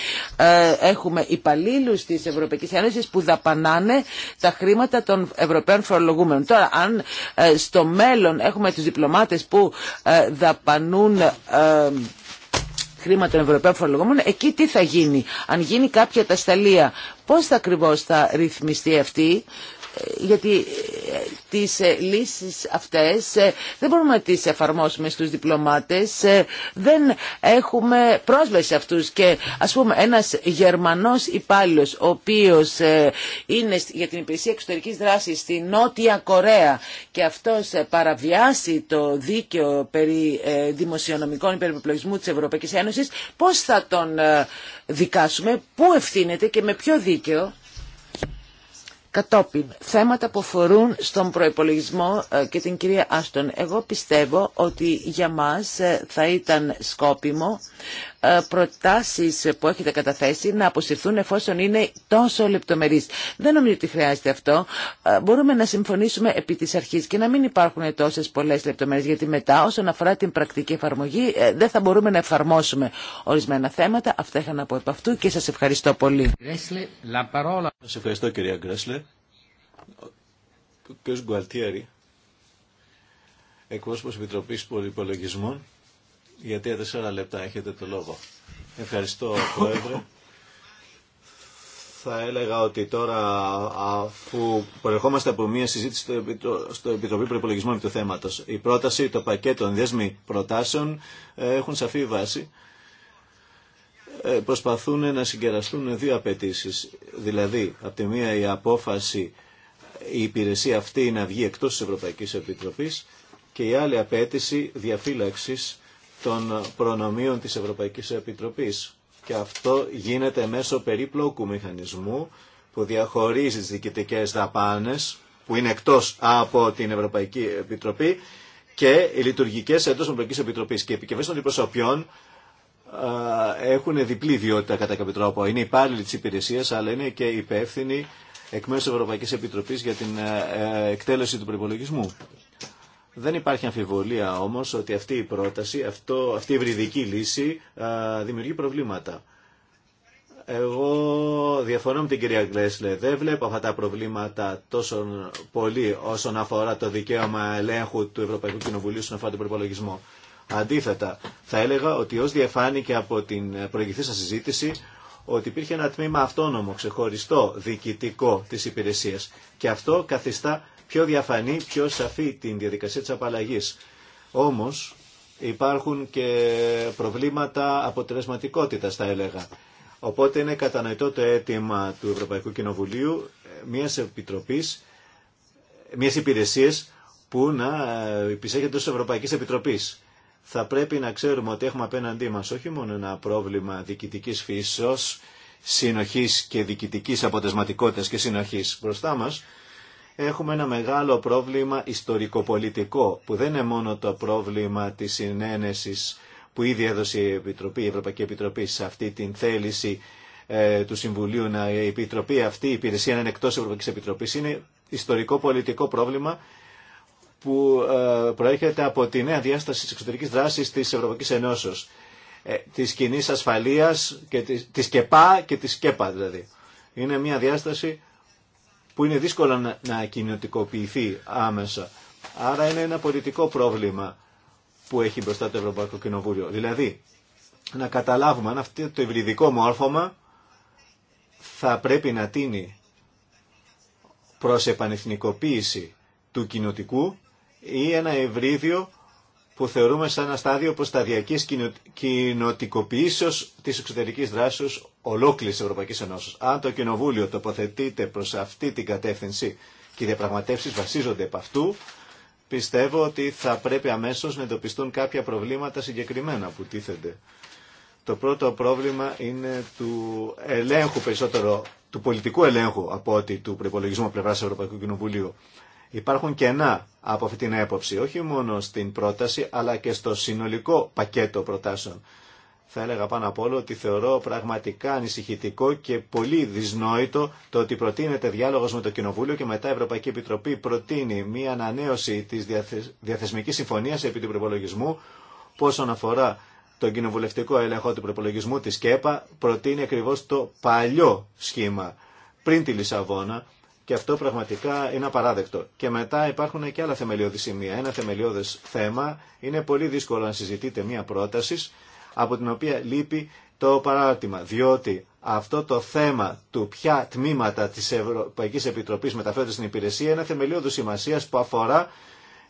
έχουμε υπαλλήλους της Ευρωπαϊκής Ένωσης που δαπανάνε τα χρήματα των Ευρωπαίων φορολογούμενων. Τώρα αν στο μέλλον έχουμε τους διπλωμάτες που δαπανούν χρήμα των Ευρωπαίων φορολογούμενων, εκεί τι θα γίνει. Αν γίνει κάποια τασταλία, πώς θα ακριβώς θα ρυθμιστεί αυτή γιατί ε, τις ε, λύσεις αυτές ε, δεν μπορούμε να τις εφαρμόσουμε στους διπλωμάτες, δεν έχουμε πρόσβαση αυτούς και ας πούμε ένας Γερμανός υπάλληλος ο οποίος είναι για την υπηρεσία εξωτερικής δράσης στη Νότια Κορέα και αυτός παραβιάσει το δίκαιο περί δημοσιονομικών υπερπιπλογισμού της Ευρωπαϊκής Ένωσης, πώς θα τον δικάσουμε, πού ευθύνεται και με ποιο δίκαιο. Κατόπιν, θέματα που αφορούν στον προϋπολογισμό ε, και την κυρία Άστον. Εγώ πιστεύω ότι για μας ε, θα ήταν σκόπιμο ε, προτάσεις που έχετε καταθέσει να αποσυρθούν εφόσον είναι τόσο λεπτομερείς. Δεν νομίζω ότι χρειάζεται αυτό. Ε, μπορούμε να συμφωνήσουμε επί της αρχής και να μην υπάρχουν τόσες πολλές λεπτομέρειες γιατί μετά όσον αφορά την πρακτική εφαρμογή ε, δεν θα μπορούμε να εφαρμόσουμε ορισμένα θέματα. Αυτά είχα να πω από αυτού και σας ευχαριστώ πολύ. Σας ευχαριστώ κυρία Γκρέσλε. Ο Γκουαλτίαρη, εκπρόσωπος Επιτροπής Πολυπολογισμών. Για τεσσερα λεπτά έχετε το λόγο. Ευχαριστώ, Πρόεδρε. Θα έλεγα ότι τώρα, αφού προερχόμαστε από μια συζήτηση στο Επιτροπή Προπολογισμών του θέματο, η πρόταση, το πακέτο, ενδέσμη προτάσεων ε, έχουν σαφή βάση. Ε, προσπαθούν να συγκεραστούν δύο απαιτήσει. Δηλαδή, από τη μία η απόφαση η υπηρεσία αυτή να βγει εκτός της Ευρωπαϊκής Επιτροπής και η άλλη απέτηση διαφύλαξης των προνομίων της Ευρωπαϊκής Επιτροπής. Και αυτό γίνεται μέσω περίπλοκου μηχανισμού που διαχωρίζει τις διοικητικές δαπάνες που είναι εκτός από την Ευρωπαϊκή Επιτροπή και οι λειτουργικές εντός Ευρωπαϊκής Επιτροπής και οι επικεφές των αντιπροσωπιών έχουν διπλή ιδιότητα κατά κάποιο τρόπο. Είναι υπάλληλοι της υπηρεσίας αλλά είναι και υπεύθυνοι εκ μέρους της Ευρωπαϊκής Επιτροπής για την ε, ε, εκτέλεση του προπολογισμού. Δεν υπάρχει αμφιβολία όμως ότι αυτή η πρόταση, αυτό, αυτή η ευρυδική λύση δημιουργεί προβλήματα. Εγώ διαφωνώ με την κυρία Γκλέσλε. Δεν βλέπω αυτά τα προβλήματα τόσο πολύ όσον αφορά το δικαίωμα ελέγχου του Ευρωπαϊκού Κοινοβουλίου στον αφορά προπολογισμό. Αντίθετα, θα έλεγα ότι ως διαφάνηκε από την προηγηθή σα συζήτηση ότι υπήρχε ένα τμήμα αυτόνομο, ξεχωριστό, διοικητικό της υπηρεσίας και αυτό καθιστά πιο διαφανή, πιο σαφή την διαδικασία της απαλλαγή. Όμως υπάρχουν και προβλήματα αποτελεσματικότητα, θα έλεγα. Οπότε είναι κατανοητό το αίτημα του Ευρωπαϊκού Κοινοβουλίου ε, μιας επιτροπής, μιας υπηρεσίας που να επισέχεται ω Ευρωπαϊκή Επιτροπή θα πρέπει να ξέρουμε ότι έχουμε απέναντί μας όχι μόνο ένα πρόβλημα διοικητικής φύσεως, συνοχής και διοικητικής αποτεσματικότητας και συνοχής μπροστά μας, έχουμε ένα μεγάλο πρόβλημα ιστορικοπολιτικό, που δεν είναι μόνο το πρόβλημα της συνένεσης που ήδη έδωσε η, Επιτροπή, η Ευρωπαϊκή Επιτροπή σε αυτή την θέληση ε, του Συμβουλίου να η Επιτροπή αυτή, η υπηρεσία να είναι εκτός Ευρωπαϊκής Επιτροπής, είναι ιστορικό πολιτικό πρόβλημα που ε, προέρχεται από τη νέα διάσταση της εξωτερικής δράσης της Ευρωπαϊκής Ενώσεως, ε, της κοινή ασφαλείας, και της, ΚΕΠΑ και της ΚΕΠΑ δηλαδή. Είναι μια διάσταση που είναι δύσκολο να, να κοινωτικοποιηθεί άμεσα. Άρα είναι ένα πολιτικό πρόβλημα που έχει μπροστά το Ευρωπαϊκό Κοινοβούλιο. Δηλαδή, να καταλάβουμε αν αυτό το υβριδικό μόρφωμα θα πρέπει να τίνει προς επανεθνικοποίηση του κοινοτικού ή ένα ευρύδιο που θεωρούμε σαν ένα στάδιο προσταδιακής κοινοτικοποίησεως της εξωτερικής δράσης ολόκληρης Ευρωπαϊκής Ενώσης. Αν το Κοινοβούλιο τοποθετείται προς αυτή την κατεύθυνση και οι διαπραγματεύσεις βασίζονται επ' αυτού, πιστεύω ότι θα πρέπει αμέσως να εντοπιστούν κάποια προβλήματα συγκεκριμένα που τίθενται. Το πρώτο πρόβλημα είναι του ελέγχου περισσότερο, του πολιτικού ελέγχου από ότι του προπολογισμού πλευρά Ευρωπαϊκού Κοινοβουλίου. Υπάρχουν κενά από αυτή την έποψη, όχι μόνο στην πρόταση, αλλά και στο συνολικό πακέτο προτάσεων. Θα έλεγα πάνω απ' όλο ότι θεωρώ πραγματικά ανησυχητικό και πολύ δυσνόητο το ότι προτείνεται διάλογος με το Κοινοβούλιο και μετά η Ευρωπαϊκή Επιτροπή προτείνει μία ανανέωση της διαθεσμικής συμφωνίας επί του προπολογισμού που όσον αφορά τον κοινοβουλευτικό έλεγχο του προπολογισμού της ΚΕΠΑ προτείνει ακριβώς το παλιό σχήμα πριν τη Λισαβόνα και αυτό πραγματικά είναι απαράδεκτο. Και μετά υπάρχουν και άλλα θεμελιώδη σημεία. Ένα θεμελιώδε θέμα είναι πολύ δύσκολο να συζητείτε μία πρόταση από την οποία λείπει το παράρτημα. Διότι αυτό το θέμα του ποια τμήματα τη Ευρωπαϊκή Επιτροπή μεταφέρονται στην υπηρεσία είναι θεμελιώδη σημασία που αφορά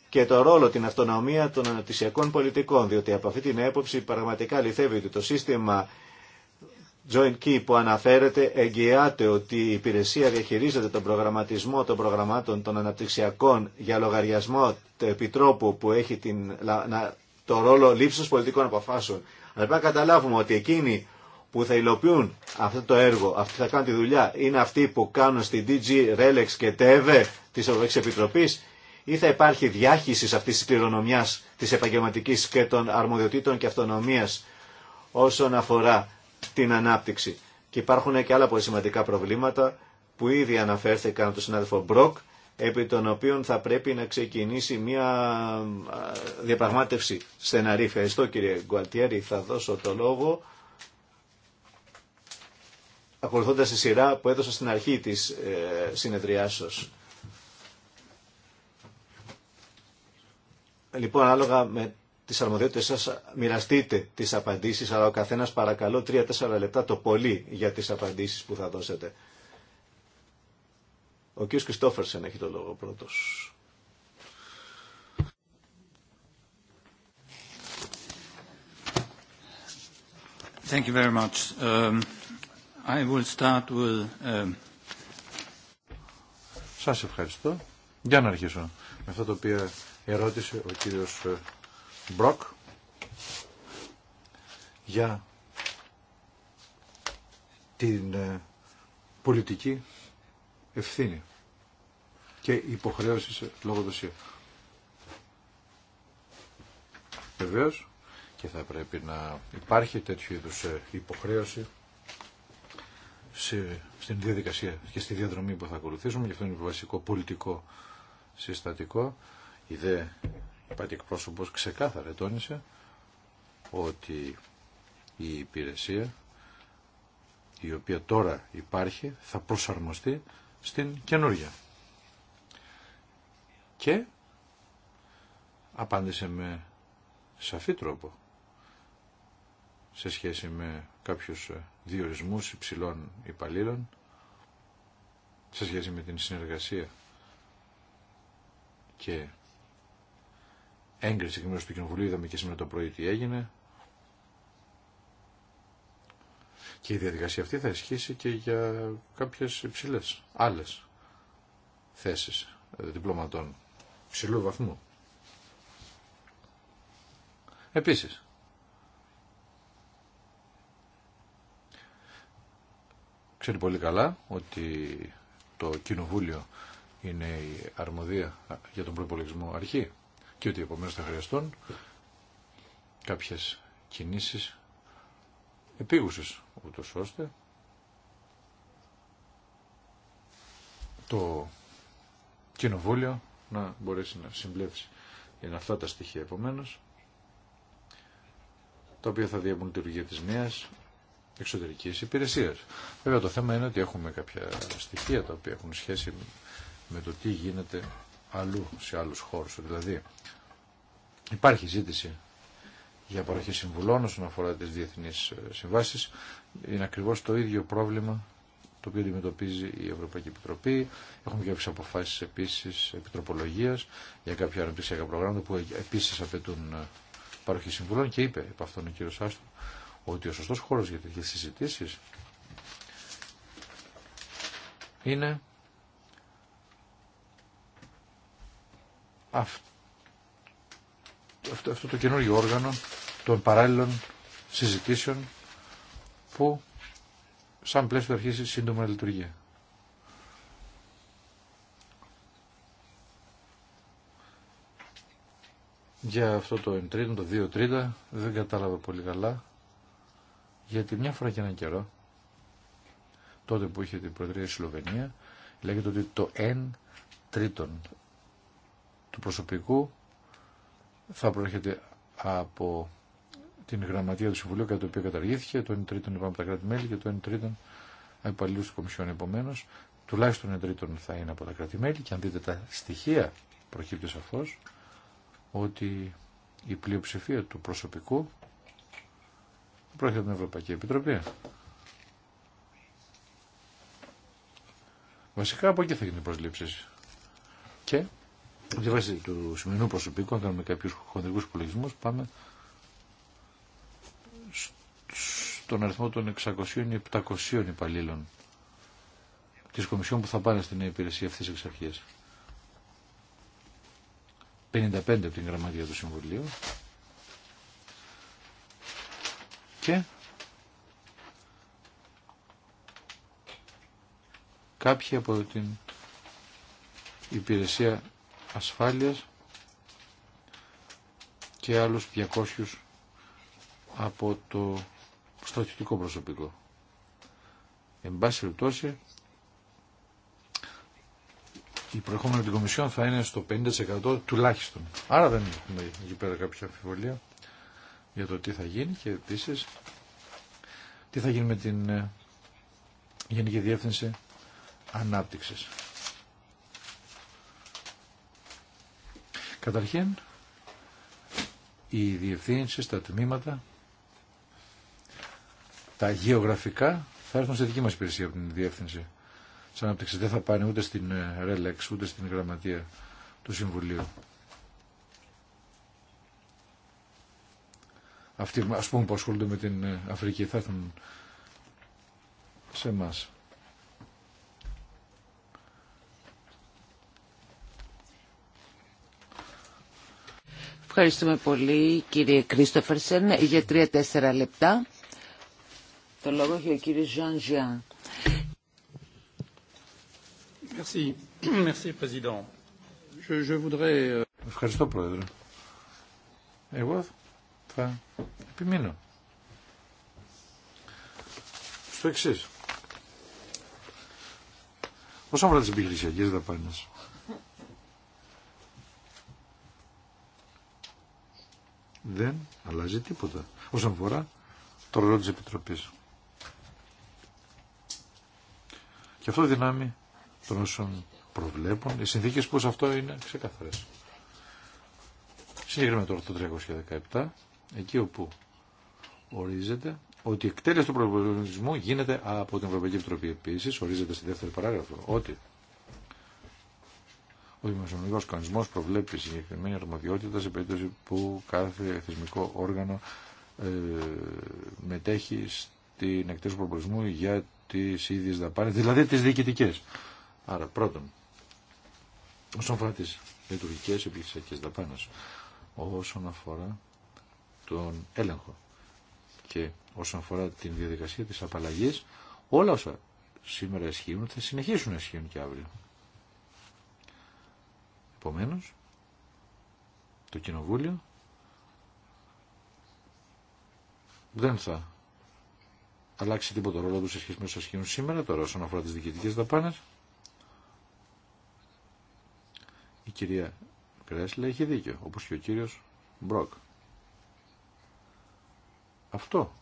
και το ρόλο, την αυτονομία των αναπτυσιακών πολιτικών. Διότι από αυτή την έποψη πραγματικά λυθεύει ότι το σύστημα Joint Key που αναφέρεται εγγυάται ότι η υπηρεσία διαχειρίζεται τον προγραμματισμό των προγραμμάτων των αναπτυξιακών για λογαριασμό του επιτρόπου που έχει την, το ρόλο λήψης πολιτικών αποφάσεων. Αλλά πρέπει να καταλάβουμε ότι εκείνοι που θα υλοποιούν αυτό το έργο, αυτοί θα κάνουν τη δουλειά, είναι αυτοί που κάνουν στην DG, Relex και ΤΕΒΕ e τη Ευρωπαϊκή Επιτροπή ή θα υπάρχει διάχυση αυτή τη κληρονομιά τη επαγγελματική και των αρμοδιοτήτων και αυτονομία όσον αφορά την ανάπτυξη. Και υπάρχουν και άλλα πολύ σημαντικά προβλήματα που ήδη αναφέρθηκαν από τον συνάδελφο Μπροκ, επί των οποίων θα πρέπει να ξεκινήσει μια διαπραγμάτευση στεναρή. Ευχαριστώ κύριε Γκουαλτιέρη, θα δώσω το λόγο ακολουθώντας τη σειρά που έδωσα στην αρχή της ε, συνεδριάσεως. Λοιπόν, ανάλογα με τις αρμοδιότητες σας, μοιραστείτε τις απαντήσεις, αλλά ο καθένας παρακαλώ 3-4 λεπτά το πολύ για τις απαντήσεις που θα δώσετε. Ο κ. Κριστόφερσεν έχει το λόγο πρώτος. Thank you very much. Um, I will start with, um... Σας ευχαριστώ. Για να αρχίσω με αυτό το οποίο ερώτησε ο κύριος ε, Μπροκ για την ε, πολιτική ευθύνη και υποχρέωση σε λογοδοσία. Βεβαίω και θα πρέπει να υπάρχει τέτοιου είδους ε, υποχρέωση στην διαδικασία και στη διαδρομή που θα ακολουθήσουμε, γι' αυτό είναι βασικό πολιτικό συστατικό. Η Πάτη Πρόσωπος ξεκάθαρα τόνισε ότι η υπηρεσία η οποία τώρα υπάρχει θα προσαρμοστεί στην καινούργια. Και απάντησε με σαφή τρόπο σε σχέση με κάποιους ε, διορισμούς υψηλών υπαλλήλων σε σχέση με την συνεργασία και έγκριση εκ μέρους του Κοινοβουλίου, είδαμε και σήμερα το πρωί τι έγινε. Και η διαδικασία αυτή θα ισχύσει και για κάποιες υψηλέ, άλλες θέσεις ε, διπλωματών ψηλού βαθμού. Επίσης, ξέρει πολύ καλά ότι το Κοινοβούλιο είναι η αρμοδία για τον προπολογισμό αρχή και ότι επομένω θα χρειαστούν κάποιες κινήσεις επίγουσε ούτω ώστε το κοινοβούλιο να μπορέσει να συμπλέψει. Είναι αυτά τα στοιχεία επομένω, τα οποία θα διαβούν τη λειτουργία της νέας εξωτερικής υπηρεσίας. Βέβαια το θέμα είναι ότι έχουμε κάποια στοιχεία τα οποία έχουν σχέση με το τι γίνεται αλλού σε άλλους χώρους. Δηλαδή υπάρχει ζήτηση για παροχή συμβουλών όσον αφορά τις διεθνείς ε, συμβάσεις. Είναι ακριβώς το ίδιο πρόβλημα το οποίο αντιμετωπίζει η Ευρωπαϊκή Επιτροπή. Έχουμε κάποιε αποφάσεις επίσης επιτροπολογίας για κάποια αναπτυξιακά προγράμματα που ε, επίσης απαιτούν ε, παροχή συμβουλών και είπε από αυτόν ο κύριος Άστον ότι ο σωστός χώρος για τέτοιες συζητήσεις είναι αυτό, αυτό το καινούργιο όργανο των παράλληλων συζητήσεων που σαν πλαίσιο θα αρχίσει σύντομα να λειτουργεί. Για αυτό το M3, το 2 τρίτα, δεν κατάλαβα πολύ καλά, γιατί μια φορά και έναν καιρό, τότε που είχε την Προεδρία η Σλοβενία, λέγεται ότι το N τρίτον του προσωπικού θα προέρχεται από την γραμματεία του Συμβουλίου κατά το οποίο καταργήθηκε, το 1 τρίτον είπαμε από τα κράτη-μέλη και το 1 τρίτον υπαλλήλου τη Κομισιόν. Επομένω, τουλάχιστον 1 τρίτον θα είναι από τα κράτη-μέλη και αν δείτε τα στοιχεία προκύπτει σαφώ ότι η πλειοψηφία του προσωπικού προέρχεται από την Ευρωπαϊκή Επιτροπή. Βασικά από εκεί θα γίνει η προσλήψη. Και Στη βάση του σημερινού προσωπικού, αν κάνουμε κάποιου χοντρικού υπολογισμού, πάμε στον αριθμό των 600 700 υπαλλήλων τη Κομισιόν που θα πάνε στην υπηρεσία αυτή εξ εξαρχία. 55 από την γραμματεία του Συμβουλίου και κάποιοι από την υπηρεσία ασφάλειας και άλλους 200 από το στρατιωτικό προσωπικό. Εν πάση περιπτώσει, η προεχόμενη την Κομισιόν θα είναι στο 50% τουλάχιστον. Άρα δεν έχουμε εκεί πέρα κάποια αμφιβολία για το τι θα γίνει και επίση τι θα γίνει με την ε, Γενική Διεύθυνση Ανάπτυξης. Καταρχήν, οι διευθύνσει, τα τμήματα, τα γεωγραφικά θα έρθουν στη δική μας υπηρεσία από την διεύθυνση. Σαν ανάπτυξη δεν θα πάνε ούτε στην ΡΕΛΕΞ, ούτε στην γραμματεία του Συμβουλίου. Αυτοί ας πούμε που ασχολούνται με την ε, Αφρική θα έρθουν σε εμάς. Ευχαριστούμε πολύ κύριε Κρίστοφερσεν για τρία-τέσσερα λεπτά. Το λόγο έχει ο κύριος Ζαν Ζιάν. Euh, Ευχαριστώ πρόεδρε. Εγώ θα επιμείνω. Στο εξής. Όσον αφορά τις επιχειρησιακές δαπάνες. δεν αλλάζει τίποτα όσον αφορά το ρόλο της Επιτροπής. Και αυτό δυνάμει των όσων προβλέπουν οι συνθήκες σε αυτό είναι ξεκαθαρές. Συγκεκριμένα τώρα το 317, εκεί όπου ορίζεται ότι η εκτέλεση του προπολογισμού γίνεται από την Ευρωπαϊκή Επιτροπή. Επίση, ορίζεται στη δεύτερη παράγραφο ότι ο δημοσιονομικό κανονισμό προβλέπει συγκεκριμένη αρμοδιότητα σε περίπτωση που κάθε θεσμικό όργανο ε, μετέχει στην εκτέλεση προπολισμού για τι ίδιε δαπάνε, δηλαδή τι διοικητικέ. Άρα, πρώτον, όσον αφορά τι λειτουργικέ επιχειρησιακέ δαπάνε, όσον αφορά τον έλεγχο και όσον αφορά την διαδικασία της απαλλαγής όλα όσα σήμερα ισχύουν θα συνεχίσουν να ισχύουν και αύριο. Επομένως, το Κοινοβούλιο δεν θα αλλάξει τίποτα ρόλο του σε σχέση με ασχήνουν σήμερα, τώρα όσον αφορά τις διοικητικές δαπάνες. Η κυρία Κρέσλα έχει δίκιο, όπως και ο κύριος Μπροκ. Αυτό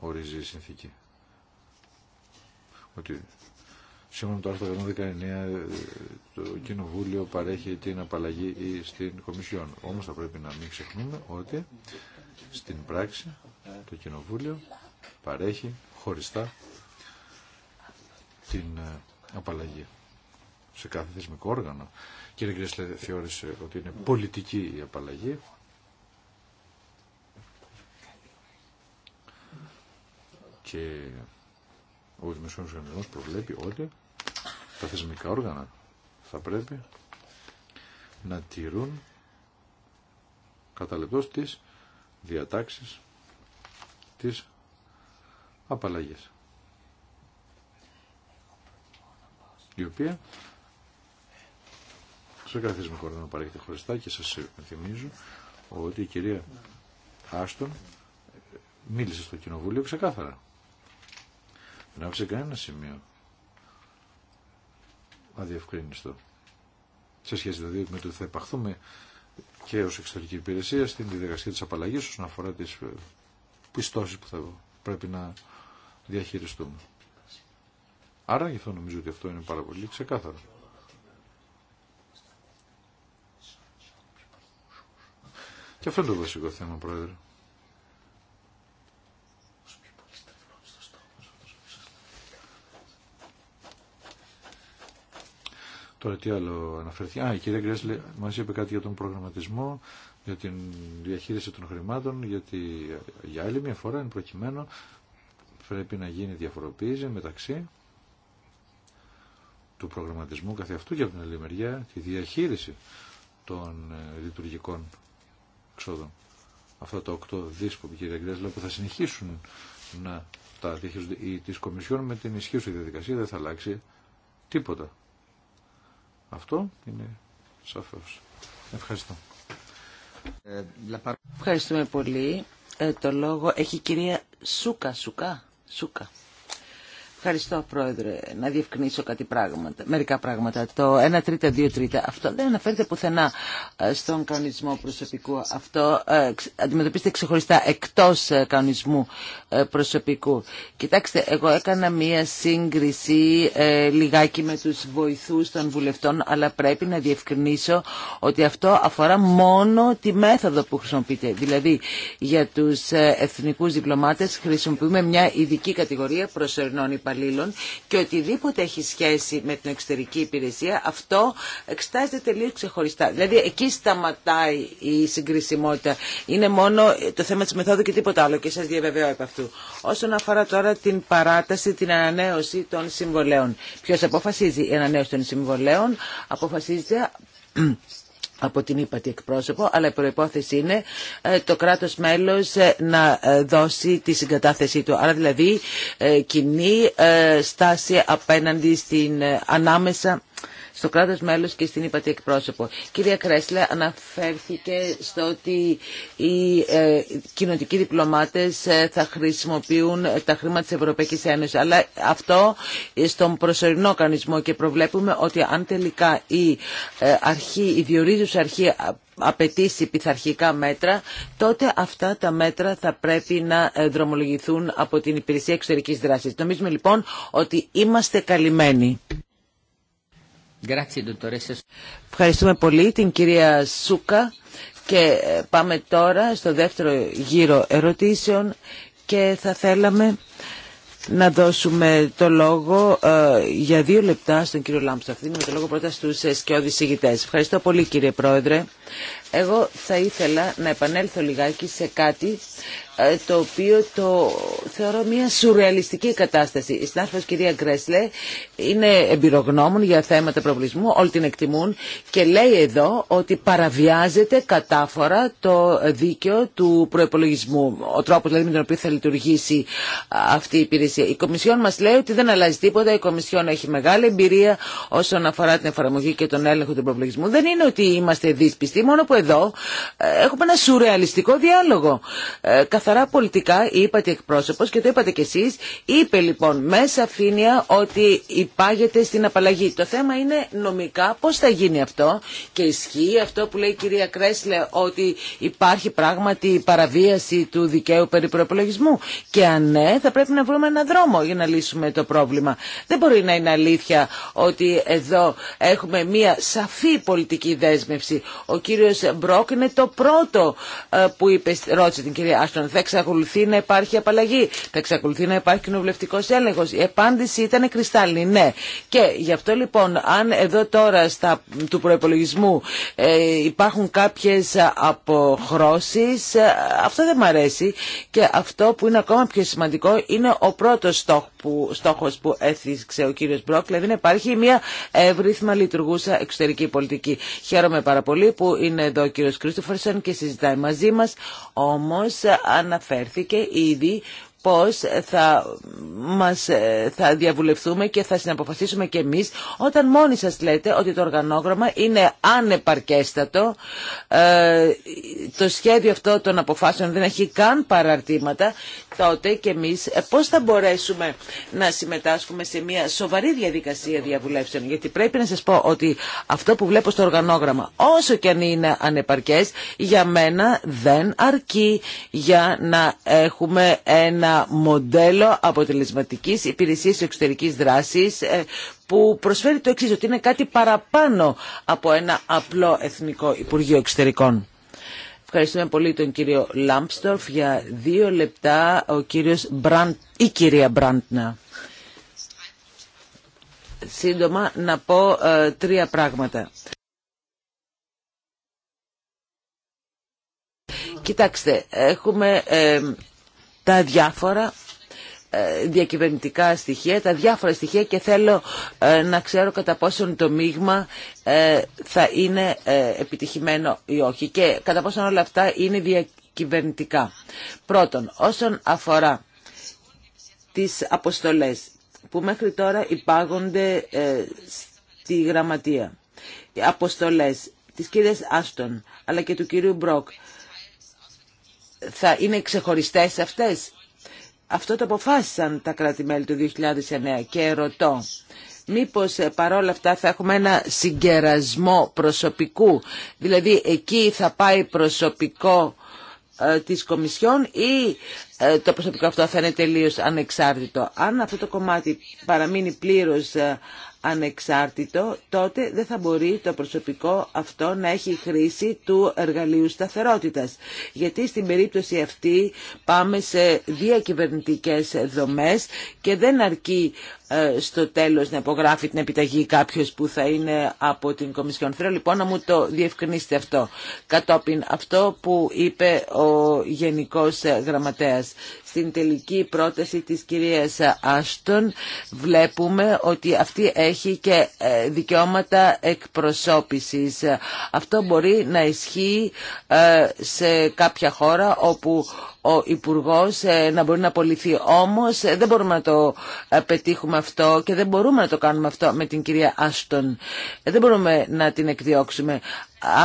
ορίζει η συνθήκη. Ότι Σύμφωνα με το άρθρο 119 το Κοινοβούλιο παρέχει την απαλλαγή στην Κομισιόν. Όμως θα πρέπει να μην ξεχνούμε ότι στην πράξη το Κοινοβούλιο παρέχει χωριστά την ε, απαλλαγή σε κάθε θεσμικό όργανο. Κύριε Γκρίσλε θεώρησε ότι είναι πολιτική η απαλλαγή. Και ο Δημοσιονομικός Γενικό προβλέπει ότι τα θεσμικά όργανα θα πρέπει να τηρούν κατά λεπτό τις διατάξεις της απαλλαγής. η οποία σε κάθε θεσμικό όργανο παρέχεται χωριστά και σας θυμίζω ότι η κυρία Άστον μίλησε στο κοινοβούλιο ξεκάθαρα δεν άφησε κανένα σημείο αδιευκρίνιστο σε σχέση δηλαδή με το ότι θα επαχθούμε και ως εξωτερική υπηρεσία στην διδασκαλία της απαλλαγής όσον αφορά τις ε, πιστώσεις που θα πρέπει να διαχειριστούμε. Άρα γι' αυτό νομίζω ότι αυτό είναι πάρα πολύ ξεκάθαρο. Και αυτό είναι το βασικό θέμα, Πρόεδρε. Τώρα τι άλλο αναφέρθηκε. Α, η κυρία Γκρέσλε μα είπε κάτι για τον προγραμματισμό, για την διαχείριση των χρημάτων, γιατί για άλλη μια φορά, εν προκειμένου, πρέπει να γίνει διαφοροποίηση μεταξύ του προγραμματισμού καθεαυτού αυτού και από την άλλη μεριά τη διαχείριση των ε, λειτουργικών εξόδων. Αυτά τα οκτώ δίσκοπη κυρία Γκρέσλε, που θα συνεχίσουν να τα διαχειρίζονται οι της Κομισιόν με την ισχύουσα διαδικασία δεν θα αλλάξει τίποτα. Αυτό είναι σαφώς. Ευχαριστώ. Ευχαριστούμε πολύ. Ε, το λόγο έχει η κυρία Σούκα, Σούκα, Σούκα. Ευχαριστώ, Πρόεδρε. Να διευκρινίσω κάτι πράγματα, μερικά πράγματα. Το 1 τρίτα, 2 τρίτα, αυτό δεν αναφέρεται πουθενά ε, στον κανονισμό προσωπικού. Αυτό ε, αντιμετωπίζεται ξεχωριστά εκτός ε, κανονισμού προσωπικού. Κοιτάξτε, εγώ έκανα μία σύγκριση λιγάκι με τους βοηθούς των βουλευτών, αλλά πρέπει να διευκρινίσω ότι αυτό αφορά μόνο τη μέθοδο που χρησιμοποιείται. Δηλαδή, για τους εθνικούς διπλωμάτες χρησιμοποιούμε μια ειδική κατηγορία προσωρινών υπαλλήλων υπαλλήλων και οτιδήποτε έχει σχέση με την εξωτερική υπηρεσία, αυτό εξετάζεται τελείως ξεχωριστά. Δηλαδή εκεί σταματάει η συγκρισιμότητα. Είναι μόνο το θέμα της μεθόδου και τίποτα άλλο και σας διαβεβαιώ επ' αυτού. Όσον αφορά τώρα την παράταση, την ανανέωση των συμβολέων. Ποιος αποφασίζει η ανανέωση των συμβολέων, αποφασίζεται από την ύπατη εκπρόσωπο, αλλά η προϋπόθεση είναι ε, το κράτος μέλος ε, να ε, δώσει τη συγκατάθεσή του. Άρα δηλαδή κοινή στάση απέναντι στην ανάμεσα στο κράτος μέλος και στην υπατή εκπρόσωπο. Κυρία Κρέσλε, αναφέρθηκε στο ότι οι ε, κοινοτικοί διπλωμάτες ε, θα χρησιμοποιούν τα χρήματα της Ευρωπαϊκής Ένωσης. Αλλά αυτό ε, στον προσωρινό κανονισμό και προβλέπουμε ότι αν τελικά η ε, αρχή, η διορίζουσα αρχή απαιτήσει πειθαρχικά μέτρα, τότε αυτά τα μέτρα θα πρέπει να δρομολογηθούν από την Υπηρεσία Εξωτερικής Δράσης. Νομίζουμε λοιπόν ότι είμαστε καλυμμένοι. Ευχαριστούμε πολύ την κυρία Σούκα και πάμε τώρα στο δεύτερο γύρο ερωτήσεων και θα θέλαμε να δώσουμε το λόγο ε, για δύο λεπτά στον κύριο Θα Δίνουμε το λόγο πρώτα στους σκιώδη ηγητές. Ευχαριστώ πολύ κύριε Πρόεδρε. Εγώ θα ήθελα να επανέλθω λιγάκι σε κάτι ε, το οποίο το θεωρώ μια σουρεαλιστική κατάσταση. Η συνάδελφος κυρία Γκρέσλε είναι εμπειρογνώμων για θέματα προβλησμού, όλοι την εκτιμούν και λέει εδώ ότι παραβιάζεται κατάφορα το δίκαιο του προπολογισμού, ο τρόπος δηλαδή με τον οποίο θα λειτουργήσει αυτή η υπηρεσία. Η Κομισιόν μας λέει ότι δεν αλλάζει τίποτα, η Κομισιόν έχει μεγάλη εμπειρία όσον αφορά την εφαρμογή και τον έλεγχο του προπολογισμού. Δεν είναι ότι είμαστε δύσπιστοι, μόνο που εδώ ε, έχουμε ένα σουρεαλιστικό διάλογο. Ε, καθαρά πολιτικά είπατε εκπρόσωπο και το είπατε κι εσείς, είπε λοιπόν με σαφήνεια ότι υπάγεται στην απαλλαγή. Το θέμα είναι νομικά πώ θα γίνει αυτό και ισχύει αυτό που λέει η κυρία Κρέσλε ότι υπάρχει πράγματι παραβίαση του δικαίου περί προπολογισμού και αν ναι θα πρέπει να βρούμε έναν δρόμο για να λύσουμε το πρόβλημα. Δεν μπορεί να είναι αλήθεια ότι εδώ έχουμε μία σαφή πολιτική δέσμευση. Ο κύριο Μπρόκ είναι το πρώτο ε, που είπε, ρώτησε την κυρία Άστον, εξακολουθεί να υπάρχει απαλλαγή, θα εξακολουθεί να υπάρχει κοινοβουλευτικό έλεγχο. Η απάντηση ήταν κρυστάλλινη, ναι. Και γι' αυτό λοιπόν, αν εδώ τώρα στα, του προπολογισμού ε, υπάρχουν κάποιε αποχρώσει, ε, αυτό δεν μ' αρέσει. Και αυτό που είναι ακόμα πιο σημαντικό είναι ο πρώτο στόχο που, που έθιξε ο κύριο Μπρόκ, δηλαδή να υπάρχει μια εύρυθμα λειτουργούσα εξωτερική πολιτική. Χαίρομαι πάρα πολύ που είναι εδώ ο κύριο Κρίστοφερσον και συζητάει μαζί μα, όμω, αν αναφέρθηκε ήδη πώς θα, μας, ε, θα διαβουλευτούμε και θα συναποφασίσουμε και εμείς όταν μόνοι σας λέτε ότι το οργανόγραμμα είναι ανεπαρκέστατο ε, το σχέδιο αυτό των αποφάσεων δεν έχει καν παραρτήματα τότε και εμείς ε, πώς θα μπορέσουμε να συμμετάσχουμε σε μια σοβαρή διαδικασία διαβουλεύσεων. Γιατί πρέπει να σας πω ότι αυτό που βλέπω στο οργανόγραμμα, όσο και αν είναι ανεπαρκές, για μένα δεν αρκεί για να έχουμε ένα μοντέλο αποτελεσματικής υπηρεσίας εξωτερικής δράσης ε, που προσφέρει το εξής, ότι είναι κάτι παραπάνω από ένα απλό Εθνικό Υπουργείο Εξωτερικών. Ευχαριστούμε πολύ τον κύριο Λάμπστορφ. Για δύο λεπτά ο κύριος Μπραντ, η κυρία Μπραντνα. Σύντομα να πω ε, τρία πράγματα. Κοιτάξτε, έχουμε ε, τα διάφορα ε, διακυβερνητικά στοιχεία, τα διάφορα στοιχεία και θέλω ε, να ξέρω κατά πόσον το μείγμα ε, θα είναι επιτυχημένο ή όχι και κατά πόσον όλα αυτά είναι διακυβερνητικά. Πρώτον, όσον αφορά τις αποστολές που μέχρι τώρα υπάγονται στη γραμματεία, οι αποστολές της κυρίας Άστον αλλά και του κυρίου Μπροκ θα είναι ξεχωριστές αυτές αυτό το αποφάσισαν τα κράτη-μέλη του 2009 και ρωτώ μήπως ε, παρόλα αυτά θα έχουμε ένα συγκερασμό προσωπικού, δηλαδή εκεί θα πάει προσωπικό ε, της Κομισιόν ή ε, το προσωπικό αυτό θα είναι τελείως ανεξάρτητο. Αν αυτό το κομμάτι παραμείνει πλήρως ε, ανεξάρτητο, τότε δεν θα μπορεί το προσωπικό αυτό να έχει χρήση του εργαλείου σταθερότητας. Γιατί στην περίπτωση αυτή πάμε σε διακυβερνητικές δομές και δεν αρκεί ε, στο τέλος να υπογράφει την επιταγή κάποιος που θα είναι από την Κομισιόν. Θέλω λοιπόν να μου το διευκρινίσετε αυτό. Κατόπιν αυτό που είπε ο Γενικός Γραμματέας. Στην τελική πρόταση της κυρίας Άστον βλέπουμε ότι αυτή έχει και ε, δικαιώματα εκπροσώπησης. Αυτό μπορεί να ισχύει ε, σε κάποια χώρα όπου ο Υπουργός ε, να μπορεί να απολυθεί. Όμως ε, δεν μπορούμε να το ε, πετύχουμε αυτό και δεν μπορούμε να το κάνουμε αυτό με την κυρία Άστον. Δεν μπορούμε να την εκδιώξουμε.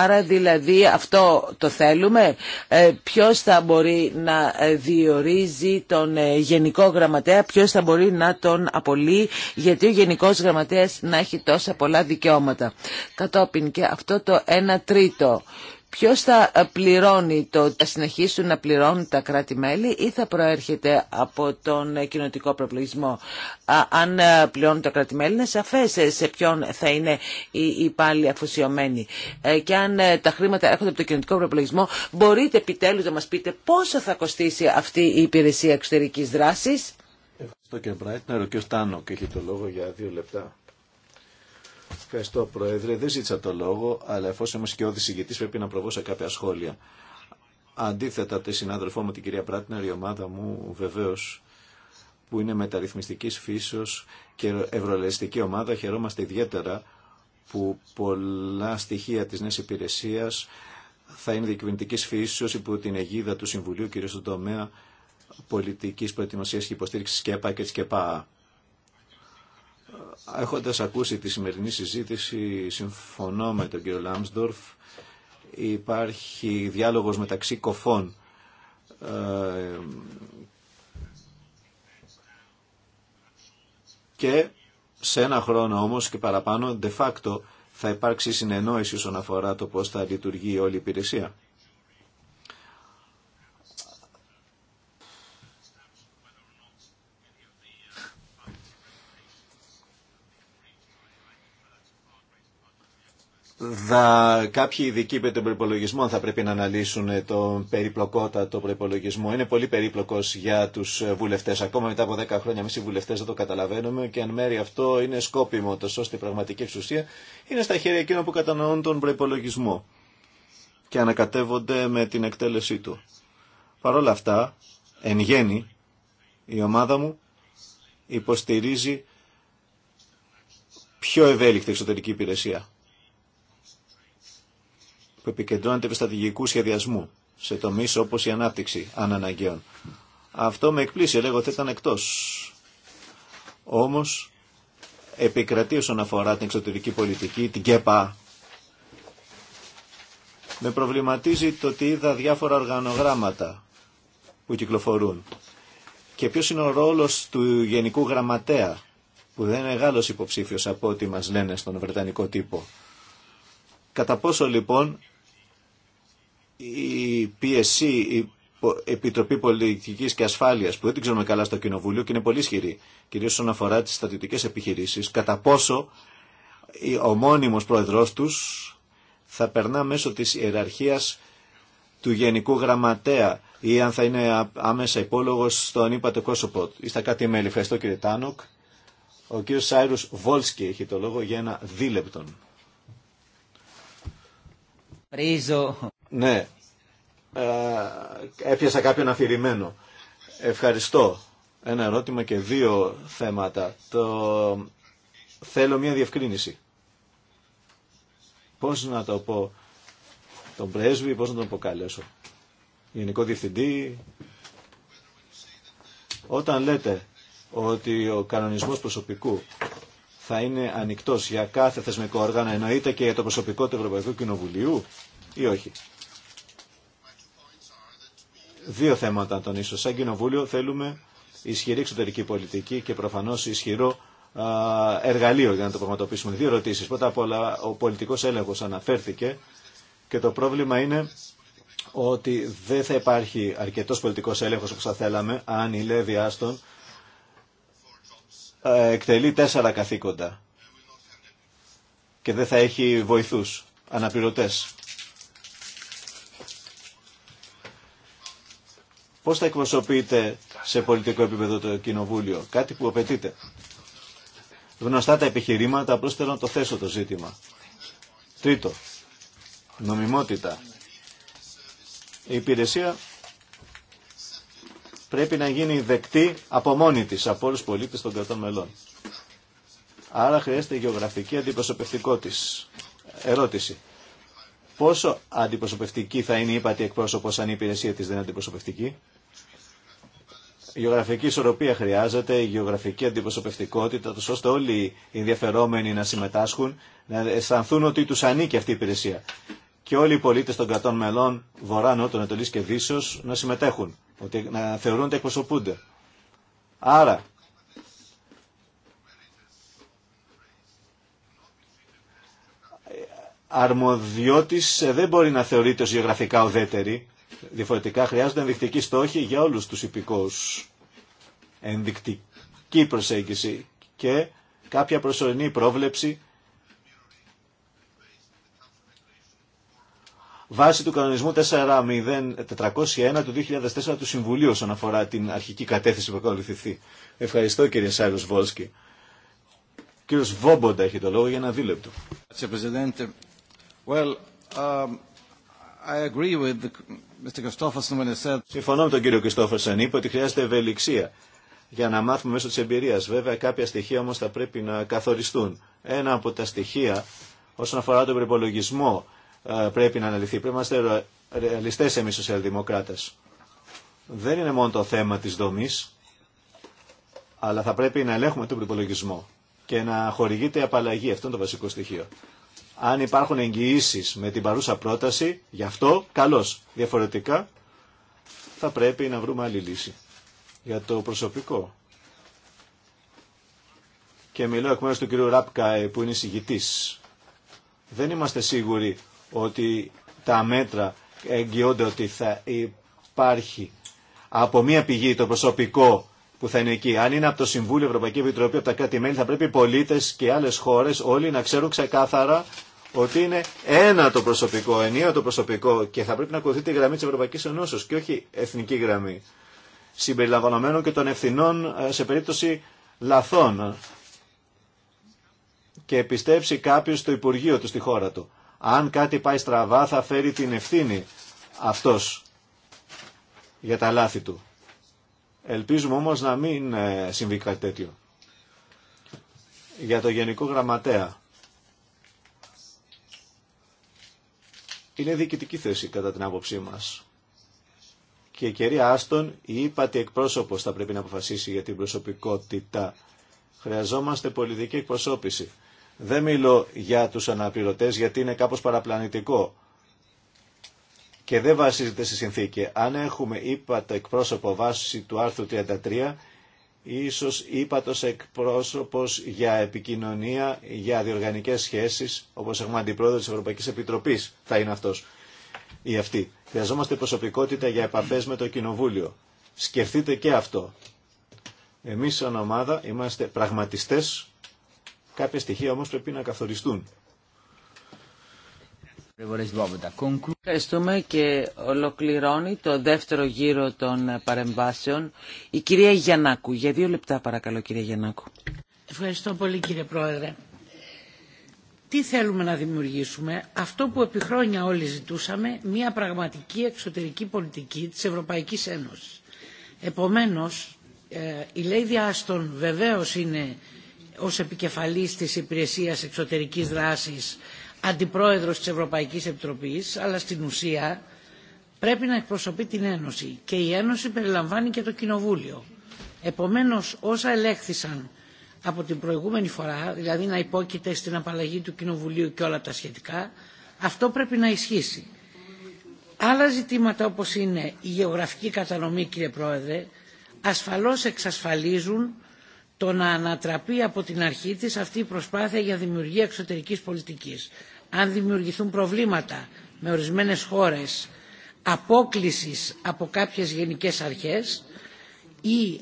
Άρα δηλαδή αυτό το θέλουμε. Ε, ποιος θα μπορεί να διορίζει τον Γενικό Γραμματέα, ποιος θα μπορεί να τον απολύει, γιατί ο Γενικός Γραμματέας να έχει τόσα πολλά δικαιώματα. Κατόπιν και αυτό το 1 τρίτο Ποιος θα ε, πληρώνει το, θα συνεχίσουν να πληρώνουν τα κράτη-μέλη ή θα προέρχεται από τον ε, κοινοτικό προπλογισμό. Αν ε, πληρώνουν τα κράτη-μέλη είναι σαφέ σε ποιον θα είναι οι υπάλληλοι αφοσιωμένοι. Και αν τα χρήματα έρχονται από τον κοινοτικό προπλογισμό μπορείτε επιτέλους να μας πείτε πόσο θα κοστίσει αυτή η υπηρεσία εξωτερικής δράσης. Ευχαριστώ κύριε Μπράιτνερ. Ο κ. και έχει το λόγο για δύο λεπτά. Ευχαριστώ, Πρόεδρε. Δεν ζήτησα το λόγο, αλλά εφόσον είμαι σκιώδη ηγητή, πρέπει να προβώ σε κάποια σχόλια. Αντίθετα από τη συνάδελφό μου, την κυρία Πράτνερ, η ομάδα μου βεβαίω που είναι μεταρρυθμιστική φύσεω και ευρωλεστική ομάδα, χαιρόμαστε ιδιαίτερα που πολλά στοιχεία τη νέα υπηρεσία θα είναι διεκβιντικής φύσεως υπό την αιγίδα του Συμβουλίου, κυρίω στον τομέα πολιτική προετοιμασία και υποστηρίξη ΚΕΠΑ και τη ΚΕΠΑ. Έχοντας ακούσει τη σημερινή συζήτηση, συμφωνώ με τον κύριο Λάμσδορφ, υπάρχει διάλογος μεταξύ κοφών ε, και σε ένα χρόνο όμως και παραπάνω, de facto, θα υπάρξει συνεννόηση όσον αφορά το πώς θα λειτουργεί όλη η υπηρεσία. Δα, κάποιοι ειδικοί με τον προπολογισμό θα πρέπει να αναλύσουν τον περιπλοκότατο προπολογισμό. Είναι πολύ περίπλοκο για του βουλευτέ. Ακόμα μετά από 10 χρόνια, εμεί οι βουλευτέ δεν το καταλαβαίνουμε και αν μέρει αυτό είναι σκόπιμο, το ώστε πραγματική εξουσία είναι στα χέρια εκείνων που κατανοούν τον προπολογισμό και ανακατεύονται με την εκτέλεσή του. Παρ' όλα αυτά, εν γέννη, η ομάδα μου υποστηρίζει πιο ευέλικτη εξωτερική υπηρεσία που επικεντρώνεται επί στρατηγικού σχεδιασμού σε τομεί όπω η ανάπτυξη αν αναγκαίων. Αυτό με εκπλήσει, λέγω ότι ήταν εκτό. Όμω επικρατεί όσον αφορά την εξωτερική πολιτική, την ΚΕΠΑ. Με προβληματίζει το ότι είδα διάφορα οργανογράμματα που κυκλοφορούν. Και ποιος είναι ο ρόλος του Γενικού Γραμματέα, που δεν είναι μεγάλος υποψήφιος από ό,τι μα λένε στον Βρετανικό τύπο. Κατά πόσο λοιπόν η PSC, η Επιτροπή Πολιτικής και Ασφάλειας, που δεν την ξέρουμε καλά στο Κοινοβούλιο και είναι πολύ ισχυρή, κυρίως όσον αφορά τις στατιωτικές επιχειρήσεις, κατά πόσο ο μόνιμος πρόεδρός τους θα περνά μέσω της ιεραρχίας του Γενικού Γραμματέα ή αν θα είναι άμεσα υπόλογος στον ύπατο κόσοπο. Είστε κάτι με Ευχαριστώ κύριε Τάνοκ. Ο κύριος Σάιρους Βόλσκι έχει το λόγο για ένα δίλεπτον. Ναι, ε, έπιασα κάποιον αφηρημένο. Ευχαριστώ. Ένα ερώτημα και δύο θέματα. Το... Θέλω μια διευκρίνηση. Πώς να το πω τον πρέσβη, πώς να τον αποκαλέσω. Γενικό διευθυντή. Όταν λέτε ότι ο κανονισμός προσωπικού θα είναι ανοιχτός για κάθε θεσμικό όργανο, εννοείται και για το προσωπικό του Ευρωπαϊκού Κοινοβουλίου ή όχι δύο θέματα τονίσω. Σαν Κοινοβούλιο θέλουμε ισχυρή εξωτερική πολιτική και προφανώς ισχυρό εργαλείο για να το πραγματοποιήσουμε. Δύο ερωτήσει. Πρώτα απ' όλα ο πολιτικός έλεγχος αναφέρθηκε και το πρόβλημα είναι ότι δεν θα υπάρχει αρκετός πολιτικός έλεγχος όπως θα θέλαμε αν η Λέβη Άστον ε, εκτελεί τέσσερα καθήκοντα και δεν θα έχει βοηθούς, αναπληρωτές. Πώς θα εκπροσωπείτε σε πολιτικό επίπεδο το κοινοβούλιο, κάτι που απαιτείται. Γνωστά τα επιχειρήματα, απλώς θέλω να το θέσω το ζήτημα. Τρίτο, νομιμότητα. Η υπηρεσία πρέπει να γίνει δεκτή από μόνη της, από όλου τους πολίτες των κρατών μελών. Άρα χρειάζεται η γεωγραφική αντιπροσωπευτικό τη. Ερώτηση. Πόσο αντιπροσωπευτική θα είναι η ύπατη εκπρόσωπος αν η υπηρεσία τη δεν είναι αντιπροσωπευτική. Η γεωγραφική ισορροπία χρειάζεται, η γεωγραφική αντιπροσωπευτικότητα, ώστε όλοι οι ενδιαφερόμενοι να συμμετάσχουν, να αισθανθούν ότι τους ανήκει αυτή η υπηρεσία. Και όλοι οι πολίτε των κρατών μελών, βορρά, νότων, Ανατολή και Δύσεω, να συμμετέχουν, ότι να θεωρούν ότι εκπροσωπούνται. Άρα, αρμοδιώτης ε, δεν μπορεί να θεωρείται ως γεωγραφικά ουδέτερη, Διαφορετικά χρειάζονται ενδεικτικοί στόχοι για όλους τους υπηκόους. Ενδεικτική προσέγγιση και κάποια προσωρινή πρόβλεψη βάσει του κανονισμού 401 του 2004 του Συμβουλίου όσον αφορά την αρχική κατέθεση που ακολουθηθεί. Ευχαριστώ κύριε Σάιλος Βόλσκι. Κύριος Βόμποντα έχει το λόγο για ένα δίλεπτο. Well, um, I agree with the... Συμφωνώ με τον κύριο Κριστόφερσον. Είπε ότι χρειάζεται ευελιξία για να μάθουμε μέσω της εμπειρίας. Βέβαια κάποια στοιχεία όμως θα πρέπει να καθοριστούν. Ένα από τα στοιχεία όσον αφορά τον προπολογισμό ε, πρέπει να αναλυθεί. Πρέπει να είμαστε ρεαλιστές εμείς σοσιαλδημοκράτες. Δεν είναι μόνο το θέμα της δομής, αλλά θα πρέπει να ελέγχουμε τον προπολογισμό και να χορηγείται απαλλαγή. Αυτό είναι το βασικό στοιχείο. Αν υπάρχουν εγγυήσει με την παρούσα πρόταση, γι' αυτό καλώς. Διαφορετικά θα πρέπει να βρούμε άλλη λύση για το προσωπικό. Και μιλώ εκ μέρους του κύριου Ράπκα που είναι εισηγητής. Δεν είμαστε σίγουροι ότι τα μέτρα εγγυώνται ότι θα υπάρχει από μία πηγή το προσωπικό που θα είναι εκεί. Αν είναι από το Συμβούλιο, Ευρωπαϊκή Επιτροπή, από τα κράτη-μέλη, θα πρέπει οι πολίτε και άλλε χώρε όλοι να ξέρουν ξεκάθαρα ότι είναι ένα το προσωπικό, ενίο το προσωπικό και θα πρέπει να ακολουθεί τη γραμμή τη Ευρωπαϊκή Ενώσεω και όχι εθνική γραμμή. Συμπεριλαμβανομένων και των ευθυνών ε, σε περίπτωση λαθών. Και πιστέψει κάποιο στο Υπουργείο του στη χώρα του. Αν κάτι πάει στραβά θα φέρει την ευθύνη αυτός για τα λάθη του. Ελπίζουμε όμως να μην ε, συμβεί κάτι τέτοιο. Για το Γενικό Γραμματέα. Είναι διοικητική θέση κατά την άποψή μας. Και η κυρία Άστον, η ύπατη εκπρόσωπος θα πρέπει να αποφασίσει για την προσωπικότητα. Χρειαζόμαστε πολιτική εκπροσώπηση. Δεν μιλώ για τους αναπληρωτές γιατί είναι κάπως παραπλανητικό και δεν βασίζεται στη συνθήκη. Αν έχουμε ύπατο εκπρόσωπο βάση του άρθρου 33, ίσως ύπατος εκπρόσωπος για επικοινωνία, για διοργανικές σχέσεις, όπως έχουμε αντιπρόεδρο της Ευρωπαϊκής Επιτροπής, θα είναι αυτός ή αυτή. Χρειαζόμαστε προσωπικότητα για επαφές με το Κοινοβούλιο. Σκεφτείτε και αυτό. Εμείς σαν ομάδα είμαστε πραγματιστές, κάποια στοιχεία όμως πρέπει να καθοριστούν. Ευχαριστούμε και ολοκληρώνει το δεύτερο γύρο των παρεμβάσεων η κυρία Γιαννάκου. Για δύο λεπτά παρακαλώ κυρία Γιαννάκου. Ευχαριστώ πολύ κύριε Πρόεδρε. Τι θέλουμε να δημιουργήσουμε, αυτό που επί χρόνια όλοι ζητούσαμε, μια πραγματική εξωτερική πολιτική της Ευρωπαϊκής Ένωσης. Επομένως, ε, η Λέιδη Άστον βεβαίως είναι ως επικεφαλής της Υπηρεσίας Εξωτερικής Δράσης αντιπρόεδρος της Ευρωπαϊκής Επιτροπής, αλλά στην ουσία πρέπει να εκπροσωπεί την Ένωση και η Ένωση περιλαμβάνει και το Κοινοβούλιο. Επομένως όσα ελέγχθησαν από την προηγούμενη φορά, δηλαδή να υπόκειται στην απαλλαγή του Κοινοβουλίου και όλα τα σχετικά, αυτό πρέπει να ισχύσει. Άλλα ζητήματα όπως είναι η γεωγραφική κατανομή κύριε Πρόεδρε, ασφαλώς εξασφαλίζουν το να ανατραπεί από την αρχή της αυτή η προσπάθεια για δημιουργία εξωτερικής πολιτικής αν δημιουργηθούν προβλήματα με ορισμένες χώρες απόκλησης από κάποιες γενικές αρχές ή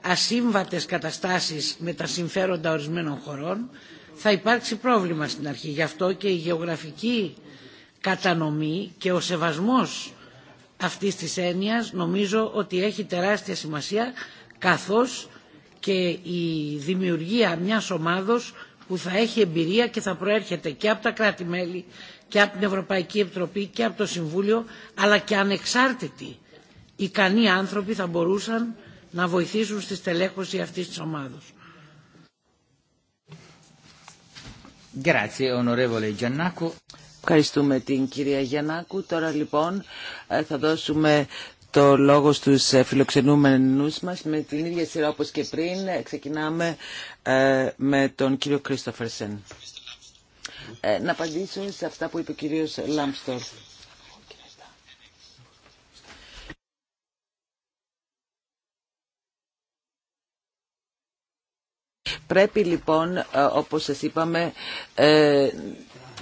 ασύμβατες καταστάσεις με τα συμφέροντα ορισμένων χωρών θα υπάρξει πρόβλημα στην αρχή. Γι' αυτό και η γεωγραφική κατανομή και ο σεβασμός αυτής της έννοιας νομίζω ότι έχει τεράστια σημασία καθώς και η δημιουργία μιας ομάδος που θα έχει εμπειρία και θα προέρχεται και από τα κράτη-μέλη και από την Ευρωπαϊκή Επιτροπή και από το Συμβούλιο, αλλά και ανεξάρτητοι ικανοί άνθρωποι θα μπορούσαν να βοηθήσουν στη στελέχωση αυτής της ομάδος. Ευχαριστούμε την κυρία Γιαννάκου. Τώρα λοιπόν ε, θα δώσουμε το λόγο στους ε, φιλοξενούμενους μας με την ίδια σειρά όπως και πριν. Ε, ξεκινάμε ε, με τον κύριο Κρίστοφερσεν. Να απαντήσω σε αυτά που είπε ο κύριος Λάμπστορ. Πρέπει λοιπόν, όπως σας είπαμε,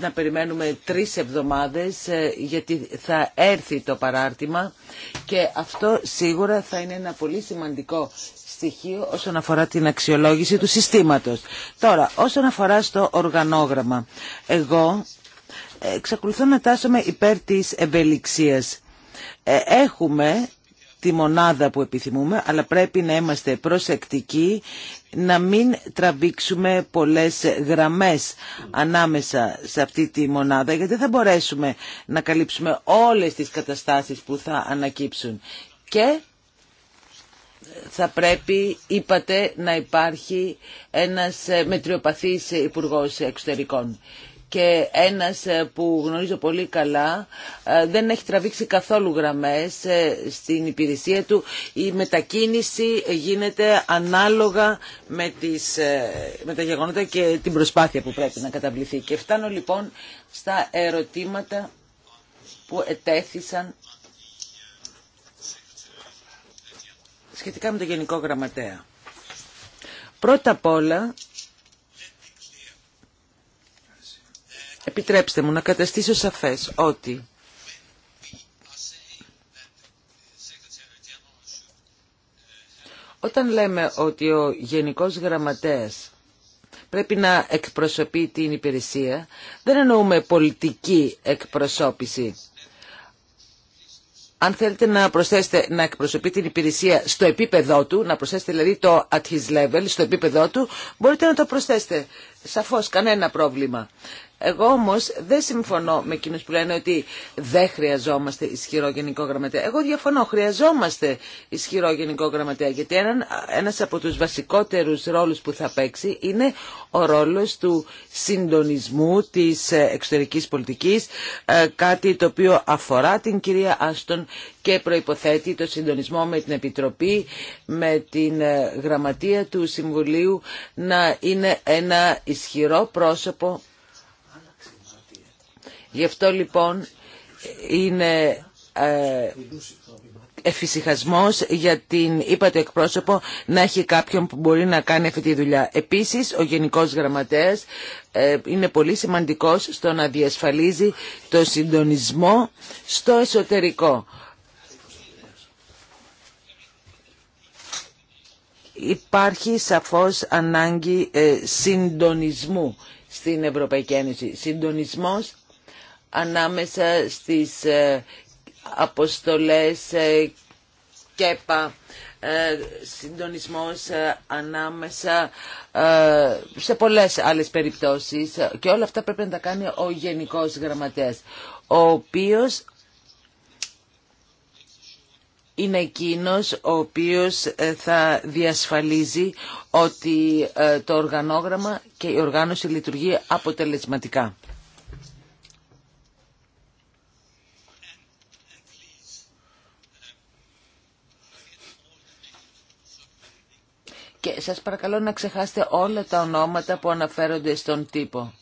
να περιμένουμε τρεις εβδομάδες ε, γιατί θα έρθει το παράρτημα και αυτό σίγουρα θα είναι ένα πολύ σημαντικό στοιχείο όσον αφορά την αξιολόγηση του συστήματος. Τώρα, όσον αφορά στο οργανόγραμμα, εγώ ε, εξακολουθώ να τάσσομαι υπέρ της ευελιξίας. Ε, έχουμε τη μονάδα που επιθυμούμε, αλλά πρέπει να είμαστε προσεκτικοί να μην τραβήξουμε πολλές γραμμές ανάμεσα σε αυτή τη μονάδα γιατί θα μπορέσουμε να καλύψουμε όλες τις καταστάσεις που θα ανακύψουν και θα πρέπει, είπατε, να υπάρχει ένας μετριοπαθής υπουργός εξωτερικών και ένας ε, που γνωρίζω πολύ καλά ε, δεν έχει τραβήξει καθόλου γραμμές ε, στην υπηρεσία του. Η μετακίνηση γίνεται ανάλογα με, τις, με τα γεγονότα και την προσπάθεια που πρέπει να καταβληθεί. Και φτάνω λοιπόν στα ερωτήματα που ετέθησαν σχετικά με τον Γενικό Γραμματέα. Πρώτα απ' όλα Επιτρέψτε μου να καταστήσω σαφές ότι όταν λέμε ότι ο Γενικός Γραμματέας πρέπει να εκπροσωπεί την υπηρεσία, δεν εννοούμε πολιτική εκπροσώπηση. Αν θέλετε να προσθέσετε να εκπροσωπεί την υπηρεσία στο επίπεδό του, να προσθέσετε δηλαδή το at his level, στο επίπεδό του, μπορείτε να το προσθέσετε Σαφώς κανένα πρόβλημα. Εγώ όμως δεν συμφωνώ με εκείνους που λένε ότι δεν χρειαζόμαστε ισχυρό γενικό γραμματέα. Εγώ διαφωνώ, χρειαζόμαστε ισχυρό γενικό γραμματέα γιατί ένα, ένας από τους βασικότερους ρόλους που θα παίξει είναι ο ρόλος του συντονισμού της ε, εξωτερικής πολιτικής, ε, κάτι το οποίο αφορά την κυρία Άστον και προϋποθέτει το συντονισμό με την Επιτροπή, με την ε, Γραμματεία του Συμβουλίου να είναι ένα ισχυρό πρόσωπο. Γι' αυτό λοιπόν είναι ε, εφησυχασμός για την, είπα το εκπρόσωπο, να έχει κάποιον που μπορεί να κάνει αυτή τη δουλειά. Επίσης, ο Γενικός Γραμματέας ε, είναι πολύ σημαντικός στο να διασφαλίζει το συντονισμό στο εσωτερικό υπάρχει σαφώς ανάγκη ε, συντονισμού στην Ευρωπαϊκή Ένωση. Συντονισμός ανάμεσα στις ε, αποστολές ε, ΚΕΠΑ, συντονισμός ανάμεσα σε πολλές άλλες περιπτώσεις και όλα αυτά πρέπει να τα κάνει ο Γενικός Γραμματέας ο οποίος είναι εκείνος ο οποίος ε, θα διασφαλίζει ότι ε, το οργανόγραμμα και η οργάνωση λειτουργεί αποτελεσματικά. Και σας παρακαλώ να ξεχάσετε όλα τα ονόματα που αναφέρονται στον τύπο.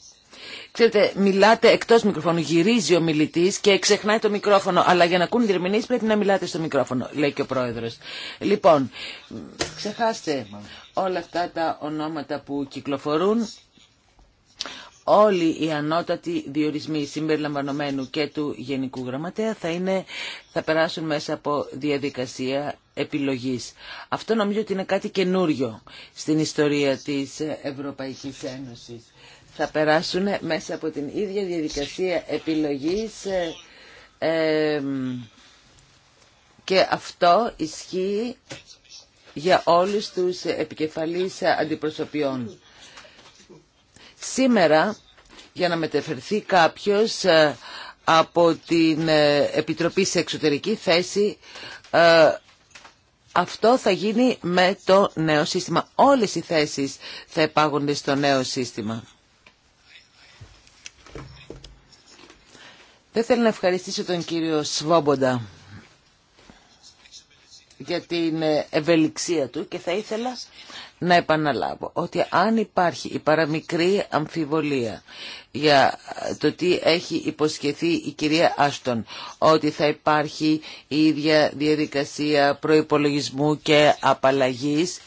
Ξέρετε, μιλάτε εκτό μικροφώνου, γυρίζει ο μιλητή και ξεχνάει το μικρόφωνο. Αλλά για να ακούν διερμηνεί πρέπει να μιλάτε στο μικρόφωνο, λέει και ο πρόεδρο. Λοιπόν, ξεχάστε όλα αυτά τα ονόματα που κυκλοφορούν. Όλοι οι ανώτατοι διορισμοί συμπεριλαμβανομένου και του Γενικού Γραμματέα θα, είναι, θα περάσουν μέσα από διαδικασία επιλογής. Αυτό νομίζω ότι είναι κάτι καινούριο στην ιστορία της Ευρωπαϊκής Ένωσης θα περάσουν μέσα από την ίδια διαδικασία επιλογής ε, ε, και αυτό ισχύει για όλους τους επικεφαλείς αντιπροσωπιών. Σήμερα, για να μετεφερθεί κάποιος ε, από την Επιτροπή σε εξωτερική θέση, αυτό θα γίνει με το νέο σύστημα. Όλες οι θέσεις θα επάγονται στο νέο σύστημα. δεν θέλω να ευχαριστήσω τον κύριο Σβόμποντα για την ευελιξία του και θα ήθελα να επαναλάβω ότι αν υπάρχει η παραμικρή αμφιβολία για το τι έχει υποσχεθεί η κυρία Άστον ότι θα υπάρχει η ίδια διαδικασία προϋπολογισμού και απαλλαγής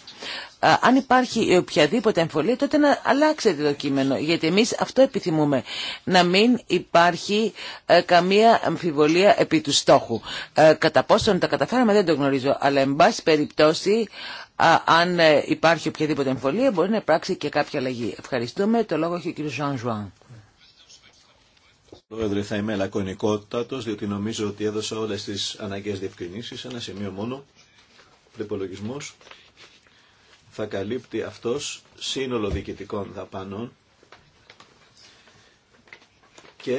ε, αν υπάρχει οποιαδήποτε εμφολία τότε να αλλάξετε το κείμενο γιατί εμεί αυτό επιθυμούμε να μην υπάρχει ε, καμία αμφιβολία επί του στόχου ε, κατά πόσον τα καταφέραμε δεν το γνωρίζω αλλά εν πάση περιπτώσει αν υπάρχει οποιαδήποτε εμφολία μπορεί να υπάρξει και κάποια αλλαγή ευχαριστούμε το λόγο έχει ο κ. Ζανζουάν Ζουάν Πρόεδρε, θα είμαι λακωνικότατο, διότι νομίζω ότι έδωσα όλε τι αναγκαίε διευκρινήσει. Ένα σημείο μόνο. Προπολογισμό θα καλύπτει αυτός σύνολο διοικητικών δαπανών και,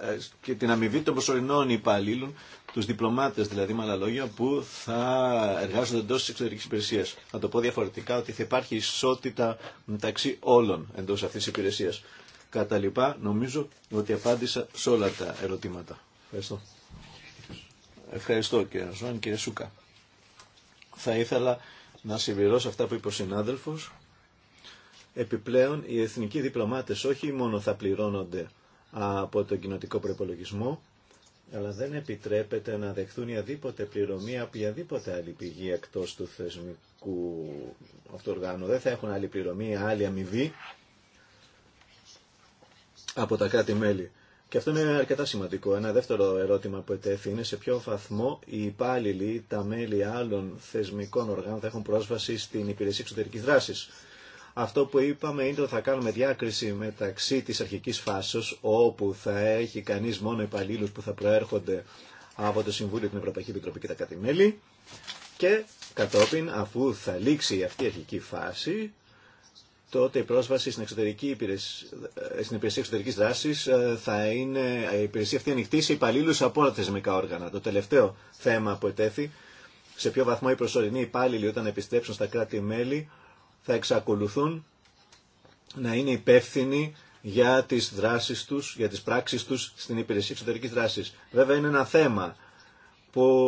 ε, και την αμοιβή των προσωρινών υπαλλήλων, τους διπλωμάτες δηλαδή με άλλα λόγια, που θα εργάζονται εντός της εξωτερικής υπηρεσίας. Θα το πω διαφορετικά ότι θα υπάρχει ισότητα μεταξύ όλων εντός αυτής της υπηρεσίας. Κατά λοιπά, νομίζω ότι απάντησα σε όλα τα ερωτήματα. Ευχαριστώ. Ευχαριστώ κύριε Ζωάν, κύριε Σούκα. Θα ήθελα να συμπληρώσω αυτά που είπε ο συνάδελφος. Επιπλέον, οι εθνικοί διπλωμάτες όχι μόνο θα πληρώνονται από τον κοινοτικό προπολογισμό, αλλά δεν επιτρέπεται να δεχθούν η πληρωμή από οποιαδήποτε άλλη πηγή εκτός του θεσμικού αυτοργάνου. Δεν θα έχουν άλλη πληρωμή, άλλη αμοιβή από τα κράτη-μέλη. Και αυτό είναι αρκετά σημαντικό. Ένα δεύτερο ερώτημα που ετέθη είναι σε ποιο βαθμό οι υπάλληλοι, τα μέλη άλλων θεσμικών οργάνων θα έχουν πρόσβαση στην υπηρεσία εξωτερική δράση. Αυτό που είπαμε είναι ότι θα κάνουμε διάκριση μεταξύ της αρχικής φάσης όπου θα έχει κανείς μόνο υπαλλήλου που θα προέρχονται από το Συμβούλιο, την Ευρωπαϊκή Επιτροπή και τα κατημέλη και κατόπιν αφού θα λήξει αυτή η αρχική φάση τότε η πρόσβαση στην, εξωτερική υπηρεσία, ε, στην υπηρεσία εξωτερική δράση ε, θα είναι η υπηρεσία αυτή ανοιχτή σε υπαλλήλου από όλα τα θεσμικά όργανα. Το τελευταίο θέμα που ετέθη, σε ποιο βαθμό οι προσωρινοί υπάλληλοι όταν επιστρέψουν στα κράτη-μέλη θα εξακολουθούν να είναι υπεύθυνοι για τι δράσει του, για τι πράξει του στην υπηρεσία εξωτερική δράση. Βέβαια είναι ένα θέμα που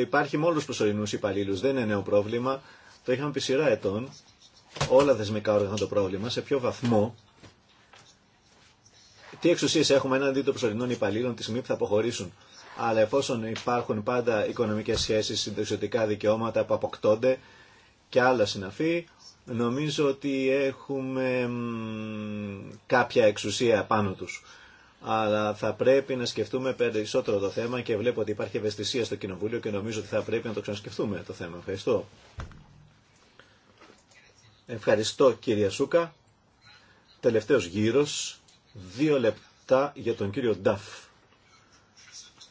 υπάρχει με όλου του προσωρινού υπαλλήλου, δεν είναι νέο πρόβλημα. Το είχαμε πει σειρά ετών όλα δεσμικά όργανα το πρόβλημα, σε ποιο βαθμό, τι εξουσίε έχουμε έναντι των προσωρινών υπαλλήλων τη στιγμή που θα αποχωρήσουν. Αλλά εφόσον υπάρχουν πάντα οικονομικέ σχέσει, συντεξιωτικά δικαιώματα που αποκτώνται και άλλα συναφή, νομίζω ότι έχουμε κάποια εξουσία πάνω του, Αλλά θα πρέπει να σκεφτούμε περισσότερο το θέμα και βλέπω ότι υπάρχει ευαισθησία στο Κοινοβούλιο και νομίζω ότι θα πρέπει να το ξανασκεφτούμε το θέμα. Ευχαριστώ. Ευχαριστώ κύριε Σούκα. Τελευταίος γύρος, δύο λεπτά για τον κύριο Νταφ.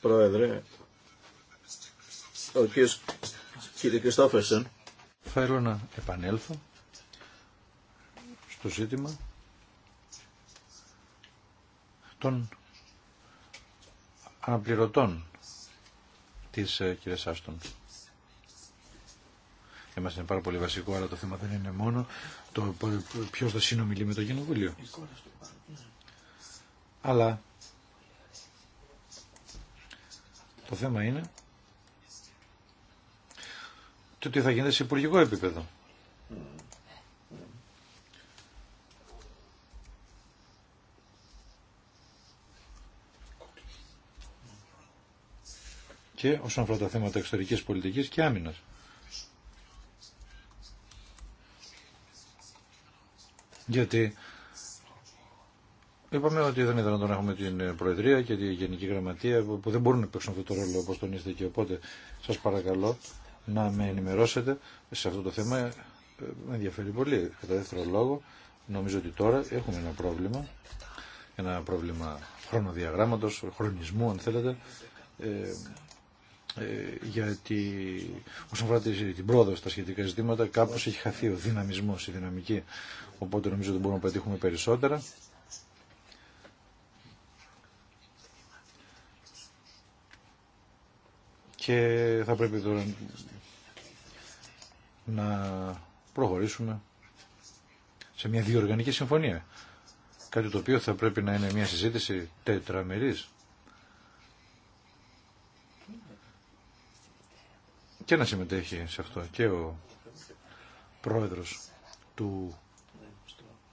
Πρόεδρε, ο κύριος, κύριε Κριστόφερσεν. Θέλω να επανέλθω στο ζήτημα των αναπληρωτών της ε, κυρίας Άστον εμάς είναι πάρα πολύ βασικό, αλλά το θέμα δεν είναι μόνο το ποιος θα συνομιλεί με το Κοινοβούλιο. Αλλά το θέμα είναι το τι θα γίνεται σε υπουργικό επίπεδο. και όσον αφορά τα θέματα εξωτερικής πολιτικής και άμυνας. Γιατί είπαμε ότι δεν ήταν να έχουμε την Προεδρία και τη Γενική Γραμματεία που δεν μπορούν να παίξουν αυτό το ρόλο όπως είστε και οπότε σας παρακαλώ να με ενημερώσετε σε αυτό το θέμα ε, με ενδιαφέρει πολύ. Κατά δεύτερο λόγο νομίζω ότι τώρα έχουμε ένα πρόβλημα ένα πρόβλημα χρονοδιαγράμματος, χρονισμού αν θέλετε ε, ε, γιατί όσον αφορά την πρόοδο στα σχετικά ζητήματα κάπω έχει χαθεί ο δυναμισμό η δυναμική οπότε νομίζω ότι μπορούμε να πετύχουμε περισσότερα και θα πρέπει τώρα να προχωρήσουμε σε μια διοργανική συμφωνία κάτι το οποίο θα πρέπει να είναι μια συζήτηση τετραμερής και να συμμετέχει σε αυτό και ο πρόεδρος του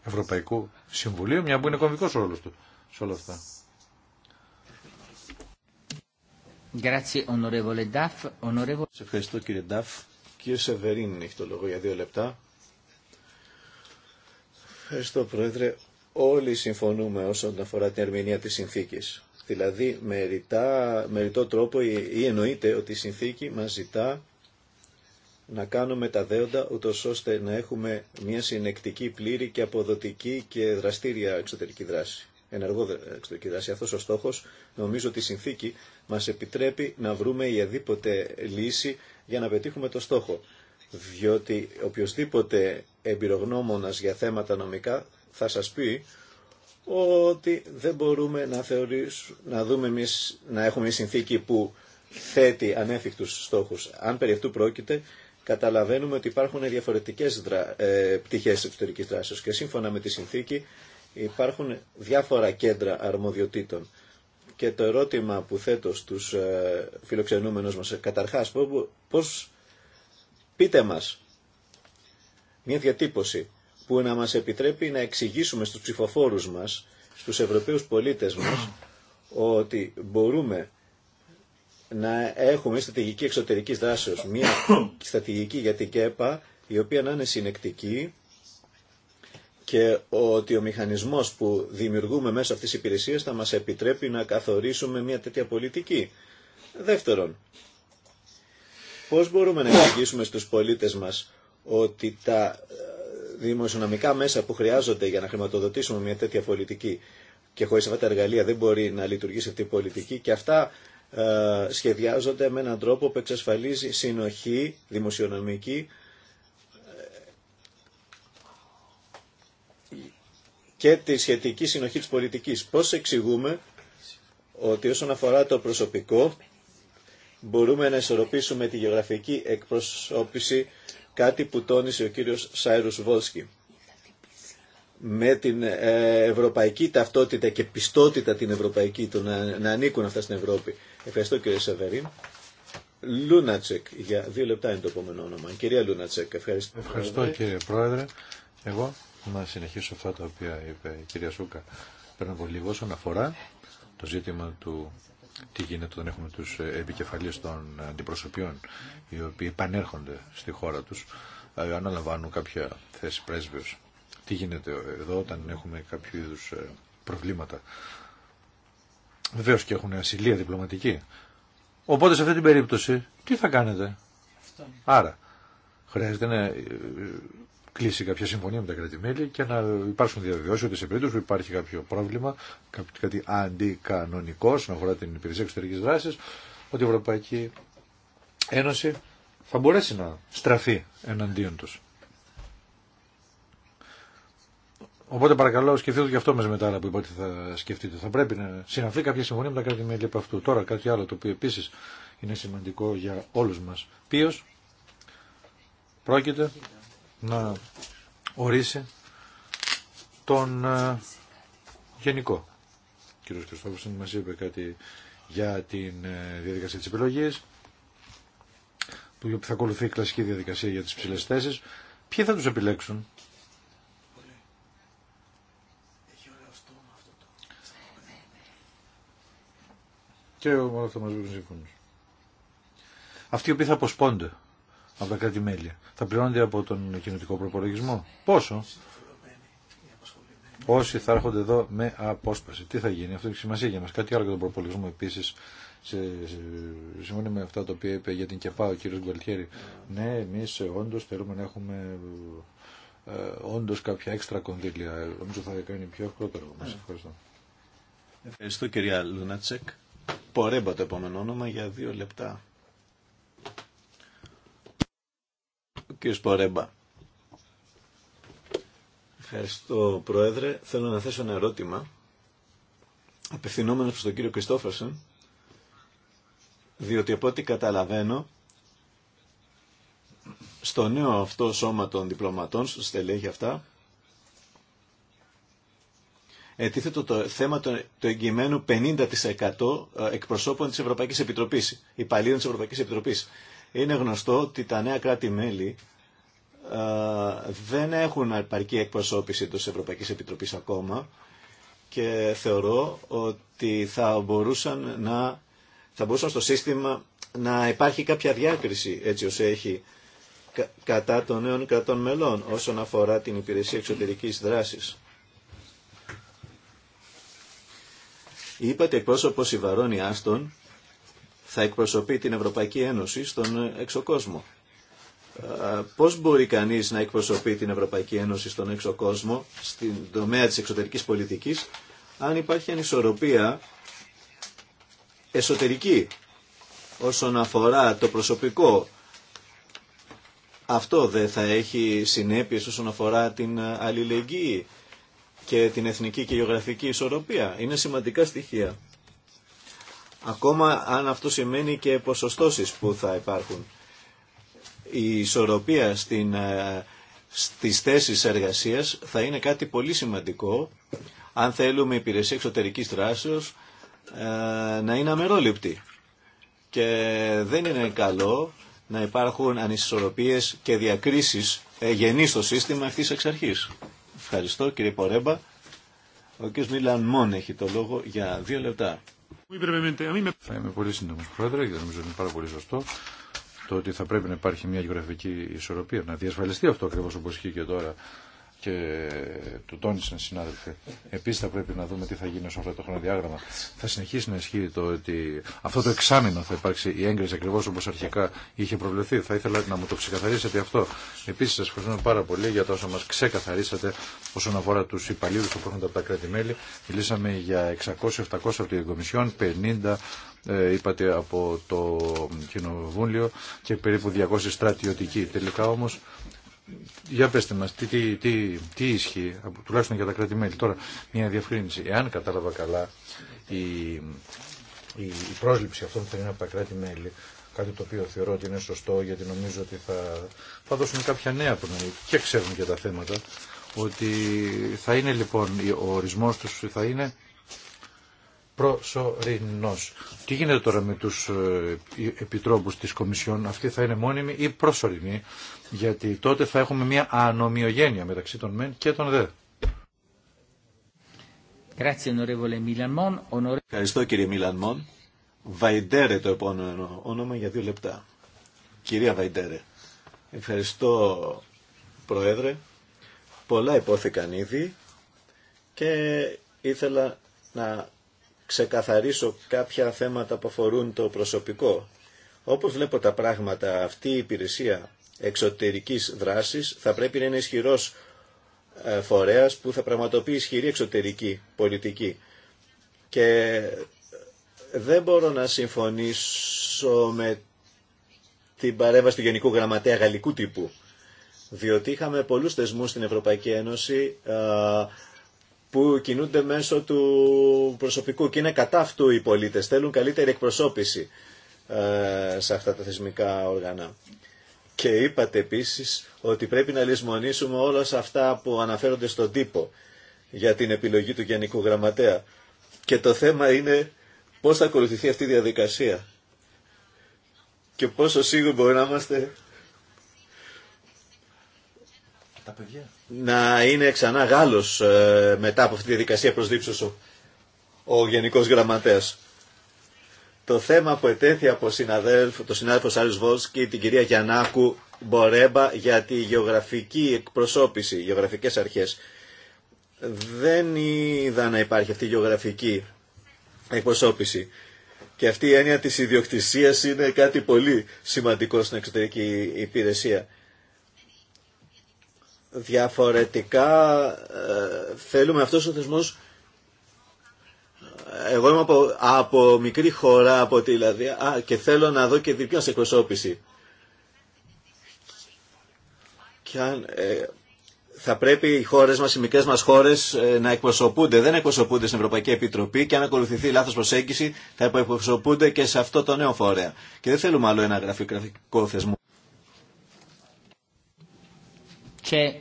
Ευρωπαϊκού Συμβουλίου, μια που είναι κομβικός ο του σε όλα αυτά. Σε ευχαριστώ κύριε Νταφ. Κύριε Σεβερίν έχει το λόγο για δύο λεπτά. Ευχαριστώ Πρόεδρε. Όλοι συμφωνούμε όσον αφορά την ερμηνεία της συνθήκης. Δηλαδή με, ρητά, ρητό τρόπο ή εννοείται ότι η συνθήκη μας ζητά να κάνουμε τα δέοντα ούτως ώστε να έχουμε μια συνεκτική, πλήρη και αποδοτική και δραστήρια εξωτερική δράση. Ενεργό εξωτερική δράση. Αυτός ο στόχος νομίζω ότι η συνθήκη μας επιτρέπει να βρούμε η αδίποτε λύση για να πετύχουμε το στόχο. Διότι οποιοδήποτε εμπειρογνώμονας για θέματα νομικά θα σας πει ότι δεν μπορούμε να θεωρήσουμε, να, δούμε εμείς, να έχουμε μια συνθήκη που θέτει ανέφικτους στόχους. Αν περί αυτού πρόκειται, καταλαβαίνουμε ότι υπάρχουν διαφορετικές δρα... ε, πτυχές και σύμφωνα με τη συνθήκη υπάρχουν διάφορα κέντρα αρμοδιοτήτων. Και το ερώτημα που θέτω στους ε, φιλοξενούμενους μας, ε, καταρχάς, πώς, πείτε μας μια διατύπωση που να μας επιτρέπει να εξηγήσουμε στους ψηφοφόρους μας, στους Ευρωπαίους πολίτες μας, ότι μπορούμε να έχουμε στρατηγική εξωτερικής δράσεως, μια [coughs] στρατηγική για την ΚΕΠΑ, η οποία να είναι συνεκτική και ότι ο μηχανισμός που δημιουργούμε μέσω αυτής της υπηρεσίας θα μας επιτρέπει να καθορίσουμε μια τέτοια πολιτική. Δεύτερον, πώς μπορούμε να εξηγήσουμε στους πολίτες μας ότι τα δημοσιονομικά μέσα που χρειάζονται για να χρηματοδοτήσουμε μια τέτοια πολιτική και χωρίς αυτά τα εργαλεία δεν μπορεί να λειτουργήσει αυτή η πολιτική και αυτά ε, σχεδιάζονται με έναν τρόπο που εξασφαλίζει συνοχή δημοσιονομική ε, και τη σχετική συνοχή της πολιτικής. Πώς εξηγούμε ότι όσον αφορά το προσωπικό μπορούμε να ισορροπήσουμε τη γεωγραφική εκπροσώπηση Κάτι που τόνισε ο κύριος Σάιρους Βόλσκι. Με την ε, ευρωπαϊκή ταυτότητα και πιστότητα την ευρωπαϊκή του να, να ανήκουν αυτά στην Ευρώπη. Ευχαριστώ κύριε Σεβερίν. Λούνατσεκ, για δύο λεπτά είναι το επόμενο όνομα. Κυρία Λούνατσεκ, ευχαριστώ. Ευχαριστώ κύριε Πρόεδρε. Εγώ να συνεχίσω αυτά τα οποία είπε η κυρία Σούκα πριν από λίγο όσον αφορά το ζήτημα του τι γίνεται όταν έχουμε τους ε, επικεφαλείς των αντιπροσωπιών οι οποίοι επανέρχονται στη χώρα τους ε, αναλαμβάνουν κάποια θέση πρέσβεως. Τι γίνεται εδώ όταν έχουμε κάποιο είδους ε, προβλήματα. Βεβαίω και έχουν ασυλία διπλωματική. Οπότε σε αυτή την περίπτωση τι θα κάνετε. Άρα χρειάζεται να κλείσει κάποια συμφωνία με τα κρατημέλη και να υπάρξουν διαβεβαιώσει ότι σε περίπτωση που υπάρχει κάποιο πρόβλημα, κάτι αντικανονικό να αφορά την υπηρεσία εξωτερική δράση, ότι η Ευρωπαϊκή Ένωση θα μπορέσει να στραφεί εναντίον του. Οπότε παρακαλώ σκεφτείτε και αυτό μέσα μετά που είπα ότι θα σκεφτείτε. Θα πρέπει να συναφεί κάποια συμφωνία με τα κράτη από αυτού. Τώρα κάτι άλλο το οποίο επίση είναι σημαντικό για όλου μα. Ποιο πρόκειται να ορίσει τον ε, γενικό. Ο κύριος Κριστόφος μας είπε κάτι για τη ε, διαδικασία της επιλογής που θα ακολουθεί η κλασική διαδικασία για τις ψηλές θέσεις. Ποιοι θα τους επιλέξουν. Και όλα αυτά μας βρίσκουν Αυτοί οι οποίοι θα αποσπώνται από τα κράτη-μέλη. Θα πληρώνονται από τον κοινωτικό προπολογισμό. Πόσο? Όσοι θα έρχονται εδώ με απόσπαση. Τι θα γίνει, αυτό έχει σημασία για μας. Κάτι άλλο για τον προπολογισμό επίσης. Σε, συμφωνεί με αυτά τα οποία είπε για την ΚΕΠΑ ο κύριος Γκουαλτιέρη. Ναι, εμείς όντως θέλουμε να έχουμε ε, όντως κάποια έξτρα κονδύλια. Νομίζω θα κάνει πιο εύκολο το έργο μας. Ευχαριστώ. Ευχαριστώ κυρία Λούνατσεκ. Πορέμπα το επόμενο όνομα για δύο λεπτά. κ. Πορέμπα. Ευχαριστώ, Πρόεδρε. Θέλω να θέσω ένα ερώτημα απευθυνόμενο προς τον κύριο Κριστόφερσον, διότι από ό,τι καταλαβαίνω, στο νέο αυτό σώμα των διπλωματών, στο στελέχη αυτά, ετίθετο το θέμα του εγγυημένου 50% εκπροσώπων της Ευρωπαϊκής Επιτροπής, υπαλλήλων της Ευρωπαϊκής Επιτροπής. Είναι γνωστό ότι τα νέα κράτη-μέλη δεν έχουν αρπαρκή εκπροσώπηση τη Ευρωπαϊκής Επιτροπής ακόμα και θεωρώ ότι θα μπορούσαν να θα μπορούσαν στο σύστημα να υπάρχει κάποια διάκριση έτσι όσο έχει κατά των νέων κρατών μελών όσον αφορά την υπηρεσία εξωτερικής δράσης. Είπατε εκπρόσωπος Βαρόνι Άστον θα εκπροσωπεί την Ευρωπαϊκή Ένωση στον εξωκόσμο. Ε, πώς μπορεί κανείς να εκπροσωπεί την Ευρωπαϊκή Ένωση στον έξω κόσμο, στην τομέα της εξωτερικής πολιτικής, αν υπάρχει ανισορροπία εσωτερική όσον αφορά το προσωπικό. Αυτό δεν θα έχει συνέπειες όσον αφορά την αλληλεγγύη και την εθνική και γεωγραφική ισορροπία. Είναι σημαντικά στοιχεία. Ακόμα αν αυτό σημαίνει και ποσοστώσεις που θα υπάρχουν η ισορροπία στην, ε, στις θέσεις εργασίας θα είναι κάτι πολύ σημαντικό αν θέλουμε η υπηρεσία εξωτερικής δράσεως ε, να είναι αμερόληπτη. Και δεν είναι καλό να υπάρχουν ανισορροπίες και διακρίσεις ε, γενεί στο σύστημα αυτής εξ αρχής. Ευχαριστώ κύριε Πορέμπα. Ο κ. Μίλαν Μόν έχει το λόγο για δύο λεπτά. Θα είμαι πολύ σύντομος πρόεδρε γιατί νομίζω είναι πάρα πολύ σωστό το ότι θα πρέπει να υπάρχει μια γεωγραφική ισορροπία, να διασφαλιστεί αυτό ακριβώ όπω ισχύει και τώρα και του τόνισαν συνάδελφοι. Επίση θα πρέπει να δούμε τι θα γίνει σε αυτό το χρονοδιάγραμμα. Θα συνεχίσει να ισχύει το ότι αυτό το εξάμεινο θα υπάρξει η έγκριση ακριβώ όπω αρχικά είχε προβλεφθεί. Θα ήθελα να μου το ξεκαθαρίσετε αυτό. Επίση σα ευχαριστούμε πάρα πολύ για το όσο μα ξεκαθαρίσατε όσον αφορά του υπαλλήλου που έρχονται από τα κράτη-μέλη. Μιλήσαμε για 600-700 από την Κομισιόν, 50 ε, είπατε από το Κοινοβούλιο και περίπου 200 στρατιωτικοί. Τελικά όμως για πέστε μας, τι, τι, τι, τι ισχύει, τουλάχιστον για τα κράτη-μέλη. Τώρα, μια διευκρίνηση. Εάν κατάλαβα καλά, η, η, η πρόσληψη αυτών που θα είναι από τα κράτη-μέλη, κάτι το οποίο θεωρώ ότι είναι σωστό, γιατί νομίζω ότι θα, θα δώσουν κάποια νέα πνοή και ξέρουν και τα θέματα, ότι θα είναι λοιπόν ο ορισμός τους θα είναι προσωρινός. Τι γίνεται τώρα με τους ε, ε, επιτρόπους της Κομισιόν, αυτή θα είναι μόνιμη ή προσωρινοί, γιατί τότε θα έχουμε μια ανομοιογένεια μεταξύ των μεν και των δε. Ευχαριστώ κύριε Μίλαν Μον. Βαϊντέρε το επόμενο όνομα για δύο λεπτά. Κυρία Βαϊντέρε. Ευχαριστώ Πρόεδρε. Πολλά υπόθηκαν ήδη και ήθελα να ξεκαθαρίσω κάποια θέματα που αφορούν το προσωπικό. Όπως βλέπω τα πράγματα, αυτή η υπηρεσία εξωτερικής δράσης θα πρέπει να είναι ισχυρός ε, φορέας που θα πραγματοποιεί ισχυρή εξωτερική πολιτική. Και δεν μπορώ να συμφωνήσω με την παρέμβαση του Γενικού Γραμματέα Γαλλικού τύπου, διότι είχαμε πολλούς θεσμούς στην Ευρωπαϊκή Ένωση ε, που κινούνται μέσω του προσωπικού και είναι κατά αυτού οι πολίτες. Θέλουν καλύτερη εκπροσώπηση ε, σε αυτά τα θεσμικά όργανα. Και είπατε επίσης ότι πρέπει να λησμονήσουμε όλα αυτά που αναφέρονται στον τύπο για την επιλογή του Γενικού Γραμματέα. Και το θέμα είναι πώς θα ακολουθηθεί αυτή η διαδικασία. Και πόσο σίγουρο μπορεί να είμαστε... Τα παιδιά να είναι ξανά Γάλλος ε, μετά από αυτή τη διαδικασία προσδίψεως ο, ο Γενικός Γραμματέας. Το θέμα που ετέθη από συναδέλφο, το συνάδελφο Σάριος Βόλς και την κυρία Γιαννάκου Μπορέμπα για τη γεωγραφική εκπροσώπηση, γεωγραφικές αρχές. Δεν είδα να υπάρχει αυτή η γεωγραφική εκπροσώπηση. Και αυτή η έννοια της ιδιοκτησίας είναι κάτι πολύ σημαντικό στην εξωτερική υπηρεσία. Διαφορετικά ε, θέλουμε αυτός ο θεσμός ε, εγώ είμαι από, από μικρή χώρα, από τη δηλαδή, α, και θέλω να δω και διπλά σε εκπροσώπηση. Και αν, ε, θα πρέπει οι χώρες μας, οι μικρές μας χώρες να εκπροσωπούνται. Δεν εκπροσωπούνται στην Ευρωπαϊκή Επιτροπή και αν ακολουθηθεί λάθος προσέγγιση θα εκπροσωπούνται και σε αυτό το νέο φορέα. Και δεν θέλουμε άλλο ένα γραφικό θεσμό. Eh,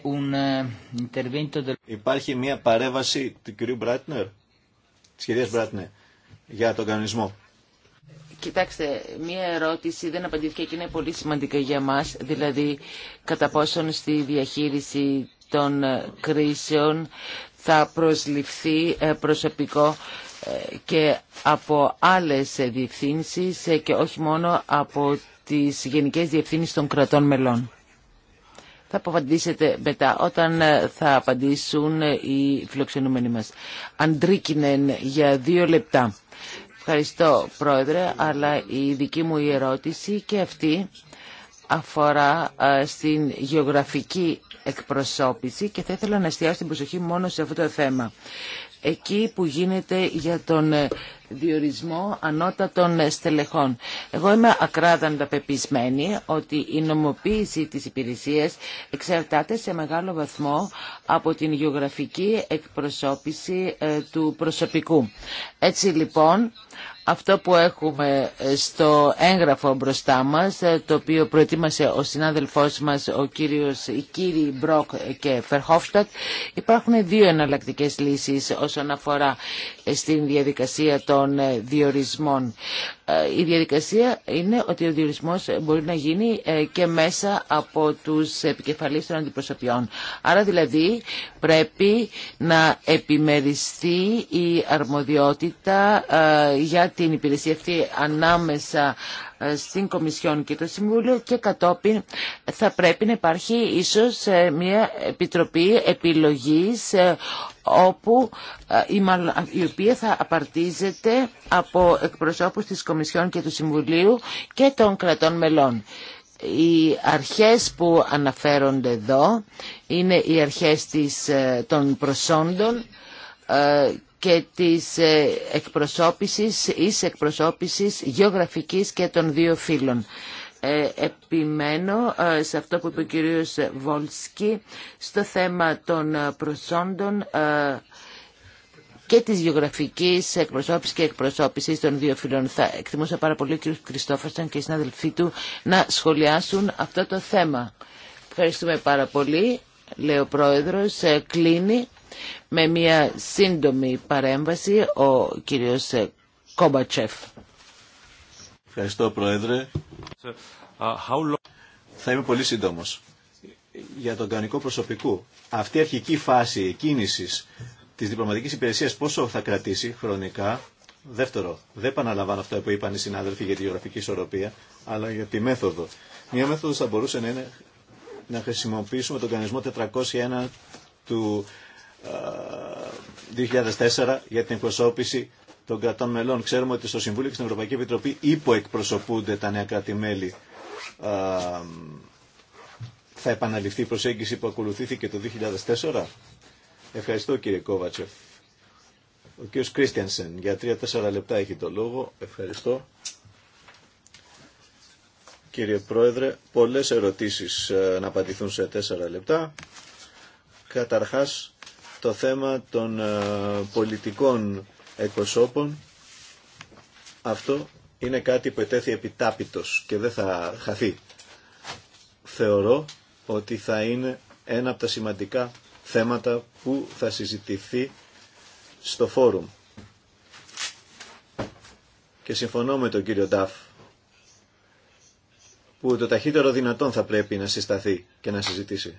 Υπάρχει μια παρέβαση του κυρίου Μπράτνερ, τη κυρία Μπράτνερ, για τον κανονισμό. Κοιτάξτε, μία ερώτηση δεν απαντήθηκε και είναι πολύ σημαντική για μας, δηλαδή κατά πόσον στη διαχείριση των ε, κρίσεων θα προσληφθεί ε, προσωπικό ε, και από άλλες διευθύνσεις και όχι μόνο από τις Γενικές Διευθύνσεις των Κρατών Μελών θα απαντήσετε μετά, όταν ε, θα απαντήσουν ε, οι φιλοξενούμενοι μας. Αντρίκινεν για δύο λεπτά. Ευχαριστώ πρόεδρε, αλλά η δική μου ερώτηση και αυτή αφορά ε, στην γεωγραφική εκπροσώπηση και θα ήθελα να εστιάσω την προσοχή μόνο σε αυτό το θέμα εκεί που γίνεται για τον ε, διορισμό ανώτατων ε, στελεχών. Εγώ είμαι ακράδαντα πεπισμένη ότι η νομοποίηση της υπηρεσίας εξαρτάται σε μεγάλο βαθμό από την γεωγραφική εκπροσώπηση ε, του προσωπικού. Έτσι λοιπόν αυτό που έχουμε ε, στο έγγραφο μπροστά μας, ε, το οποίο προετοίμασε ο συνάδελφός μας, ο κύριος, οι κύριοι Μπροκ και Φερχόφστατ, υπάρχουν δύο εναλλακτικέ λύσεις όσον αφορά ε, στην διαδικασία των διορισμών. Ε, η διαδικασία είναι ότι ο διορισμός μπορεί να γίνει ε, και μέσα από τους επικεφαλείς των αντιπροσωπιών. Άρα δηλαδή πρέπει να επιμεριστεί η αρμοδιότητα ε, για την υπηρεσία αυτή ανάμεσα στην Κομισιόν και το Συμβούλιο και κατόπιν θα πρέπει να υπάρχει ίσως ε, μια επιτροπή επιλογής ε, όπου ε, η οποία θα απαρτίζεται από εκπροσώπους της Κομισιόν και του Συμβουλίου και των κρατών μελών. Οι αρχές που αναφέρονται εδώ είναι οι αρχές της, των προσόντων και της ε, εκπροσώπησης εις εκπροσώπησης γεωγραφικής και των δύο φύλων. Ε, επιμένω ε, σε αυτό που είπε ο κύριος Βολσκι στο θέμα των προσόντων και της γεωγραφικής εκπροσώπησης και εκπροσώπησης των δύο φυλών. Θα εκτιμούσα πάρα πολύ ο κύριος Κριστόφασταν και οι συναδελφοί του να σχολιάσουν αυτό το θέμα. Ευχαριστούμε πάρα πολύ, λέει ο Πρόεδρος. Κλείνει με μια σύντομη παρέμβαση ο κύριος ε, Κόμπατσεφ. Ευχαριστώ Πρόεδρε. Ε, ε, θα είμαι πολύ σύντομος. Για τον κανονικό προσωπικού, αυτή η αρχική φάση κίνησης της διπλωματικής υπηρεσίας πόσο θα κρατήσει χρονικά, Δεύτερο, δεν επαναλαμβάνω αυτό που είπαν οι συνάδελφοι για τη γεωγραφική ισορροπία, αλλά για τη μέθοδο. Μία μέθοδος θα μπορούσε να είναι να χρησιμοποιήσουμε τον κανονισμό 401 του 2004 ε, για την εκπροσώπηση των κρατών μελών. Ξέρουμε ότι στο Συμβούλιο και στην Ευρωπαϊκή Επιτροπή υποεκπροσωπούνται τα νέα κράτη-μέλη. Ε, θα επαναληφθεί η προσέγγιση που ακολουθήθηκε το 2004. Ευχαριστώ κύριε Κόβατσεφ. Ο κύριος Κρίστιανσεν για 3-4 λεπτά έχει το λόγο. Ευχαριστώ. Κύριε Πρόεδρε, πολλές ερωτήσεις ε, να απαντηθούν σε 4 λεπτά. Καταρχάς, το θέμα των ε, πολιτικών εκπροσώπων. Αυτό είναι κάτι που ετέθη επιτάπητος και δεν θα χαθεί. Θεωρώ ότι θα είναι ένα από τα σημαντικά θέματα που θα συζητηθεί στο φόρουμ. Και συμφωνώ με τον κύριο Νταφ που το ταχύτερο δυνατόν θα πρέπει να συσταθεί και να συζητήσει.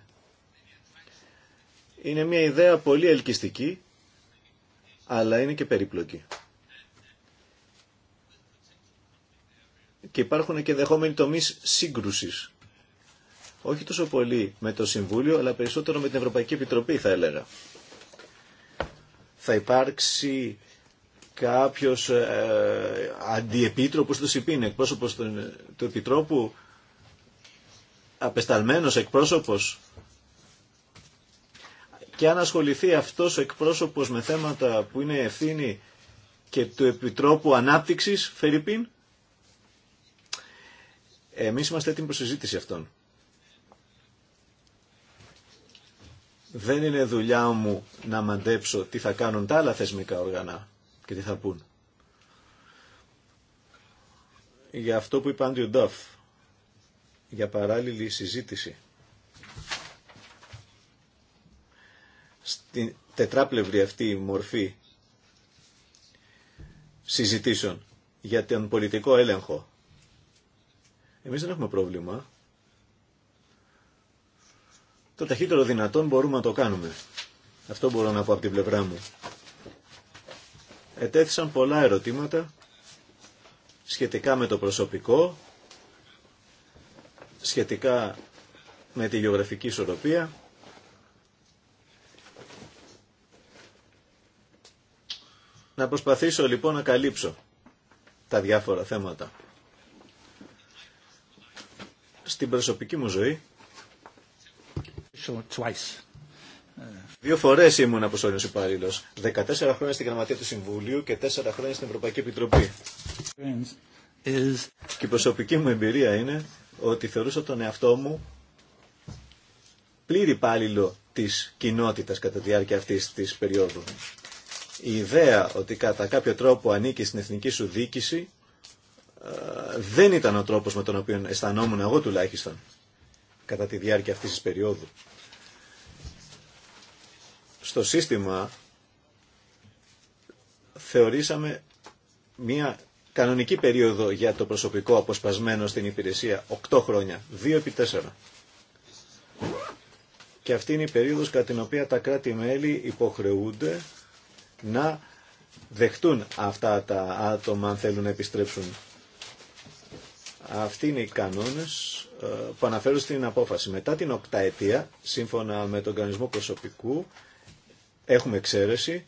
Είναι μια ιδέα πολύ ελκυστική, αλλά είναι και περίπλοκη. Και υπάρχουν και δεχόμενοι τομείς σύγκρουσης. Όχι τόσο πολύ με το Συμβούλιο, αλλά περισσότερο με την Ευρωπαϊκή Επιτροπή, θα έλεγα. Θα υπάρξει κάποιος ε, αντιεπίτροπος του ΣΥΠΗΝ, εκπρόσωπος του, του Επιτρόπου, απεσταλμένος εκπρόσωπος και αν ασχοληθεί αυτός ο εκπρόσωπος με θέματα που είναι ευθύνη και του Επιτρόπου Ανάπτυξης, Φερρυπίν, εμείς είμαστε έτοιμοι προς συζήτηση αυτών. Δεν είναι δουλειά μου να μαντέψω τι θα κάνουν τα άλλα θεσμικά όργανα και τι θα πούν. Για αυτό που είπε Άντριο Ντόφ, για παράλληλη συζήτηση. στην τετράπλευρη αυτή μορφή συζητήσεων για τον πολιτικό έλεγχο. Εμείς δεν έχουμε πρόβλημα. Το ταχύτερο δυνατόν μπορούμε να το κάνουμε. Αυτό μπορώ να πω από την πλευρά μου. Ετέθησαν πολλά ερωτήματα σχετικά με το προσωπικό, σχετικά με τη γεωγραφική ισορροπία. Να προσπαθήσω λοιπόν να καλύψω τα διάφορα θέματα. Στην προσωπική μου ζωή Δύο φορέ ήμουν αποσόλιο υπαλλήλο. 14 χρόνια στην Γραμματεία του Συμβουλίου και 4 χρόνια στην Ευρωπαϊκή Επιτροπή. Και η προσωπική μου εμπειρία είναι ότι θεωρούσα τον εαυτό μου πλήρη υπάλληλο της κοινότητας κατά τη διάρκεια αυτή τη περίοδου η ιδέα ότι κατά κάποιο τρόπο ανήκει στην εθνική σου δίκηση ε, δεν ήταν ο τρόπος με τον οποίο αισθανόμουν εγώ τουλάχιστον κατά τη διάρκεια αυτής της περίοδου. Στο σύστημα θεωρήσαμε μια κανονική περίοδο για το προσωπικό αποσπασμένο στην υπηρεσία 8 χρόνια, 2 επί 4. Και αυτή είναι η περίοδος κατά την οποία τα κράτη-μέλη υποχρεούνται να δεχτούν αυτά τα άτομα αν θέλουν να επιστρέψουν. Αυτοί είναι οι κανόνες ε, που αναφέρουν στην απόφαση. Μετά την οκταετία, σύμφωνα με τον κανονισμό προσωπικού, έχουμε εξαίρεση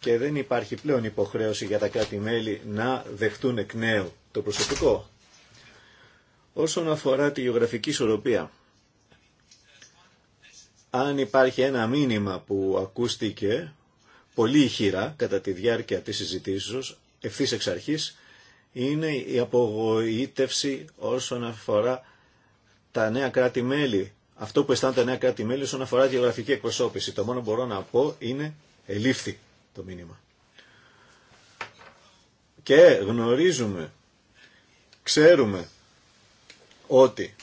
και δεν υπάρχει πλέον υποχρέωση για τα κράτη-μέλη να δεχτούν εκ νέου το προσωπικό. Όσον αφορά τη γεωγραφική ισορροπία, αν υπάρχει ένα μήνυμα που ακούστηκε πολύ ηχηρά κατά τη διάρκεια της συζητήσεως ευθύς εξ αρχής είναι η απογοήτευση όσον αφορά τα νέα κράτη-μέλη. Αυτό που αισθάνονται τα νέα κράτη-μέλη όσον αφορά τη γεωγραφική εκπροσώπηση. Το μόνο που μπορώ να πω είναι ελήφθη το μήνυμα. Και γνωρίζουμε, ξέρουμε ότι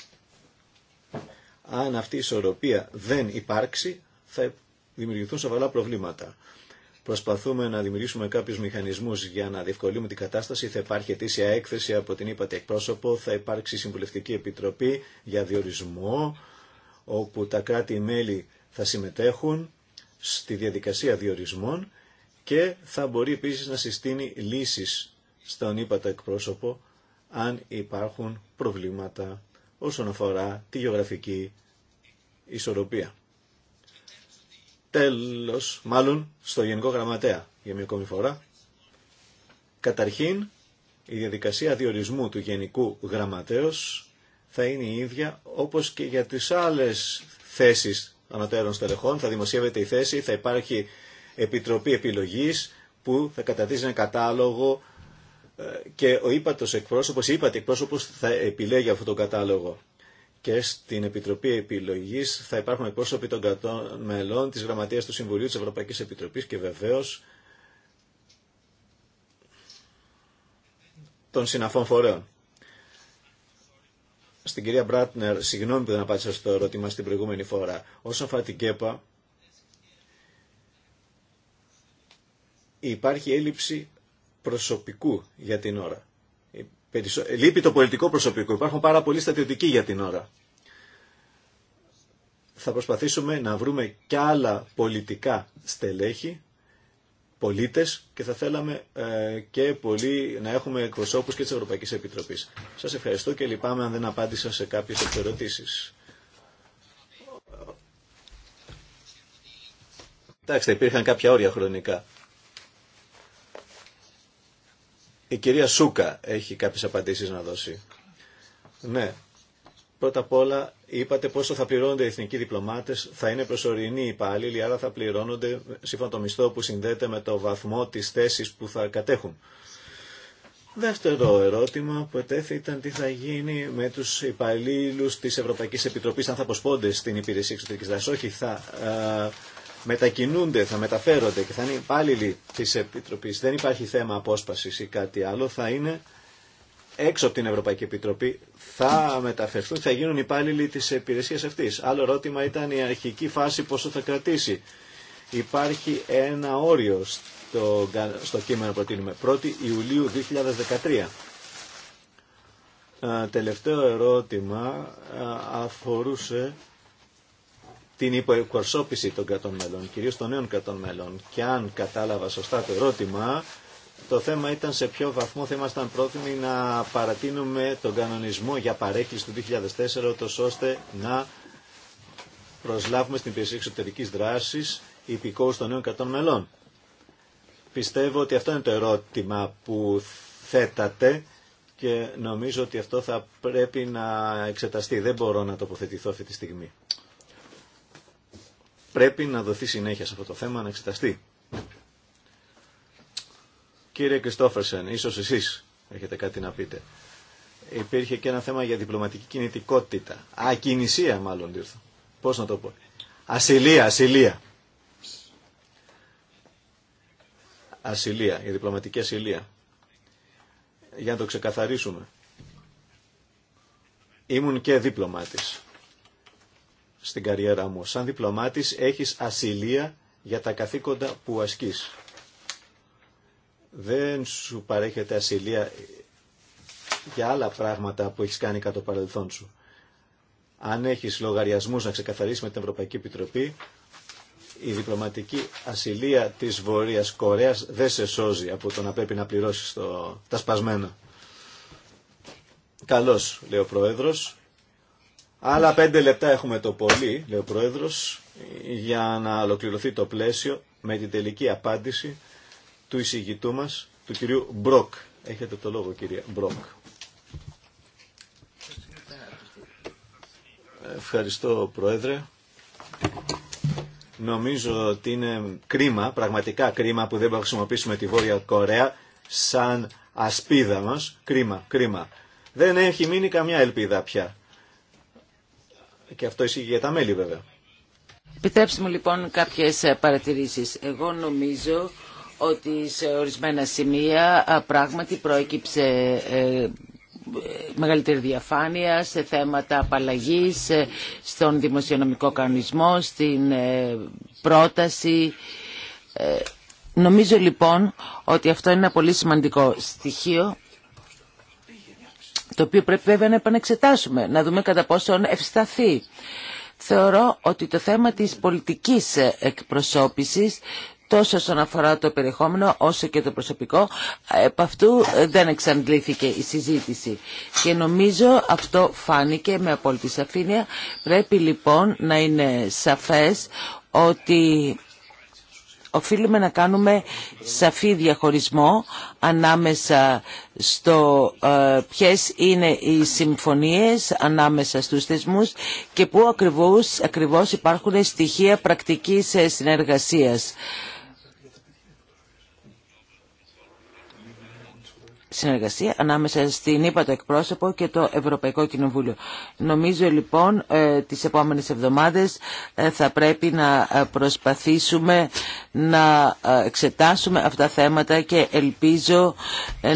αν αυτή η ισορροπία δεν υπάρξει θα δημιουργηθούν σοβαρά προβλήματα προσπαθούμε να δημιουργήσουμε κάποιου μηχανισμούς για να διευκολύνουμε την κατάσταση. Θα υπάρχει ετήσια έκθεση από την ΥΠΑΤΗ εκπρόσωπο, θα υπάρξει συμβουλευτική επιτροπή για διορισμό, όπου τα κράτη-μέλη θα συμμετέχουν στη διαδικασία διορισμών και θα μπορεί επίσης να συστήνει λύσεις στον ύπατο εκπρόσωπο αν υπάρχουν προβλήματα όσον αφορά τη γεωγραφική ισορροπία. Τέλος, μάλλον στο Γενικό Γραμματέα για μια ακόμη φορά. Καταρχήν, η διαδικασία διορισμού του Γενικού Γραμματέως θα είναι η ίδια όπως και για τις άλλες θέσεις ανατέρων στελεχών. Θα δημοσιεύεται η θέση, θα υπάρχει επιτροπή επιλογής που θα κατατίζει ένα κατάλογο ε, και ο ύπατος εκπρόσωπος, η ύπατη εκπρόσωπος θα επιλέγει αυτό το κατάλογο και στην Επιτροπή Επιλογή θα υπάρχουν εκπρόσωποι των κρατών μελών τη Γραμματεία του Συμβουλίου τη Ευρωπαϊκή Επιτροπή και βεβαίω των συναφών φορέων. Στην κυρία Μπράτνερ, συγγνώμη που δεν απάντησα στο ερώτημα στην προηγούμενη φορά. Όσον αφορά την ΚΕΠΑ, υπάρχει έλλειψη προσωπικού για την ώρα. Λείπει το πολιτικό προσωπικό. Υπάρχουν πάρα πολλοί στατιωτικοί για την ώρα. Θα προσπαθήσουμε να βρούμε και άλλα πολιτικά στελέχη, πολίτες και θα θέλαμε ε, και πολύ να έχουμε εκπροσώπους και της Ευρωπαϊκής Επιτροπής. Σας ευχαριστώ και λυπάμαι αν δεν απάντησα σε κάποιες ερωτήσεις. Κοιτάξτε, υπήρχαν κάποια όρια χρονικά. Η κυρία Σούκα έχει κάποιες απαντήσεις να δώσει. Ναι. Πρώτα απ' όλα είπατε πόσο θα πληρώνονται οι εθνικοί διπλωμάτες, θα είναι προσωρινοί υπάλληλοι, άρα θα πληρώνονται σύμφωνα το μισθό που συνδέεται με το βαθμό της θέσης που θα κατέχουν. Δεύτερο ερώτημα που ετέθη ήταν τι θα γίνει με τους υπαλλήλου τη Ευρωπαϊκή Επιτροπή, αν θα αποσπώνται στην υπηρεσία εξωτερική δράση. Όχι, θα ε, μετακινούνται, θα μεταφέρονται και θα είναι υπάλληλοι τη επίτροπή. Δεν υπάρχει θέμα απόσπασης ή κάτι άλλο, θα είναι έξω από την Ευρωπαϊκή Επιτροπή, θα μεταφερθούν, θα γίνουν υπάλληλοι της υπηρεσίας αυτής. Άλλο ερώτημα ήταν η αρχική φάση πόσο θα κρατήσει. μεταφερθουν θα γινουν υπαλληλοι τη υπηρεσία αυτή. αλλο ερωτημα ηταν η αρχικη φαση όριο στο, στο κείμενο που προτείνουμε, 1η Ιουλίου 2013. Τελευταίο ερώτημα αφορούσε την υποεκπροσώπηση των κατών μελών, κυρίως των νέων κατών μελών. Και αν κατάλαβα σωστά το ερώτημα, το θέμα ήταν σε ποιο βαθμό θα ήμασταν πρόθυμοι να παρατείνουμε τον κανονισμό για παρέκκληση του 2004, ώστε να προσλάβουμε στην υπηρεσία εξωτερικής δράσης υπηκόους των νέων κατών μελών. Πιστεύω ότι αυτό είναι το ερώτημα που θέτατε και νομίζω ότι αυτό θα πρέπει να εξεταστεί. Δεν μπορώ να τοποθετηθώ αυτή τη στιγμή. Πρέπει να δοθεί συνέχεια σε αυτό το θέμα, να εξεταστεί. Κύριε Κριστόφερσεν, ίσως εσείς έχετε κάτι να πείτε. Υπήρχε και ένα θέμα για διπλωματική κινητικότητα. Ακινησία μάλλον ήρθε. Πώς να το πω. Ασυλία, ασυλία. Ασυλία, η διπλωματική ασυλία. Για να το ξεκαθαρίσουμε. Ήμουν και δίπλωμάτης στην καριέρα μου. Σαν διπλωμάτης έχεις ασυλία για τα καθήκοντα που ασκείς. Δεν σου παρέχεται ασυλία για άλλα πράγματα που έχεις κάνει κατά το παρελθόν σου. Αν έχεις λογαριασμούς να ξεκαθαρίσεις με την Ευρωπαϊκή Επιτροπή, η διπλωματική ασυλία της Βορείας Κορέας δεν σε σώζει από το να πρέπει να πληρώσεις το... τα σπασμένα. Καλώς, λέει ο Πρόεδρος. Άλλα πέντε λεπτά έχουμε το πολύ, λέει ο Πρόεδρος, για να ολοκληρωθεί το πλαίσιο με την τελική απάντηση του εισηγητού μας, του κυρίου Μπροκ. Έχετε το λόγο κυρία Μπροκ. Ευχαριστώ Πρόεδρε. Νομίζω ότι είναι κρίμα, πραγματικά κρίμα που δεν θα χρησιμοποιήσουμε τη Βόρεια Κορέα σαν ασπίδα μας. Κρίμα, κρίμα. Δεν έχει μείνει καμιά ελπίδα πια και αυτό ισχύει για τα μέλη βέβαια. Επιτρέψτε μου λοιπόν κάποιες ε, παρατηρήσεις. Εγώ νομίζω ότι σε ορισμένα σημεία πράγματι προέκυψε ε, ε, μεγαλύτερη διαφάνεια σε θέματα απαλλαγή στον δημοσιονομικό κανονισμό, στην πρόταση. Νομίζω λοιπόν ότι αυτό είναι ένα πολύ σημαντικό στοιχείο το οποίο πρέπει βέβαια να επανεξετάσουμε, να δούμε κατά πόσον ευσταθεί. Θεωρώ ότι το θέμα της πολιτικής εκπροσώπησης τόσο όσον αφορά το περιεχόμενο όσο και το προσωπικό. Επ' αυτού δεν εξαντλήθηκε η συζήτηση. Και νομίζω αυτό φάνηκε με απόλυτη σαφήνεια. Πρέπει λοιπόν να είναι σαφές ότι οφείλουμε να κάνουμε σαφή διαχωρισμό ανάμεσα στο ε, ποιες είναι οι συμφωνίες ανάμεσα στους θεσμούς και πού ακριβώς, ακριβώς υπάρχουν στοιχεία πρακτικής ε, συνεργασίας. συνεργασία ανάμεσα στην ΕΠΑ το εκπρόσωπο και το Ευρωπαϊκό Κοινοβούλιο. Νομίζω λοιπόν ε, τις επόμενες εβδομάδες ε, θα πρέπει να ε, προσπαθήσουμε να εξετάσουμε αυτά τα θέματα και ελπίζω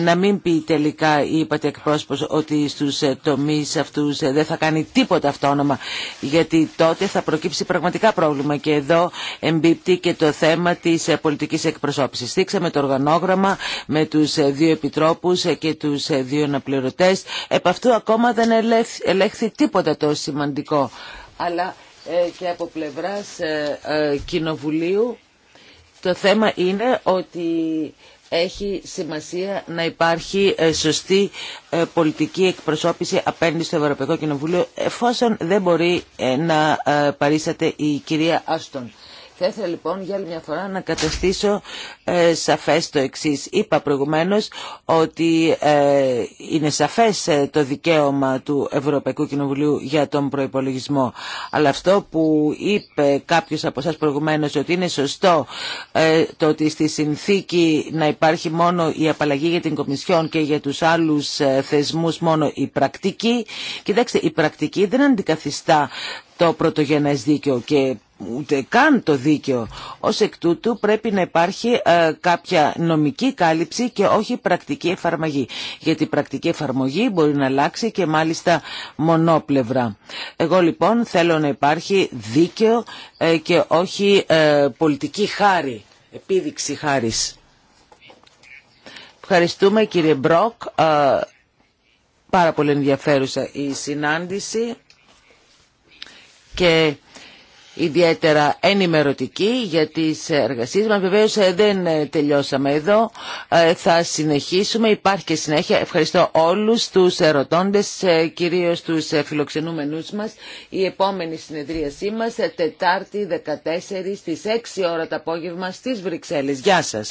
να μην πει τελικά η ΕΠΑ εκπρόσωπος ότι στους τομείς αυτούς δεν θα κάνει τίποτα αυτόνομα γιατί τότε θα προκύψει πραγματικά πρόβλημα και εδώ εμπίπτει και το θέμα της πολιτικής εκπροσώπησης. Στήξαμε το οργανόγραμμα με τους δύο επιτρόπους και τους ε, δύο αναπληρωτές. Επ' αυτού ακόμα δεν ελέγχθη τίποτα τόσο σημαντικό. Αλλά ε, και από πλευράς ε, Κοινοβουλίου το θέμα είναι ότι έχει σημασία να υπάρχει σωστή πολιτική εκπροσώπηση απέναντι στο Ευρωπαϊκό Κοινοβούλιο εφόσον δεν μπορεί να παρήσατε η κυρία Άστον. Θα ήθελα λοιπόν για άλλη μια φορά να καταστήσω ε, σαφές το εξής. Είπα προηγουμένως ότι ε, είναι σαφές ε, το δικαίωμα του Ευρωπαϊκού Κοινοβουλίου για τον προϋπολογισμό. Αλλά αυτό που είπε κάποιος από εσάς προηγουμένως ότι είναι σωστό το ότι στη συνθήκη να υπάρχει μόνο η απαλλαγή για την Κομισιόν και για τους άλλους θεσμούς μόνο η πρακτική. Κοιτάξτε, η πρακτική δεν αντικαθιστά το πρωτογενές δίκαιο και ούτε καν το δίκαιο. Ως εκ τούτου πρέπει να υπάρχει ε, κάποια νομική κάλυψη και όχι πρακτική εφαρμογή. Γιατί η πρακτική εφαρμογή μπορεί να αλλάξει και μάλιστα μονόπλευρα. Εγώ λοιπόν θέλω να υπάρχει δίκαιο ε, και όχι ε, πολιτική χάρη, επίδειξη χάρης. Ευχαριστούμε κύριε Μπροκ. Πάρα πολύ ενδιαφέρουσα η συνάντηση και ιδιαίτερα ενημερωτική για τις εργασίες μας. Βεβαίως ε, δεν ε, τελειώσαμε εδώ, ε, θα συνεχίσουμε, υπάρχει και συνέχεια. Ευχαριστώ όλους τους ερωτώντες, κυρίως τους φιλοξενούμενούς μας. Η επόμενη συνεδρίασή μας, Τετάρτη 14 στις 6 ώρα το απόγευμα στις Βρυξέλλες. Γεια σας.